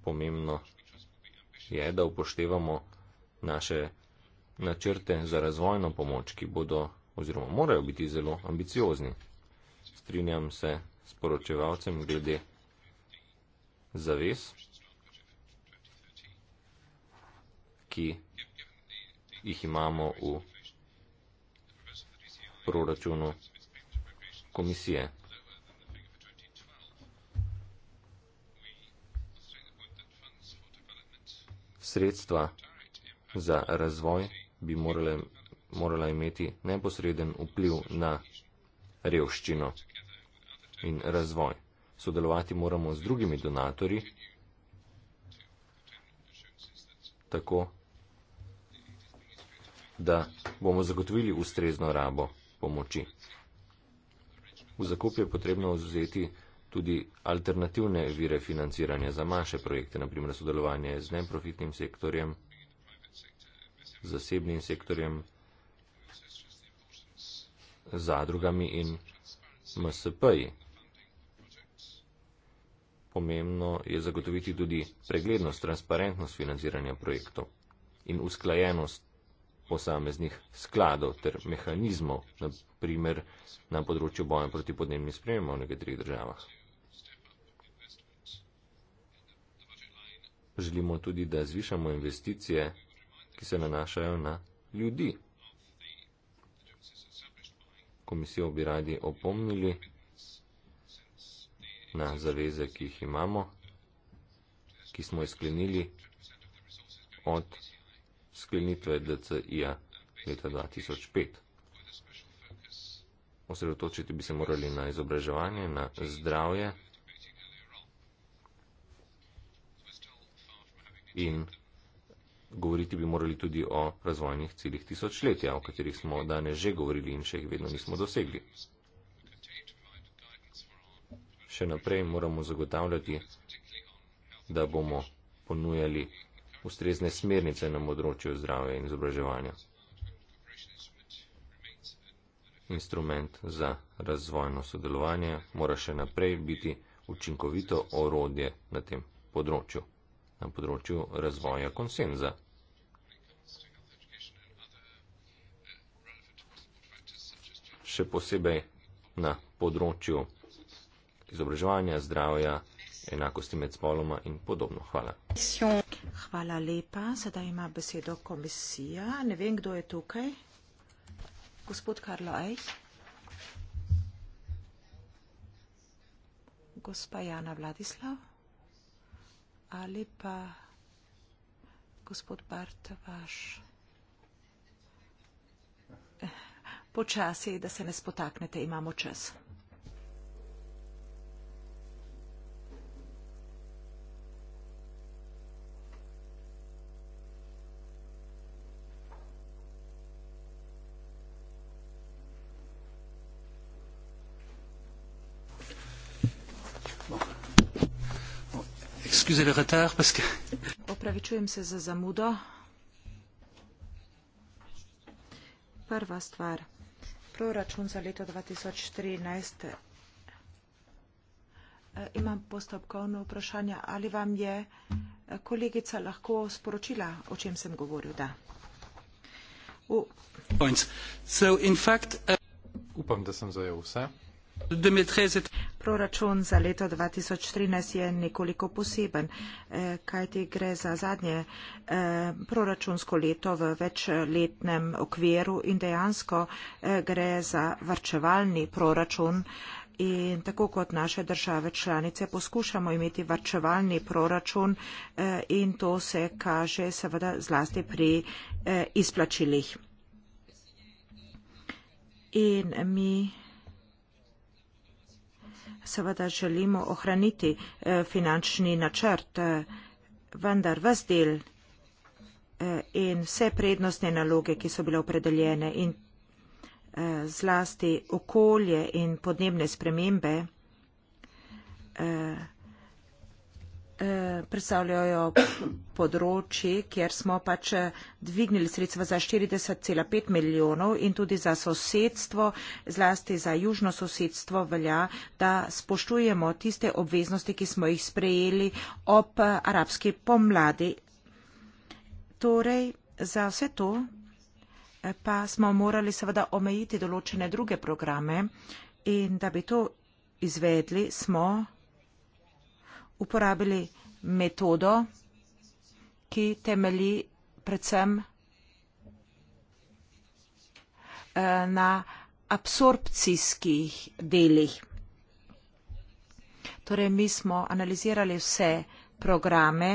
Pomembno je, da upoštevamo naše načrte za razvojno pomoč, ki bodo oziroma morajo biti zelo ambiciozni. Strinjam se s poročevalcem glede zaves, ki jih imamo v proračunu komisije. Sredstva za razvoj bi morale, morala imeti neposreden vpliv na revščino in razvoj. Sodelovati moramo z drugimi donatorji, tako da bomo zagotovili ustrezno rabo pomoči. V zakup je potrebno vzeti tudi alternativne vire financiranja za manjše projekte, naprimer sodelovanje z neprofitnim sektorjem zasebnim sektorjem, zadrugami in MSP-ji. Pomembno je zagotoviti tudi preglednost, transparentnost financiranja projektov in usklajenost posameznih skladov ter mehanizmov, naprimer na področju boja proti podnebnim spremembam v nekaterih državah. Želimo tudi, da zvišamo investicije ki se nanašajo na ljudi. Komisijo bi radi opomnili na zaveze, ki jih imamo, ki smo jih sklenili od sklenitve DCI-ja leta 2005. Osredotočiti bi se morali na izobraževanje, na zdravje in govoriti bi morali tudi o razvojnih ciljih tisočletja, o katerih smo danes že govorili in še jih vedno nismo dosegli. Še naprej moramo zagotavljati, da bomo ponujali ustrezne smernice na področju zdravja in izobraževanja. Instrument za razvojno sodelovanje mora še naprej biti učinkovito orodje na tem področju na področju razvoja konsenza. Še posebej na področju izobraževanja, zdravja, enakosti med spoloma in podobno. Hvala. Hvala lepa. Sedaj ima besedo komisija. Ne vem, kdo je tukaj. Gospod Karlo Ejh. Gospa Jana Vladislav ali pa gospod Bart, vaš eh, počasi, da se ne spotaknete, imamo čas. excusez le retard parce que... Opravičujem se za zamudo. Prva stvar. Proračun za leto 2014. E, imam postopkovno vprašanje. Ali vam je e, kolegica lahko sporočila, o čem sem govoril? Da. U... So, in fact, uh... Upam, da sem zajel vse. Proračun za leto 2013 je nekoliko poseben, eh, kajti gre za zadnje eh, proračunsko leto v večletnem okviru in dejansko eh, gre za varčevalni proračun. In tako kot naše države članice poskušamo imeti varčevalni proračun in to se kaže seveda zlasti pri izplačilih. In mi seveda želimo ohraniti eh, finančni načrt, eh, vendar vas del eh, in vse prednostne naloge, ki so bile opredeljene in zlasti okolje in podnebne spremembe, Eh, predstavljajo področje, kjer smo pač eh, dvignili sredstva za 40,5 milijonov in tudi za sosedstvo, zlasti za južno sosedstvo velja, da spoštujemo tiste obveznosti, ki smo jih sprejeli ob eh, arabski pomladi. Torej, za vse to pa smo morali seveda omejiti določene druge programe in da bi to izvedli, smo uporabili metodo, ki temelji predvsem eh, na absorpcijskih delih. Torej, mi smo analizirali vse programe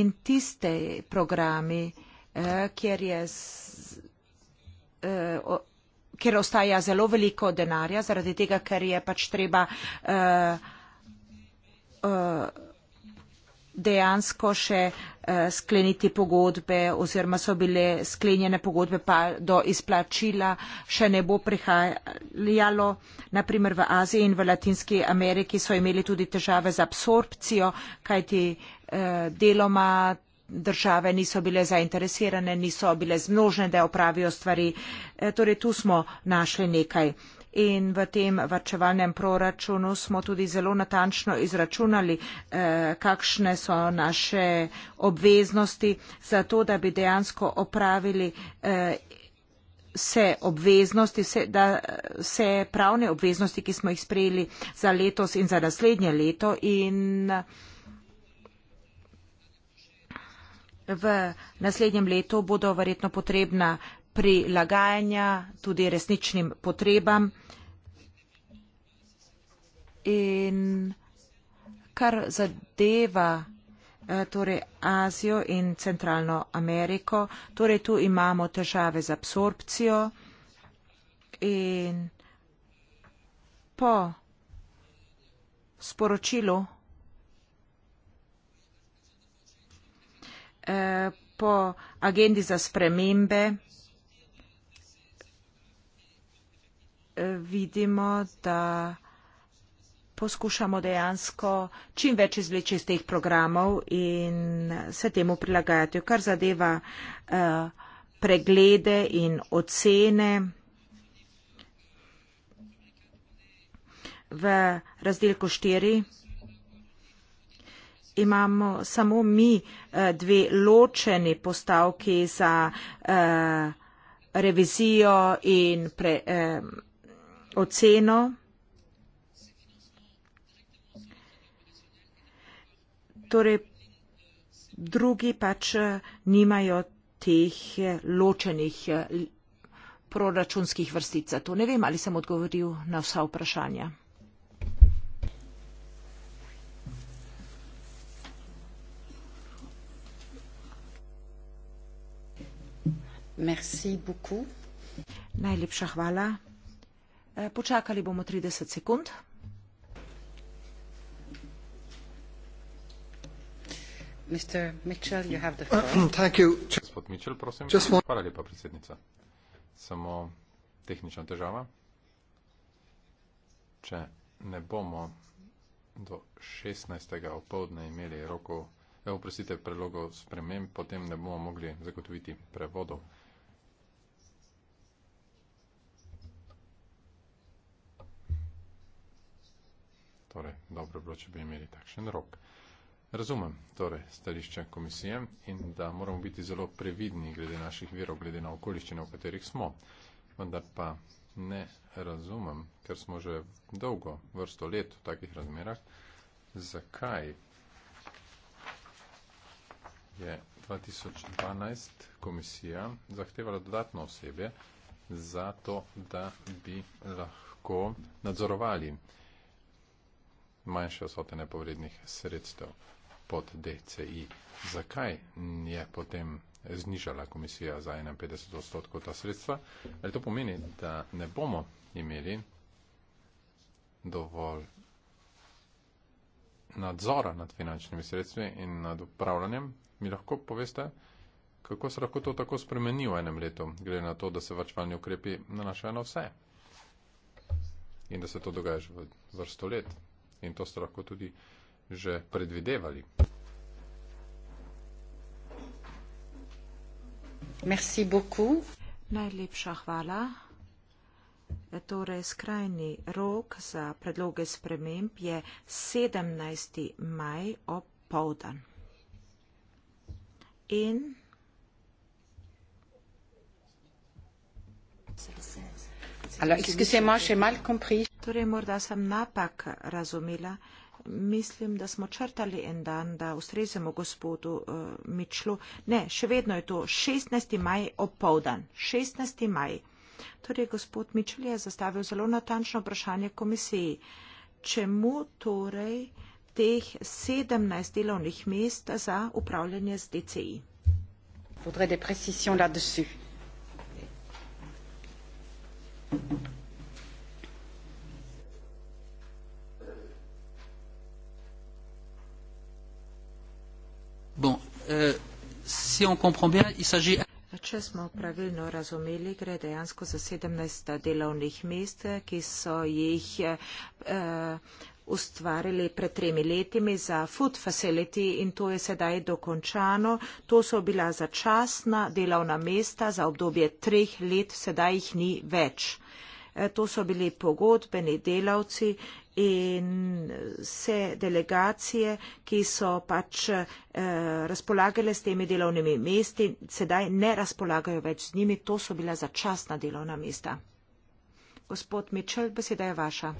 in tiste programi, eh, kjer je eh, kjer ostaja zelo veliko denarja, zaradi tega, ker je pač treba uh, Eh, dejansko še eh, skleniti pogodbe oziroma so bile sklenjene pogodbe, pa do izplačila še ne bo prihajalo. Naprimer v Aziji in v Latinski Ameriki so imeli tudi težave z absorpcijo, kajti eh, deloma države niso bile zainteresirane, niso bile zmožne, da opravijo stvari. Torej tu smo našli nekaj in v tem varčevalnem proračunu smo tudi zelo natančno izračunali, eh, kakšne so naše obveznosti za to, da bi dejansko opravili eh, vse obveznosti, vse, da vse pravne obveznosti, ki smo jih sprejeli za letos in za naslednje leto in v naslednjem letu bodo verjetno potrebna prilagajanja tudi resničnim potrebam in kar zadeva eh, torej Azijo in Centralno Ameriko, torej tu imamo težave z absorpcijo in po sporočilu eh, po agendi za spremembe eh, vidimo, da poskušamo dejansko čim več izvleči iz teh programov in se temu prilagajati. Kar zadeva eh, preglede in ocene, v razdelku 4 imamo samo mi eh, dve ločeni postavki za eh, revizijo in pre, eh, oceno. torej drugi pač eh, nimajo teh eh, ločenih eh, proračunskih vrstic za to. Ne vem, ali sem odgovoril na vsa vprašanja. Merci beaucoup. Najlepša hvala. Počakali bomo 30 sekund. Uh, gospod Mitchell, prosim. Hvala lepa, predsednica. Samo tehnična težava. Če ne bomo do 16. opovdne imeli rokov, evo, eh, prosite, prelogo spremem, potem ne bomo mogli zagotoviti prevodov. Torej, dobro bi bilo, če bi imeli takšen rok. Razumem torej stališče komisije in da moramo biti zelo previdni glede naših virov, glede na okoliščine, v katerih smo. Vendar pa ne razumem, ker smo že dolgo vrsto let v takih razmerah, zakaj je 2012 komisija zahtevala dodatno osebje za to, da bi lahko nadzorovali manjše osote nepovrednih sredstev pod DCI. Zakaj je potem znižala komisija za 51 odstotkov ta sredstva? Ali to pomeni, da ne bomo imeli dovolj nadzora nad finančnimi sredstvi in nad upravljanjem? Mi lahko poveste, kako se lahko to tako spremeni v enem letu, glede na to, da se vrčevalni ukrepi nanašajo na vse in da se to dogaja že vrsto let. In to ste lahko tudi že predvidevali. Merci beaucoup. Najlepša hvala. Torej, skrajni rok za predloge sprememb je 17. maj ob povdan. In Alors, excusez-moi, j'ai mal compris. Torej, morda sem napak razumela mislim, da smo črtali en dan, da ustrezamo gospodu uh, Mičlu. Ne, še vedno je to 16. maj opovdan. 16. maj. Torej, gospod Mičl je zastavil zelo natančno vprašanje komisiji. Čemu torej teh 17 delovnih mest za upravljanje z DCI? Potrebuje precizijo na dosu. thank you Eh, si on comprend bien, il s'agit. Če smo pravilno razumeli, gre dejansko za 17 delovnih mest, ki so jih uh, ustvarili pred tremi letimi za food facility in to je sedaj dokončano. To so bila začasna delovna mesta za obdobje treh let, sedaj jih ni več. Eh, to so bili pogodbeni delavci in vse delegacije, ki so pač eh, razpolagale s temi delovnimi mesti, sedaj ne razpolagajo več z njimi, to so bila začasna delovna mesta. Gospod Mičel, beseda je vaša.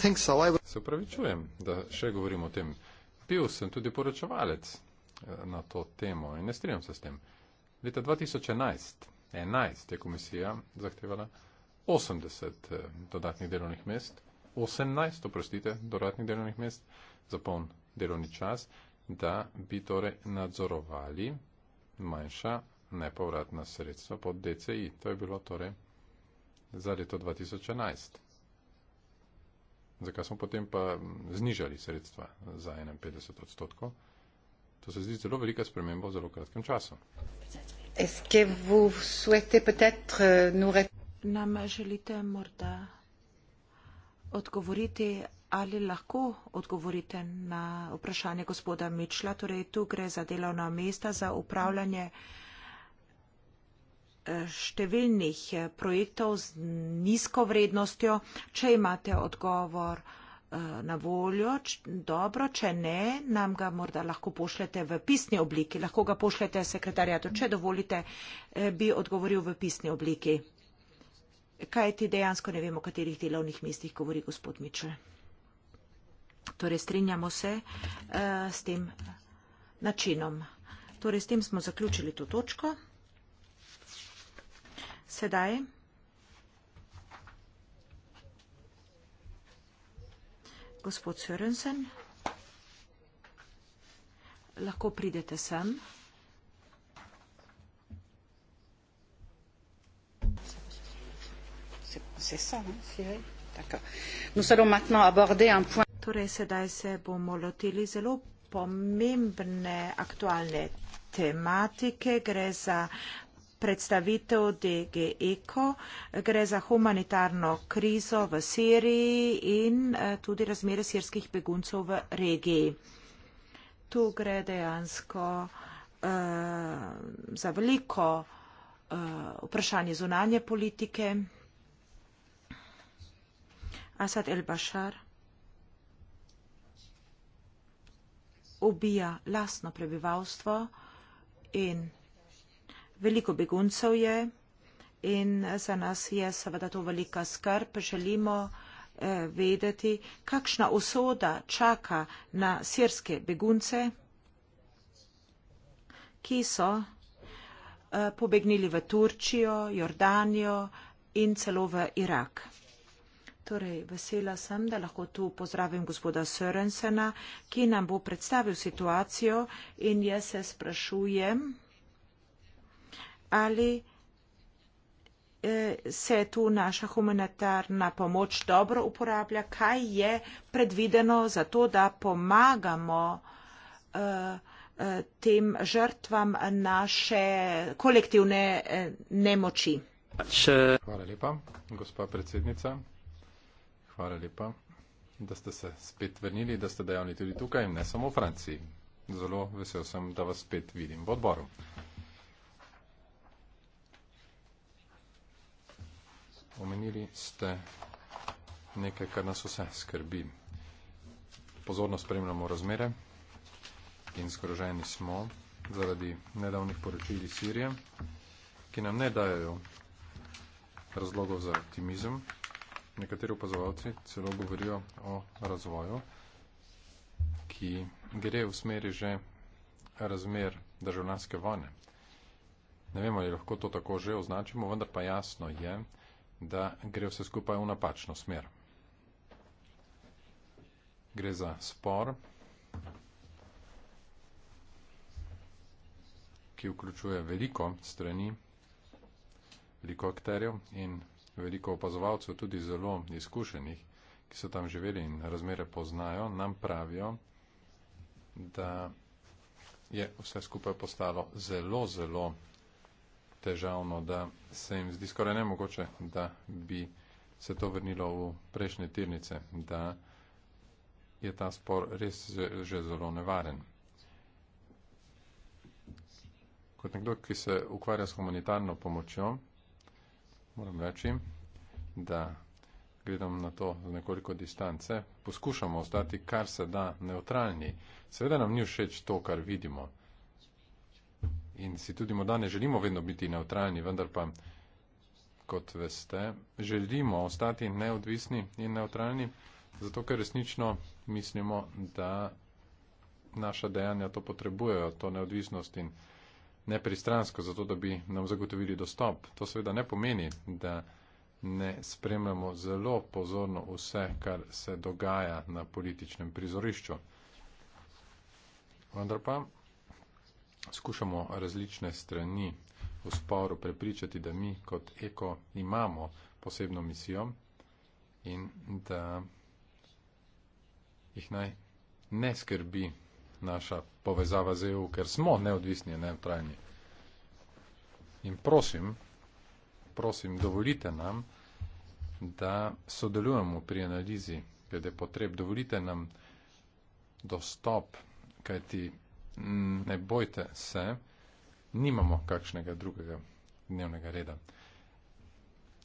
Se upravičujem, da še govorim o tem. Bil sem tudi poročevalec eh, na to temo in ne strinjam se s tem. Leta 2011 je komisija zahtevala 80 eh, dodatnih delovnih mest, 18, oprostite, dodatnih delovnih mest za poln delovni čas, da bi torej nadzorovali manjša nepovratna sredstva pod DCI. To je bilo torej za leto 2011. Zakaj smo potem pa znižali sredstva za 51 odstotkov? To se zdi zelo velika sprememba v zelo kratkem času. Est-ce que vous souhaitez peut-être euh, nous répondre? nam želite morda odgovoriti ali lahko odgovorite na vprašanje gospoda Mičla, torej tu gre za delovna mesta, za upravljanje eh, številnih eh, projektov z nizko vrednostjo, če imate odgovor eh, na voljo, dobro, če ne, nam ga morda lahko pošljete v pisni obliki, lahko ga pošljete sekretarjato, če dovolite, bi odgovoril v pisni obliki kaj ti dejansko ne vemo, o katerih delovnih mestih govori gospod Mičel. Torej, strinjamo se uh, s tem eh, načinom. Torej, s tem smo zaključili to točko. Sedaj gospod Sörensen, lahko pridete sem. C'est ça, hein, Cyril D'accord. Nous allons maintenant aborder un point. Torej, sedaj se bomo lotili zelo pomembne aktualne tematike. Gre za predstavitev DG Eko, gre za humanitarno krizo v Siriji in eh, tudi razmere sirskih beguncov v regiji. Tu gre dejansko uh, za veliko uh, vprašanje zunanje politike. Assad el-Bashar ubija lastno prebivalstvo in veliko beguncev je in za nas je seveda to velika skrb. Želimo eh, vedeti, kakšna usoda čaka na sirske begunce, ki so eh, pobegnili v Turčijo, Jordanijo in celo v Irak. Torej, vesela sem, da lahko tu pozdravim gospoda Sörensena, ki nam bo predstavil situacijo in jaz se sprašujem, ali eh, se tu naša humanitarna pomoč dobro uporablja, kaj je predvideno za to, da pomagamo eh, eh, tem žrtvam naše kolektivne nemoči. Hvala lepa, gospa predsednica hvala lepa, da ste se spet vrnili, da ste dejavni tudi tukaj in ne samo v Franciji. Zelo vesel sem, da vas spet vidim v odboru. Omenili ste nekaj, kar nas vse skrbi. Pozorno spremljamo razmere in zgroženi smo zaradi nedavnih poročil iz Sirije, ki nam ne dajo razlogov za optimizem nekateri opazovalci celo govorijo o razvoju, ki gre v smeri že razmer državljanske vojne. Ne vemo, ali lahko to tako že označimo, vendar pa jasno je, da gre vse skupaj v napačno smer. Gre za spor, ki vključuje veliko strani, veliko akterjev in veliko opazovalcev, tudi zelo izkušenih, ki so tam živeli in razmere poznajo, nam pravijo, da je vse skupaj postalo zelo, zelo težavno, da se jim zdi skoraj nemogoče, da bi se to vrnilo v prejšnje tirnice, da je ta spor res že zelo nevaren. Kot nekdo, ki se ukvarja s humanitarno pomočjo, moram reči, da gledam na to z nekoliko distance, poskušamo ostati kar se da neutralni. Seveda nam ni všeč to, kar vidimo. In si tudi morda ne želimo vedno biti neutralni, vendar pa, kot veste, želimo ostati neodvisni in neutralni, zato ker resnično mislimo, da naša dejanja to potrebujejo, to neodvisnost in neutralnost nepristransko, zato da bi nam zagotovili dostop. To seveda ne pomeni, da ne spremljamo zelo pozorno vse, kar se dogaja na političnem prizorišču. Vendar pa skušamo različne strani v sporu prepričati, da mi kot eko imamo posebno misijo in da jih naj ne skrbi naša povezava z EU, ker smo neodvisni in neutralni. In prosim, prosim, dovolite nam, da sodelujemo pri analizi glede potreb, dovolite nam dostop, kajti ne bojte se, nimamo kakšnega drugega dnevnega reda.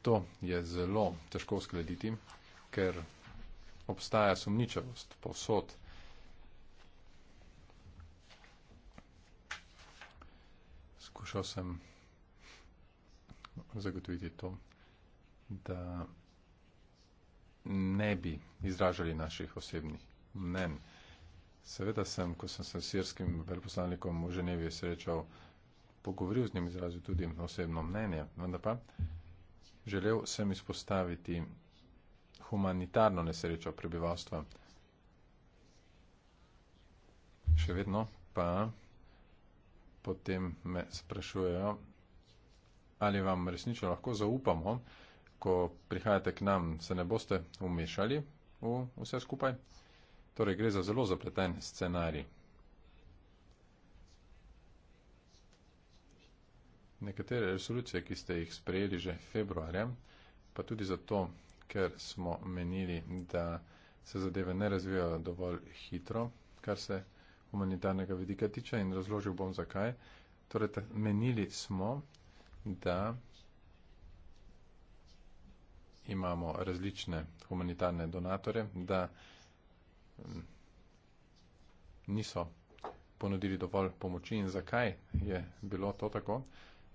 To je zelo težko uskladiti, ker obstaja sumničavost posod, poskušal sem zagotoviti to, da ne bi izražali naših osebnih mnen. Seveda sem, ko sem se s sirskim veljposlanikom v Ženevi srečal, pogovoril z njim izrazil tudi osebno mnenje, vendar pa želel sem izpostaviti humanitarno nesrečo prebivalstva. Še vedno pa potem me sprašujejo, ali vam resnično lahko zaupamo, ko prihajate k nam, se ne boste umešali v vse skupaj. Torej gre za zelo zapleten scenarij. Nekatere resolucije, ki ste jih sprejeli že februarja, pa tudi zato, ker smo menili, da se zadeve ne razvijajo dovolj hitro, kar se humanitarnega vidika tiče in razložil bom zakaj. Torej, menili smo, da imamo različne humanitarne donatore, da mm, niso ponudili dovolj pomoči in zakaj je bilo to tako.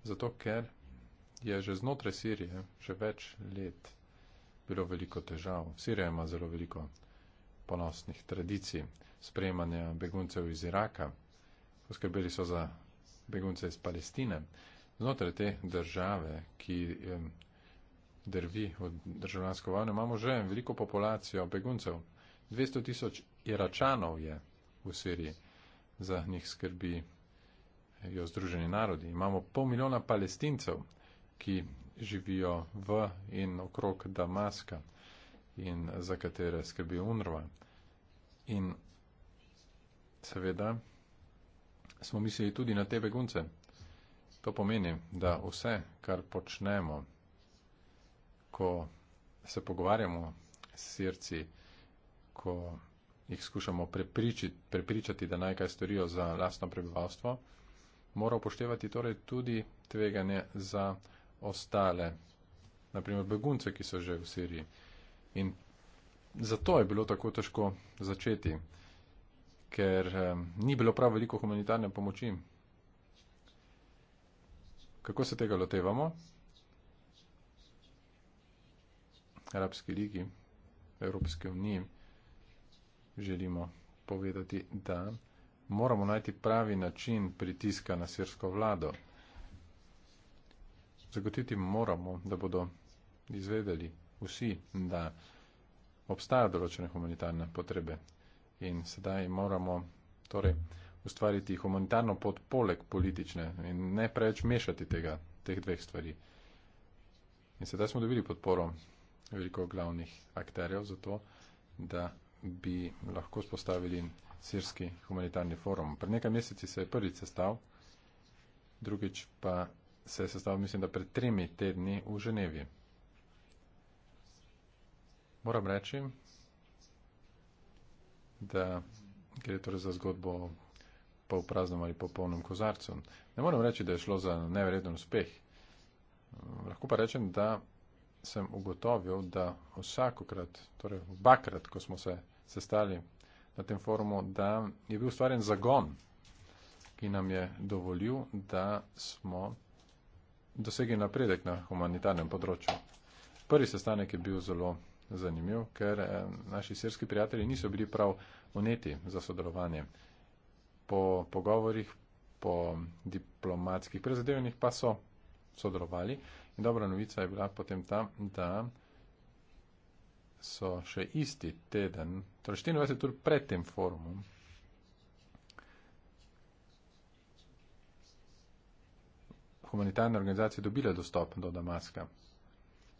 Zato, ker je že znotraj Sirije že več let bilo veliko težav. Sirija ima zelo veliko ponosnih tradicij sprejemanja beguncev iz Iraka, poskrbeli so za begunce iz Palestine. Znotraj te države, ki drvi od državljanske vojne, imamo že veliko populacijo beguncev. 200 tisoč Iračanov je v Siriji, za njih skrbi jo združeni narodi. Imamo pol milijona palestincev, ki živijo v in okrog Damaska in za katere skrbi UNRWA. In Seveda smo mislili tudi na te begunce. To pomeni, da vse, kar počnemo, ko se pogovarjamo s srci, ko jih skušamo prepričati, prepričati da naj kaj storijo za lastno prebivalstvo, mora upoštevati torej tudi tveganje za ostale, naprimer begunce, ki so že v Siriji. In zato je bilo tako težko začeti ker ni bilo prav veliko humanitarne pomoči. Kako se tega lotevamo? Arabski ligi, Evropske unije želimo povedati, da moramo najti pravi način pritiska na sirsko vlado. Zagotiti moramo, da bodo izvedeli vsi, da obstajajo določene humanitarne potrebe In sedaj moramo torej, ustvariti humanitarno pot poleg politične in ne preveč mešati tega, teh dveh stvari. In sedaj smo dobili podporo veliko glavnih akterjev za to, da bi lahko spostavili sirski humanitarni forum. Pred nekaj meseci se je prvič sestav, drugič pa se je sestav, mislim, da pred tremi tedni v Ženevi. Moram reči, da gre torej za zgodbo o polpraznem ali popolnem kozarcu. Ne moram reči, da je šlo za nevreden uspeh. Lahko pa rečem, da sem ugotovil, da vsakokrat, torej vbakrat, ko smo se sestali na tem forumu, da je bil ustvarjen zagon, ki nam je dovolil, da smo dosegli napredek na humanitarnem področju. Prvi sestanek je bil zelo zanimiv, ker eh, naši sirski prijatelji niso bili prav uneti za sodelovanje. Po pogovorjih, po diplomatskih prezadevanjih pa so sodelovali in dobra novica je bila potem ta, da so še isti teden, torej 24 ur pred tem forumom, humanitarne organizacije dobile dostop do Damaska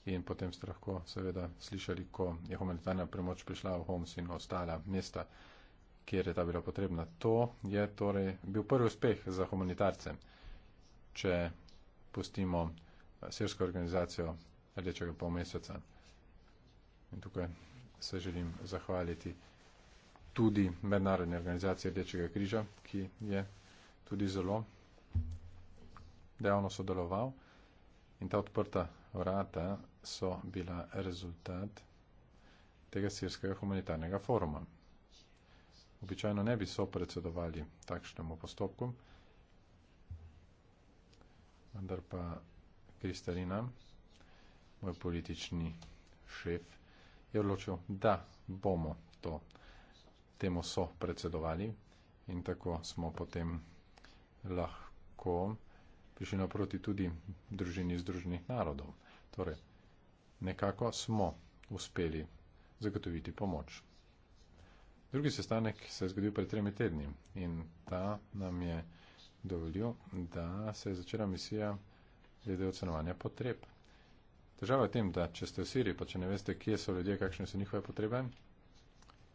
in potem ste lahko seveda slišali, ko je humanitarna premoč prišla v Homs in ostala mesta, kjer je ta bila potrebna. To je torej bil prvi uspeh za humanitarce, če pustimo eh, sirsko organizacijo rdečega pol meseca. In tukaj se želim zahvaliti tudi mednarodne organizacije rdečega križa, ki je tudi zelo dejavno sodeloval in ta odprta vrata so bila rezultat tega sirskega humanitarnega foruma. Običajno ne bi so predsedovali takšnemu postopku, vendar pa Kristalina, moj politični šef, je odločil, da bomo to temu so predsedovali in tako smo potem lahko prišli naproti tudi družini združenih narodov. Torej, nekako smo uspeli zagotoviti pomoč. Drugi sestanek se je zgodil pred tremi tedni in ta nam je dovolil, da se je začela misija glede ocenovanja potreb. Težava je v tem, da če ste v Siriji, pa če ne veste, kje so ljudje, kakšne so njihove potrebe,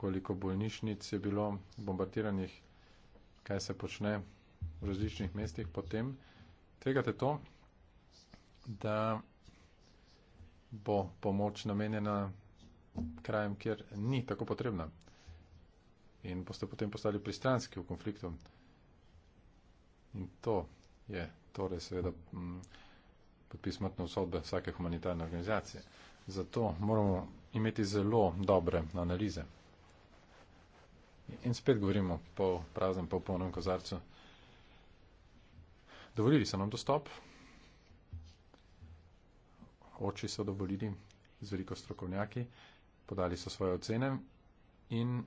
koliko bolnišnic je bilo bombardiranih, kaj se počne v različnih mestih, potem tvegate to, da bo pomoč namenjena krajem, kjer ni tako potrebna. In boste potem postali pristranski v konfliktu. In to je torej seveda mm, podpis smrtne usodbe vsake humanitarne organizacije. Zato moramo imeti zelo dobre analize. In spet govorimo po praznem, po polnem kozarcu. Dovolili so nam dostop oči so dovolili z veliko strokovnjaki, podali so svoje ocene in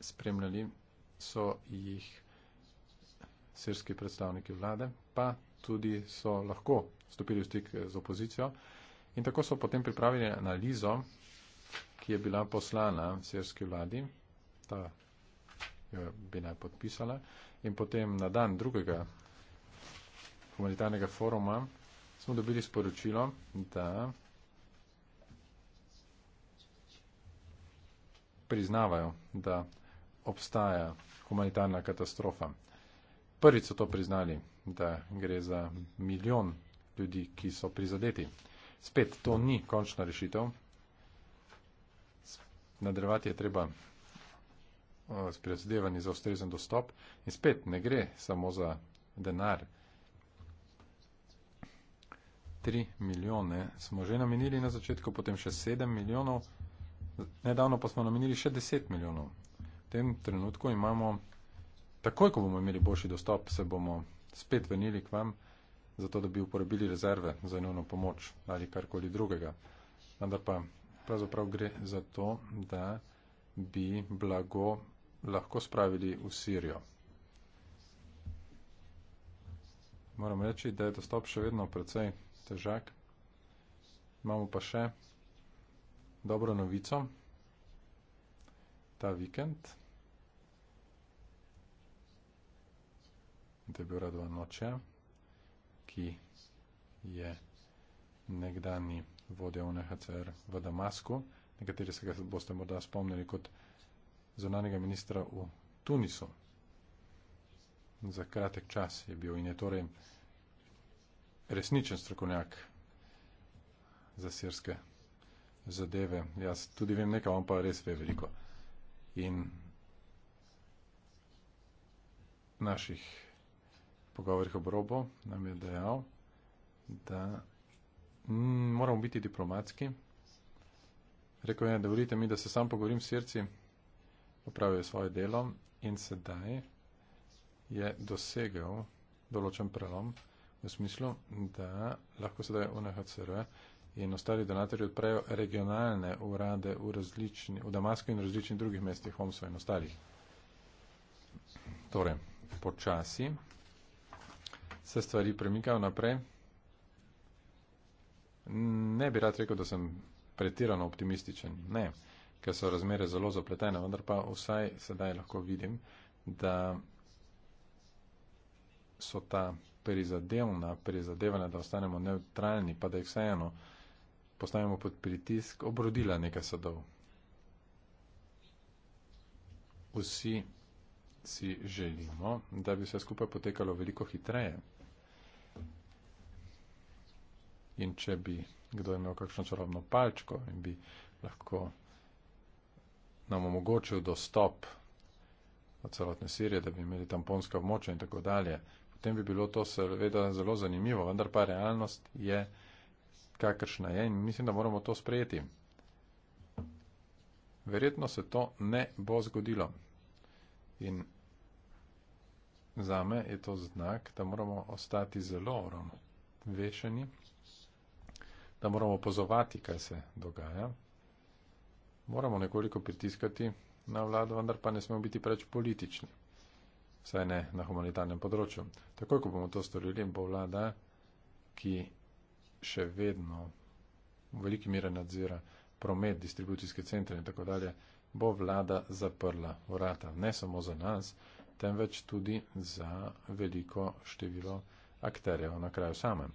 spremljali so jih srski predstavniki vlade, pa tudi so lahko stopili v stik z opozicijo. In tako so potem pripravili analizo, ki je bila poslana srski vladi, ta jo bi naj podpisala, in potem na dan drugega humanitarnega foruma smo dobili sporočilo, da priznavajo, da obstaja humanitarna katastrofa. Prvi so to priznali, da gre za milijon ljudi, ki so prizadeti. Spet, to ni končna rešitev. Nadrevati je treba eh, s prizadevanji za ustrezen dostop. In spet, ne gre samo za denar. 3 milijone smo že namenili na začetku, potem še 7 milijonov, nedavno pa smo namenili še 10 milijonov. V tem trenutku imamo, takoj ko bomo imeli boljši dostop, se bomo spet vrnili k vam, zato da bi uporabili rezerve za enovno pomoč ali karkoli drugega. Vendar pa pravzaprav gre za to, da bi blago lahko spravili v Sirijo. Moram reči, da je dostop še vedno precej težak. Imamo pa še dobro novico ta vikend. Debora Dvanoče, ki je nekdani vodja UNHCR v Damasku, nekateri se ga boste morda spomnili kot zunanjega ministra v Tunisu. Za kratek čas je bil in je torej resničen strokovnjak za sirske zadeve. Jaz tudi vem nekaj, on pa res ve veliko. In naših pogovorih ob robo nam je dejal, da moramo biti diplomatski. Rekel je, da volite mi, da se sam pogovorim s srci, opravijo svoje delo in sedaj je dosegel določen prelom, v smislu, da lahko sedaj UNHCR in ostali donatorji odprejo regionalne urade v, različni, v Damasku in različnih drugih mestih, Homsov in ostalih. Torej, počasi se stvari premikajo naprej. Ne bi rad rekel, da sem pretirano optimističen. Ne, ker so razmere zelo zapletene, vendar pa vsaj sedaj lahko vidim, da so ta prizadevna, prizadevanja, da ostanemo neutralni, pa da jih vseeno postavimo pod pritisk, obrodila nekaj sadov. Vsi si želimo, da bi vse skupaj potekalo veliko hitreje. In če bi kdo imel kakšno čarobno palčko in bi lahko nam omogočil dostop od celotne Sirije, da bi imeli tamponska območja in tako dalje, potem bi bilo to seveda zelo zanimivo, vendar pa realnost je kakršna je in mislim, da moramo to sprejeti. Verjetno se to ne bo zgodilo. In zame je to znak, da moramo ostati zelo vešeni, da moramo opozovati, kaj se dogaja. Moramo nekoliko pritiskati na vlado, vendar pa ne smemo biti preč politični vsaj ne na humanitarnem področju. Takoj, ko bomo to storili, bo vlada, ki še vedno v veliki mire nadzira promet, distribucijske centre in tako dalje, bo vlada zaprla vrata ne samo za nas, temveč tudi za veliko število akterjev na kraju samem.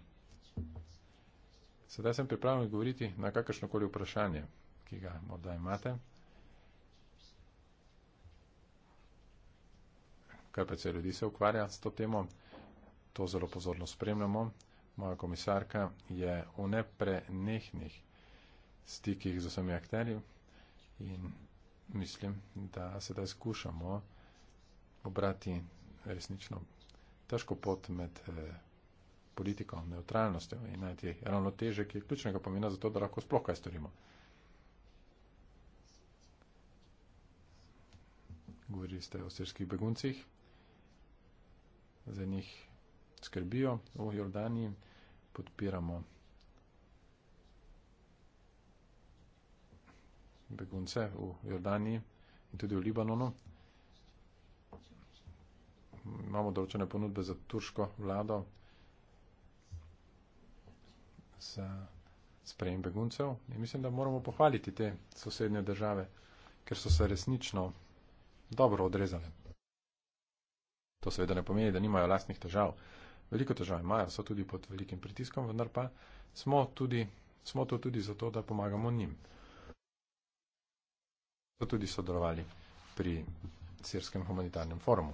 Sedaj sem pripravljen govoriti na kakršnokoli vprašanje, ki ga morda imate. kar precej ljudi se ukvarja s to temo. To zelo pozorno spremljamo. Moja komisarka je v neprenehnih stikih z vsemi akterji in mislim, da sedaj skušamo obrati resnično težko pot med eh, politiko, neutralnostjo in najti ravnoteže, ki je ključnega pomena za to, da lahko sploh kaj storimo. Govorili ste o srskih beguncih za njih skrbijo v Jordaniji, podpiramo begunce v Jordaniji in tudi v Libanonu. Imamo določene ponudbe za turško vlado, za sprejem beguncev in mislim, da moramo pohvaliti te sosednje države, ker so se resnično dobro odrezale. To seveda ne pomeni, da nimajo lastnih težav. Veliko težav imajo, so tudi pod velikim pritiskom, vendar pa smo, tudi, smo to tudi zato, da pomagamo njim. So tudi sodelovali pri Sirskem humanitarnem forumu.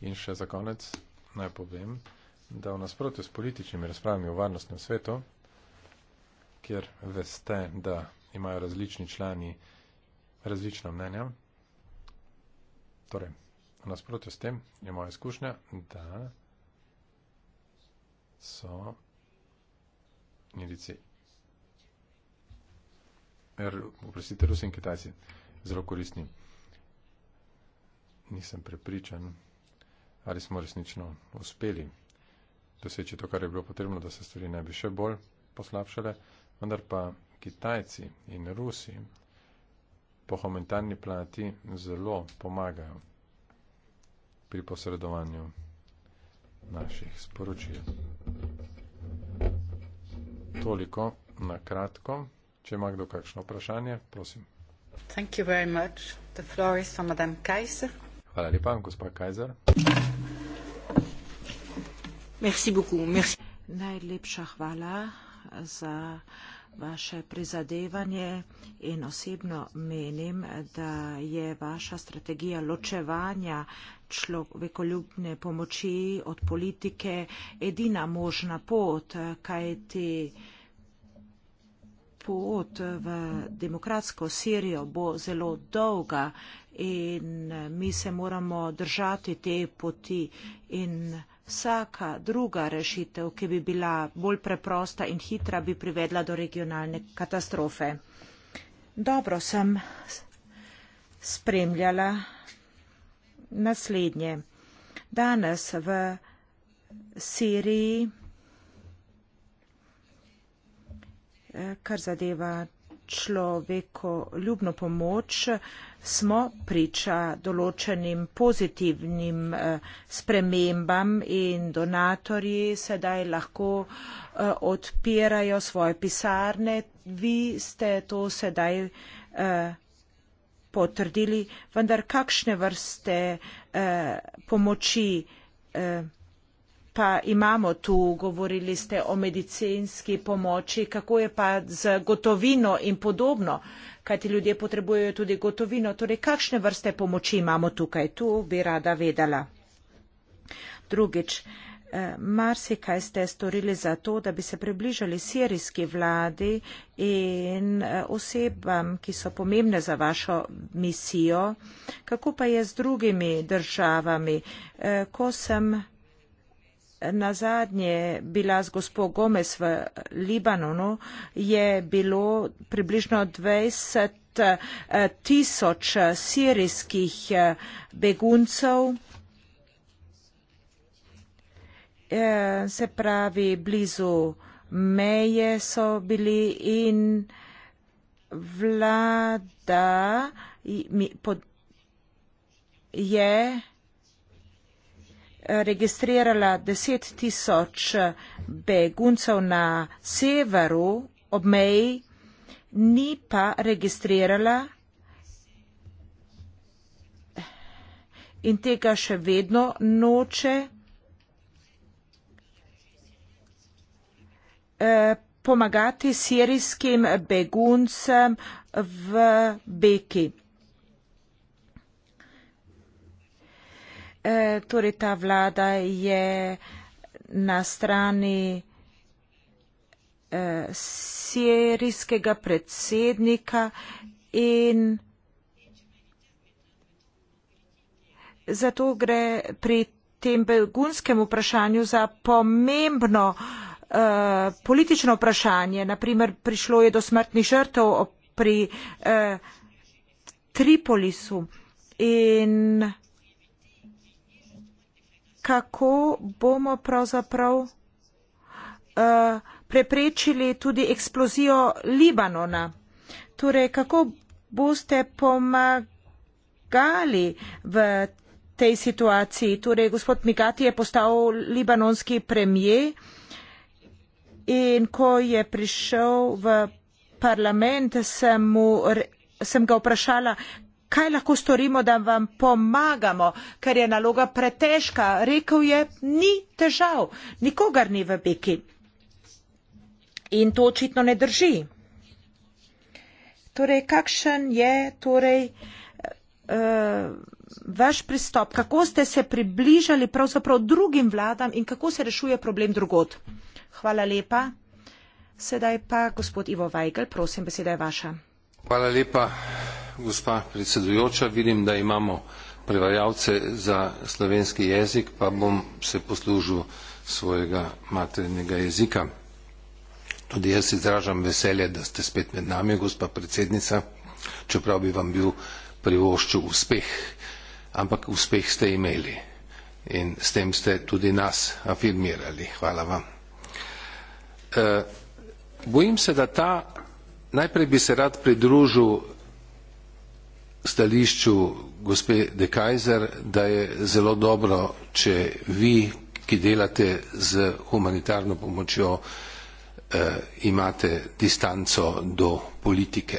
In še za konec naj povem, da v nasprotju s političnimi razpravami o varnostnem svetu, kjer veste, da imajo različni člani različna mnenja, Torej, nasprotju s tem je moja izkušnja, da so indici, er, uprostite, Rusi in Kitajci, zelo koristni. Nisem prepričan, ali smo resnično uspeli doseči to, kar je bilo potrebno, da se stvari ne bi še bolj poslabšale, vendar pa Kitajci in Rusi pohomentarni planeti zelo pomagajo pri posredovanju naših sporočil. Toliko na kratko. Če ima kdo kakšno vprašanje, prosim. Thank you very much. The floor is for Madame Kaiser. Hvala lepa, gospa Kaiser. Merci beaucoup. Merci. Najlepša hvala za vaše prizadevanje in osebno menim, da je vaša strategija ločevanja človekoljubne pomoči od politike edina možna pot, kajti pot v demokratsko Sirijo bo zelo dolga in mi se moramo držati te poti in vsega. Vsaka druga rešitev, ki bi bila bolj preprosta in hitra, bi privedla do regionalne katastrofe. Dobro sem spremljala naslednje. Danes v Siriji, eh, kar zadeva človekoljubno pomoč, smo priča določenim pozitivnim eh, spremembam in donatorji sedaj lahko eh, odpirajo svoje pisarne. Vi ste to sedaj eh, potrdili, vendar kakšne vrste pomoči pa imamo tu govorili ste o medicinski pomoči kako je pa z gotovino in podobno kajti ljudje potrebujejo tudi gotovino torej kakšne vrste pomoči imamo tukaj tu bi rada vedela drugič eh, marsikaj ste storili za to, da bi se približali sirijski vladi in eh, osebam, ki so pomembne za vašo misijo. Kako pa je z drugimi državami? Eh, ko sem na zadnje bila z gospo Gomez v Libanonu, je bilo približno 20 eh, tisoč eh, sirijskih eh, beguncev, se pravi blizu meje so bili in vlada je registrirala 10 tisoč beguncev na severu ob meji, ni pa registrirala in tega še vedno noče eh, pomagati sirijskim beguncem v Beki. E, torej ta vlada je na strani e, sirijskega predsednika in zato gre pri tem begunskem vprašanju za pomembno e, politično vprašanje. Naprimer, prišlo je do smrtnih žrtev pri Tripolisu in kako bomo pravzaprav uh, preprečili tudi eksplozijo Libanona. Torej, kako boste pomagali v tej situaciji? Torej, gospod Migati je postal libanonski premije in ko je prišel v parlament, sem, mu, sem ga vprašala, kaj lahko storimo, da vam pomagamo, ker je naloga pretežka. Rekl je, ni težav, nikogar ni v beki. In to očitno ne drži. Torej, kakšen je torej, uh, vaš pristop, kako ste se približali pravzaprav drugim vladam in kako se rešuje problem drugot? Hvala lepa. Sedaj pa gospod Ivo Vajgel, prosim, beseda je vaša. Hvala lepa, gospa predsedujoča. Vidim, da imamo prevajalce za slovenski jezik, pa bom se poslužil svojega maternega jezika. Tudi jaz izražam veselje, da ste spet med nami, gospa predsednica, čeprav bi vam bil privoščil uspeh. Ampak uspeh ste imeli in s tem ste tudi nas afirmirali. Hvala vam. E, bojim se, da ta Najprej bi se rad pridružil stališču gospe De Kajzer, da je zelo dobro, če vi, ki delate z humanitarno pomočjo, eh, imate distanco do politike.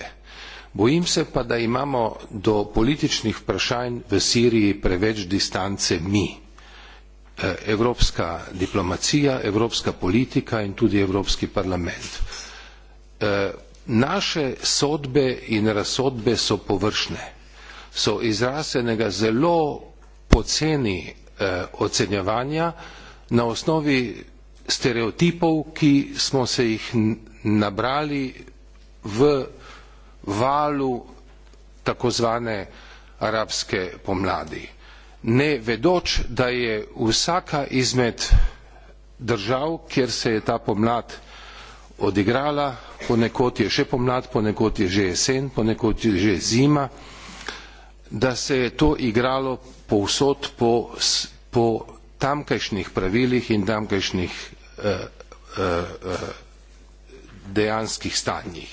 Bojim se pa, da imamo do političnih vprašanj v Siriji preveč distance mi. Eh, evropska diplomacija, evropska politika in tudi Evropski parlament. Eh, naše sodbe in razsodbe so površne, so izrasenega zelo poceni eh, ocenjevanja na osnovi stereotipov, ki smo se jih nabrali v valu takozvane arabske pomladi. Ne vedoč, da je vsaka izmed držav, kjer se je ta pomlad odigrala, ponekod je še pomlad, ponekod je že jesen, ponekod je že zima, da se je to igralo povsod po, po tamkajšnjih pravilih in tamkajšnjih eh, eh, eh, dejanskih stanjih.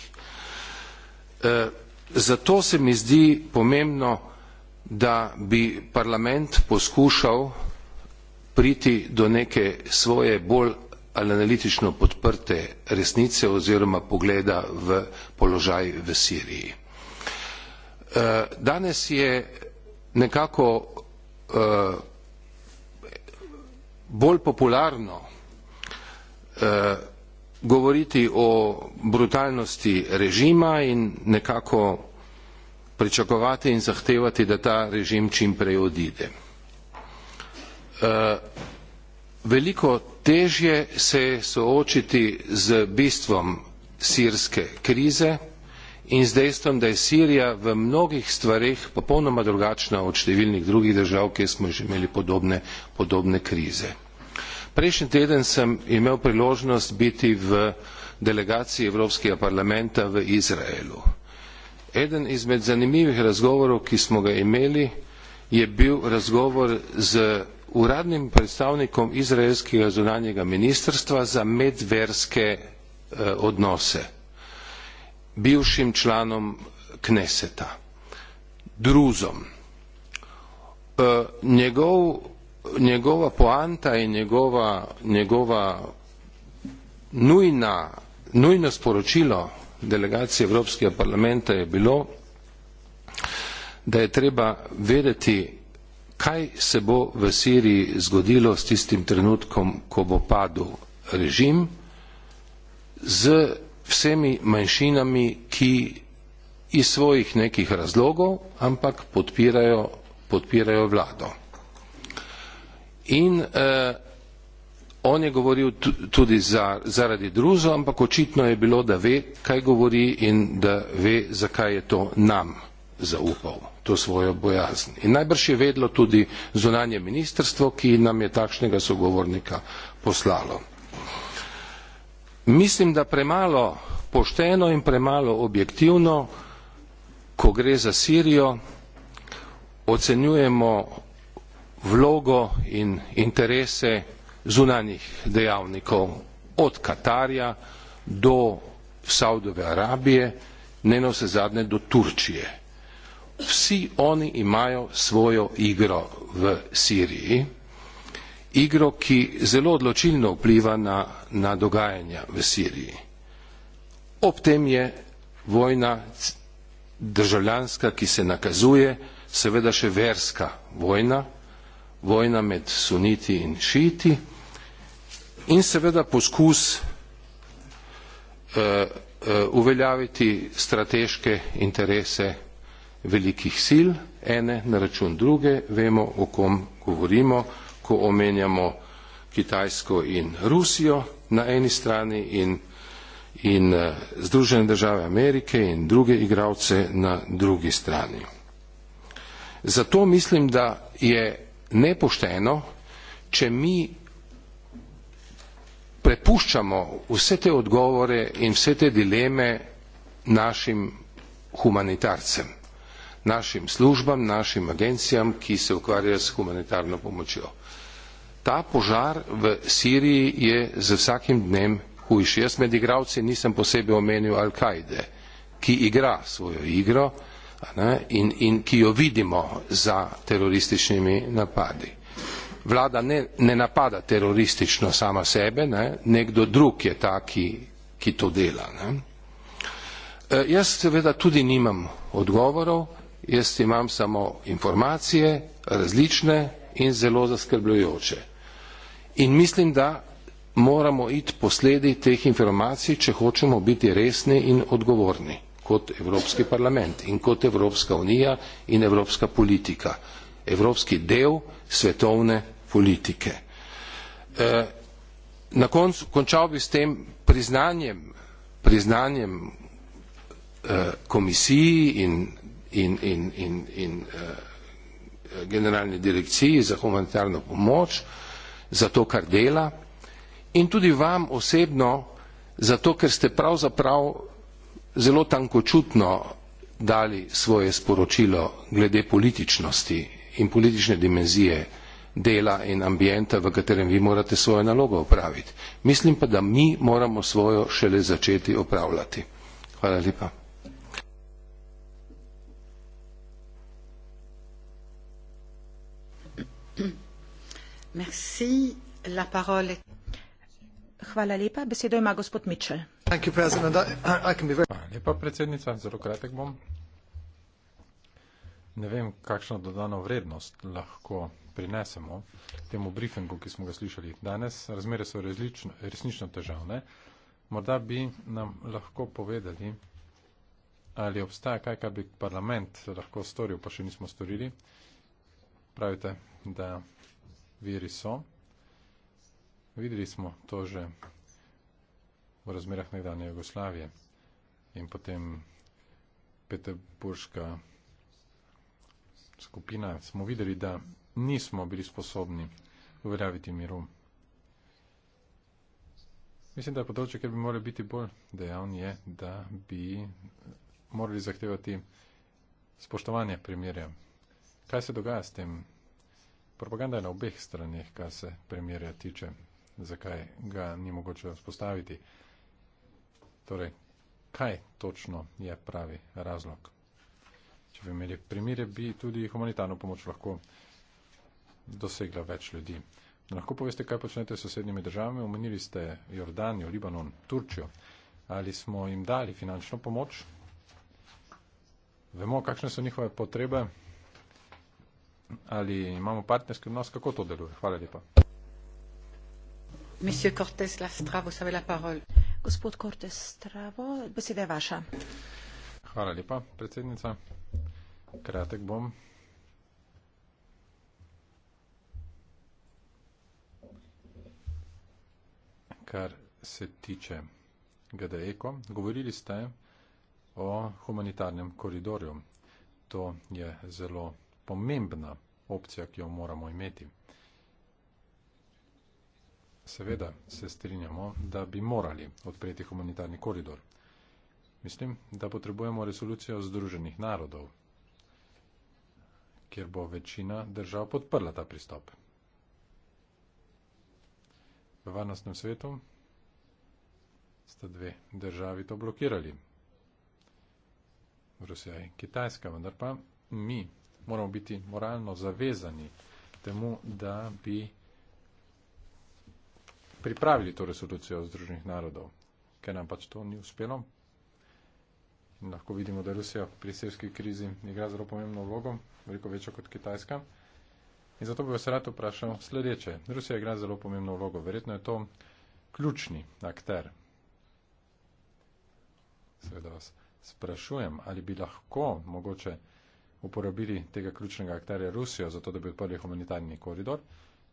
Eh, zato se mi zdi pomembno, da bi parlament poskušal priti do neke svoje bolj analitično podprte resnice oziroma pogleda v položaj v Siriji. Eh, danes je nekako eh, bolj popularno eh, govoriti o brutalnosti režima in nekako pričakovati in zahtevati, da ta režim čimprej odide veliko težje se je soočiti z bistvom sirske krize in z dejstvom, da je Sirija v mnogih stvarih popolnoma drugačna od številnih drugih držav, kjer smo že imeli podobne, podobne krize. Prejšnji teden sem imel priložnost biti v delegaciji Evropskega parlamenta v Izraelu. Eden izmed zanimivih razgovorov, ki smo ga imeli, je bil razgovor z uradnim predstavnikom izraelskega zunanjega ministrstva za medverske eh, odnose bivšim članom kneseta druzom eh, njegov, njegova poanta in njegova, njegova nujna, nujno sporočilo delegacije evropskega parlamenta je bilo da je treba vedeti kaj se bo v Siriji zgodilo s tistim trenutkom, ko bo padel režim, z vsemi manjšinami, ki iz svojih nekih razlogov, ampak podpirajo, podpirajo vlado. In eh, on je govoril tudi za, zaradi druzo, ampak očitno je bilo, da ve, kaj govori in da ve, zakaj je to nam zaupal to svojo bojazen. In najbrž je vedlo tudi zunanje ministrstvo, ki nam je takšnega sogovornika poslalo. Mislim, da premalo pošteno in premalo objektivno, ko gre za Sirijo, ocenjujemo vlogo in interese zunanjih dejavnikov od Katarja do Saudove Arabije, ne na vse zadnje do Turčije vsi oni imajo svojo igro v Siriji, igro, ki zelo odločilno vpliva na, na dogajanja v Siriji. Ob tem je vojna državljanska, ki se nakazuje, seveda še verska vojna, vojna med suniti in šiti in seveda poskus uh, uh, uveljaviti strateške interese velikih sil, ene na račun druge, vemo, o kom govorimo, ko omenjamo Kitajsko in Rusijo na eni strani in, in eh, Združene države Amerike in druge igralce na drugi strani. Zato mislim, da je nepošteno, če mi prepuščamo vse te odgovore in vse te dileme našim humanitarcem našim službam, našim agencijam, ki se ukvarjajo s humanitarno pomočjo. Ta požar v Siriji je z vsakim dnem hujši. Jaz med igravci nisem posebej omenil Al-Kaide, ki igra svojo igro ne, in, in ki jo vidimo za terorističnimi napadi. Vlada ne, ne napada teroristično sama sebe, ne, nekdo drug je ta, ki, ki to dela. Ne. E, jaz seveda tudi nimam odgovorov, Jaz imam samo informacije, različne in zelo zaskrbljujoče. In mislim, da moramo iti posledi teh informacij, če hočemo biti resni in odgovorni kot Evropski parlament in kot Evropska unija in Evropska politika, Evropski del svetovne politike. E, na koncu končal bi s tem priznanjem, priznanjem e, komisiji in in, in, in, in uh, generalni direkciji za humanitarno pomoč, za to, kar dela in tudi vam osebno, zato ker ste pravzaprav zelo tankočutno dali svoje sporočilo glede političnosti in politične dimenzije dela in ambijenta, v katerem vi morate svojo nalogo opraviti. Mislim pa, da mi moramo svojo šele začeti opravljati. Hvala lepa. ne vem kakšno dodano vrednost lahko prinesemo temu briefingu, ki smo ga slišali danes. Razmere so različno, resnično težavne. Morda bi nam lahko povedali, ali obstaja kaj, kar bi parlament lahko storil, pa še nismo storili. Pravite, da viri so. Videli smo to že v razmerah nekdanje Jugoslavije in potem Peterburška skupina. Smo videli, da nismo bili sposobni uveljaviti miru. Mislim, da je področje, kjer bi morali biti bolj dejavni, je, da bi morali zahtevati spoštovanje primerja. Kaj se dogaja s tem propaganda je na obeh straneh, kar se premjerja tiče, zakaj ga ni mogoče vzpostaviti. Torej, kaj točno je pravi razlog? Če bi imeli primere, bi tudi humanitarno pomoč lahko dosegla več ljudi. Lahko poveste, kaj počnete s sosednjimi državami? Omenili ste Jordanijo, Libanon, Turčijo. Ali smo jim dali finančno pomoč? Vemo, kakšne so njihove potrebe ali imamo partnerski odnos, kako to deluje. Hvala lepa. Cortes, la stravo, la Gospod Cortes, stravo, beseda je vaša. Hvala lepa, predsednica. Kratek bom. Kar se tiče GDE-ko, govorili ste o humanitarnem koridorju. To je zelo pomembna opcija, ki jo moramo imeti. Seveda se strinjamo, da bi morali odpreti humanitarni koridor. Mislim, da potrebujemo resolucijo Združenih narodov, kjer bo večina držav podprla ta pristop. V varnostnem svetu sta dve državi to blokirali. Rusija in Kitajska, vendar pa mi moramo biti moralno zavezani temu, da bi pripravili to resolucijo Združenih narodov, ker nam pač to ni uspelo. In lahko vidimo, da Rusija pri sirski krizi igra zelo pomembno vlogo, veliko večjo kot Kitajska. In zato bi vas rad vprašal sledeče. Rusija igra zelo pomembno vlogo. Verjetno je to ključni akter. Seveda vas sprašujem, ali bi lahko mogoče uporabili tega ključnega akterja Rusijo, zato da bi odprli humanitarni koridor.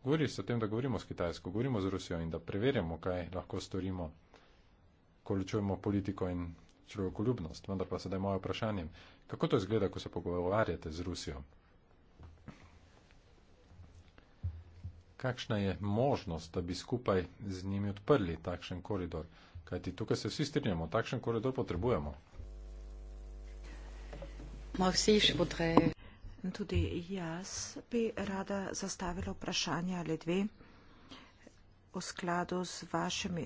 Govori se o tem, da govorimo s Kitajsko, govorimo z Rusijo in da preverjamo, kaj lahko storimo, ko ločujemo politiko in človekoljubnost. Vendar pa sedaj moje vprašanje, kako to izgleda, ko se pogovarjate z Rusijo? Kakšna je možnost, da bi skupaj z njimi odprli takšen koridor? Kajti tukaj se vsi strinjamo, takšen koridor potrebujemo. Tudi jaz bi rada zastavila vprašanje ali dve. V skladu z vašimi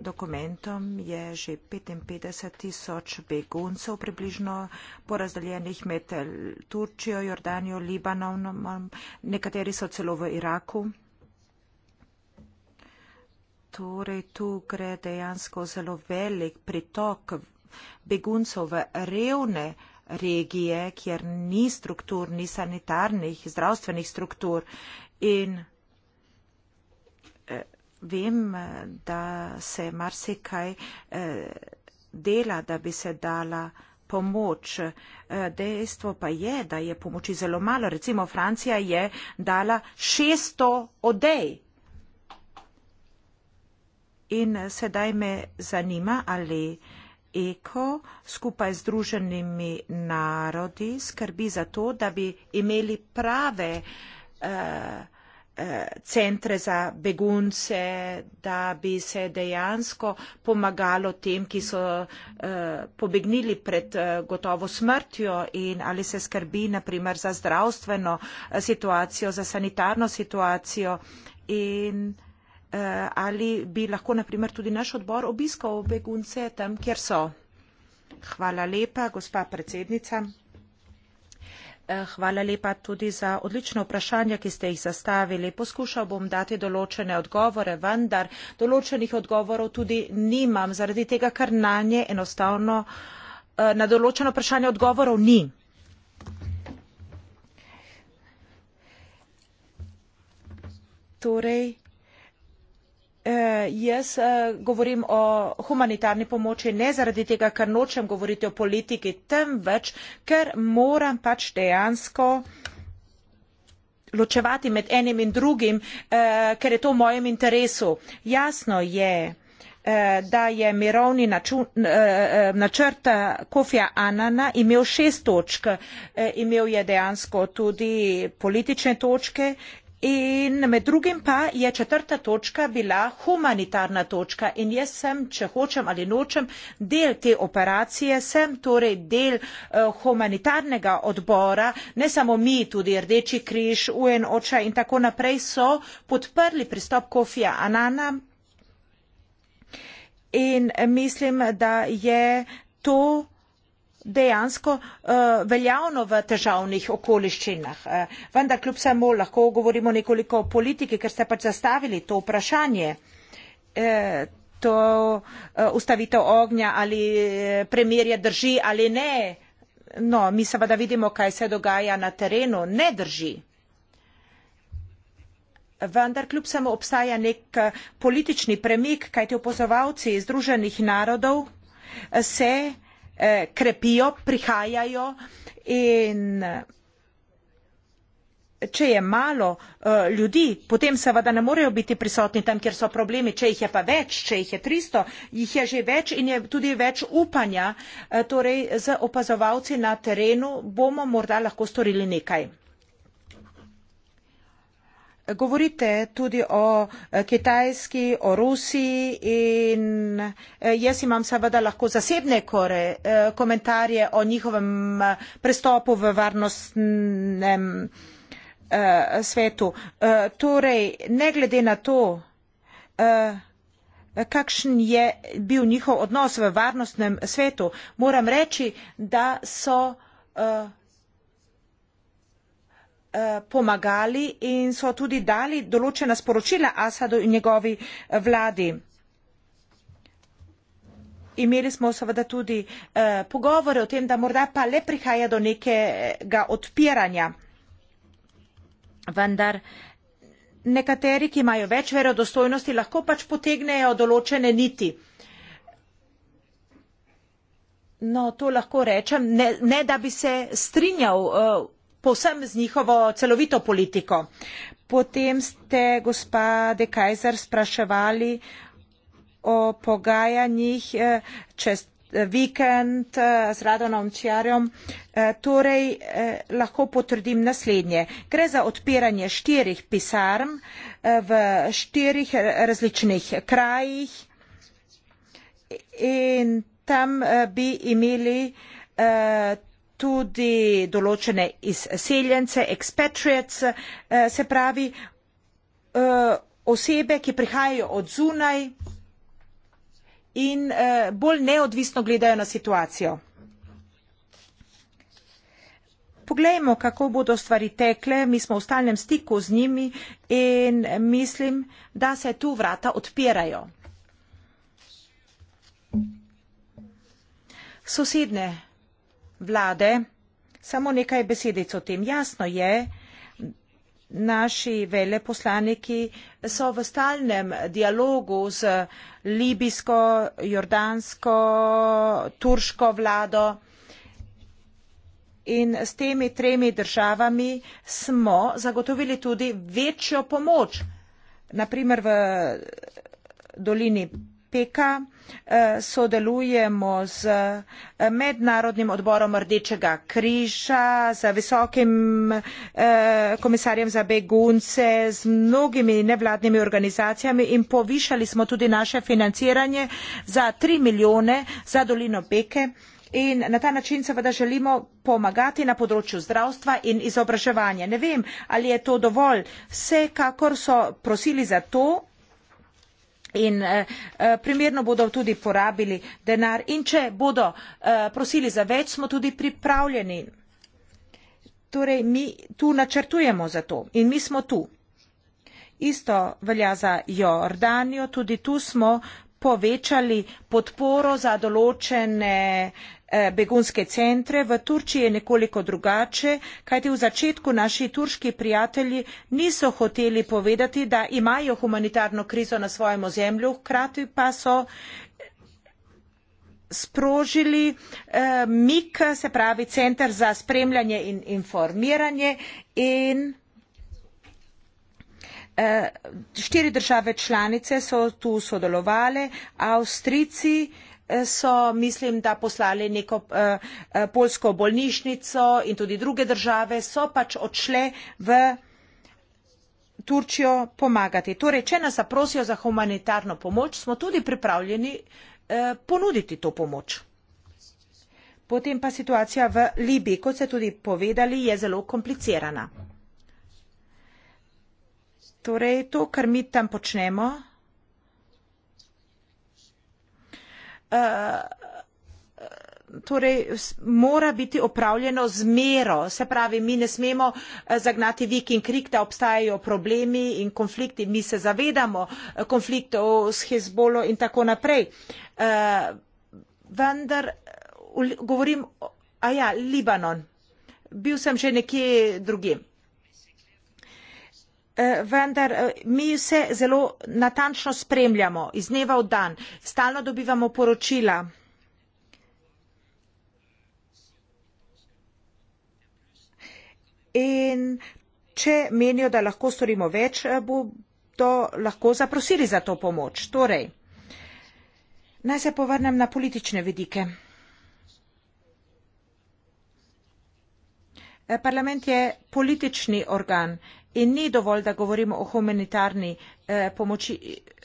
dokumentom je že 55 tisoč beguncev približno porazdeljenih med Turčijo, Jordanijo, Libanonom, nekateri so celo v Iraku. Torej, tu gre dejansko zelo velik pritok beguncev v revne države regije, kjer ni struktur, ni sanitarnih, zdravstvenih struktur. In eh, vem, da se marsikaj eh, dela, da bi se dala pomoč. Eh, dejstvo pa je, da je pomoči zelo malo. Recimo Francija je dala 600 odej. In sedaj me zanima, ali ECO skupaj z druženimi narodi skrbi za to, da bi imeli prave eh, eh, centre za begunce, da bi se dejansko pomagalo tem, ki so eh, pobegnili pred gotovo smrtjo in ali se skrbi naprimer za zdravstveno situacijo, za sanitarno situacijo in Eh, ali bi lahko naprimer tudi naš odbor obiskal begunce tam, kjer so. Hvala lepa, gospa predsednica. Eh, hvala lepa tudi za odlično vprašanje, ki ste jih zastavili. Poskušal bom dati določene odgovore, vendar določenih odgovorov tudi nimam, zaradi tega, ker na nje enostavno eh, na določeno vprašanje odgovorov ni. Torej, Eh, jaz eh, govorim o humanitarni pomoči ne zaradi tega, ker nočem govoriti o politiki, temveč, ker moram pač dejansko ločevati med enim in drugim, eh, ker je to v mojem interesu. Jasno je, da je mirovni načrt Kofja Anana imel šest točk. Imel je dejansko tudi politične točke In med drugim pa je četrta točka bila humanitarna točka in jaz sem, če hočem ali nočem, del te operacije, sem torej del uh, humanitarnega odbora, ne samo mi, tudi Rdeči križ, UNOČA in tako naprej so podprli pristop Kofija Anana in mislim, da je to dejansko uh, veljavno v težavnih okoliščinah. Uh, vendar kljub samo lahko govorimo nekoliko o politiki, ker ste pač zastavili to vprašanje. Uh, to uh, ustavitev ognja ali premirje drži ali ne. No, mi seveda vidimo, kaj se dogaja na terenu. Ne drži. Vendar kljub samo obstaja nek uh, politični premik, kajti opozovalci Združenih narodov se uh, Eh, krepijo prihajajo in eh, če je malo eh, ljudi potem seveda ne morejo biti prisotni tam kjer so problemi če jih je pa več če jih je tristo jih je že več in je tudi več upanja torej z opazovalci na terenu bomo morda lahko storili nekaj govorite tudi o eh, Kitajski, o Rusiji in eh, jaz imam seveda lahko zasebne kore, eh, komentarje o njihovem prestopu v varnostnem svetu. Torej, ne glede na to, kakšen je bil njihov odnos v varnostnem svetu, moram reči, da so Eh, pomagali in so tudi dali določena sporočila Asadu in njegovi eh, vladi. Imeli smo seveda tudi eh, pogovore o tem, da morda pa le prihaja do nekega odpiranja. Vendar nekateri, ki imajo več verodostojnosti, lahko pač potegnejo določene niti. No, to lahko rečem, ne, ne da bi se strinjal uh, povsem z njihovo celovito politiko. Potem ste, gospa Dekajzer, spraševali o pogajanjih eh, čez eh, vikend eh, z Radonom Čjarjom. Torej, lahko potrdim naslednje. Gre za odpiranje štirih pisarn v štirih različnih krajih in tam bi imeli tudi določene izseljence, expatriates, eh, se pravi eh, osebe, ki prihajajo od zunaj in eh, bolj neodvisno gledajo na situacijo. Poglejmo, kako bodo stvari tekle, mi smo v stalnem stiku z njimi in mislim, da se tu vrata odpirajo. Sosedne vlade. Samo nekaj besedic o tem. Jasno je, naši veleposlaniki so v stalnem dialogu z libijsko, jordansko, turško vlado in s temi tremi državami smo zagotovili tudi večjo pomoč. Naprimer v dolini poteka eh, sodelujemo z eh, mednarodnim odborom rdečega križa z visokim eh, komisarjem za begunce z mnogimi nevladnimi organizacijami in povišali smo tudi naše financiranje za tri milijone za dolino beke In na ta način seveda želimo pomagati na področju zdravstva in izobraževanja. Ne vem, ali je to dovolj. Vsekakor so prosili za to, in eh, eh, primerno bodo tudi porabili denar. In če bodo eh, prosili za več, smo tudi pripravljeni. Torej, mi tu načrtujemo za to in mi smo tu. Isto velja za Jordanijo, tudi tu smo povečali podporo za določene eh, Eh, begunske centre, v Turčiji je nekoliko drugače, kajti v začetku naši turški prijatelji niso hoteli povedati, da imajo humanitarno krizo na svojem ozemlju, hkrati pa so sprožili eh, MIK, se pravi Center za spremljanje in informiranje in eh, štiri države članice so tu sodelovali, Avstrici, eh, so, mislim, da poslali neko uh, eh, eh, polsko bolnišnico in tudi druge države so pač odšle v Turčijo pomagati. Torej, če nas zaprosijo za humanitarno pomoč, smo tudi pripravljeni uh, ponuditi to pomoč. Potem pa situacija v Libiji, kot ste tudi povedali, je zelo komplicirana. Torej, to, kar mi tam počnemo, Eh, torej mora biti opravljeno z mero. Se pravi, mi ne smemo eh, zagnati vik in krik, da obstajajo problemi in konflikti. Mi se zavedamo eh, konfliktov s Hezbolo in tako naprej. Vendar govorim, a ja, Libanon. Bil sem že nekje drugim. Eh, vendar eh, mi vse zelo natančno spremljamo iz dneva v dan, stalno dobivamo poročila. In če menijo, da lahko storimo več, eh, bodo lahko zaprosili za to pomoč. Torej, naj se povrnem na politične vidike. Parlament je politični organ in ni dovolj, da govorimo o humanitarni eh, pomoči,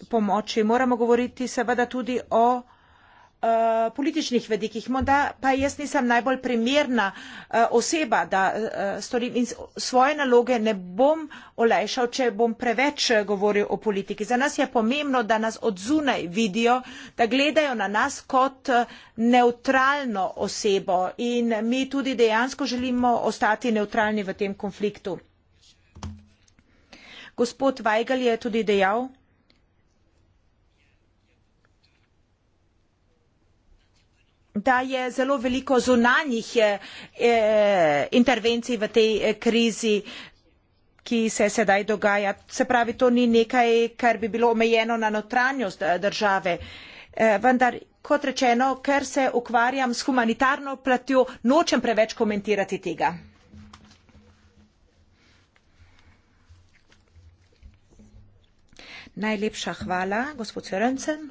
pomoči. Moramo govoriti seveda tudi o eh, političnih vedikih. Morda pa jaz nisem najbolj primerna eh, oseba, da eh, storim in svoje naloge ne bom olajšal, če bom preveč eh, govoril o politiki. Za nas je pomembno, da nas odzunaj vidijo, da gledajo na nas kot eh, neutralno osebo in mi tudi dejansko želimo ostati neutralni v tem konfliktu. Gospod Weigel je tudi dejal, da je zelo veliko zunanjih eh, eh, intervencij v tej eh, krizi, ki se sedaj dogaja. Se pravi, to ni nekaj, kar bi bilo omejeno na notranjost države. Vendar, kot rečeno, ker se ukvarjam s humanitarno platjo, nočem preveč komentirati tega. Najlepša hvala, gospod Sorensen.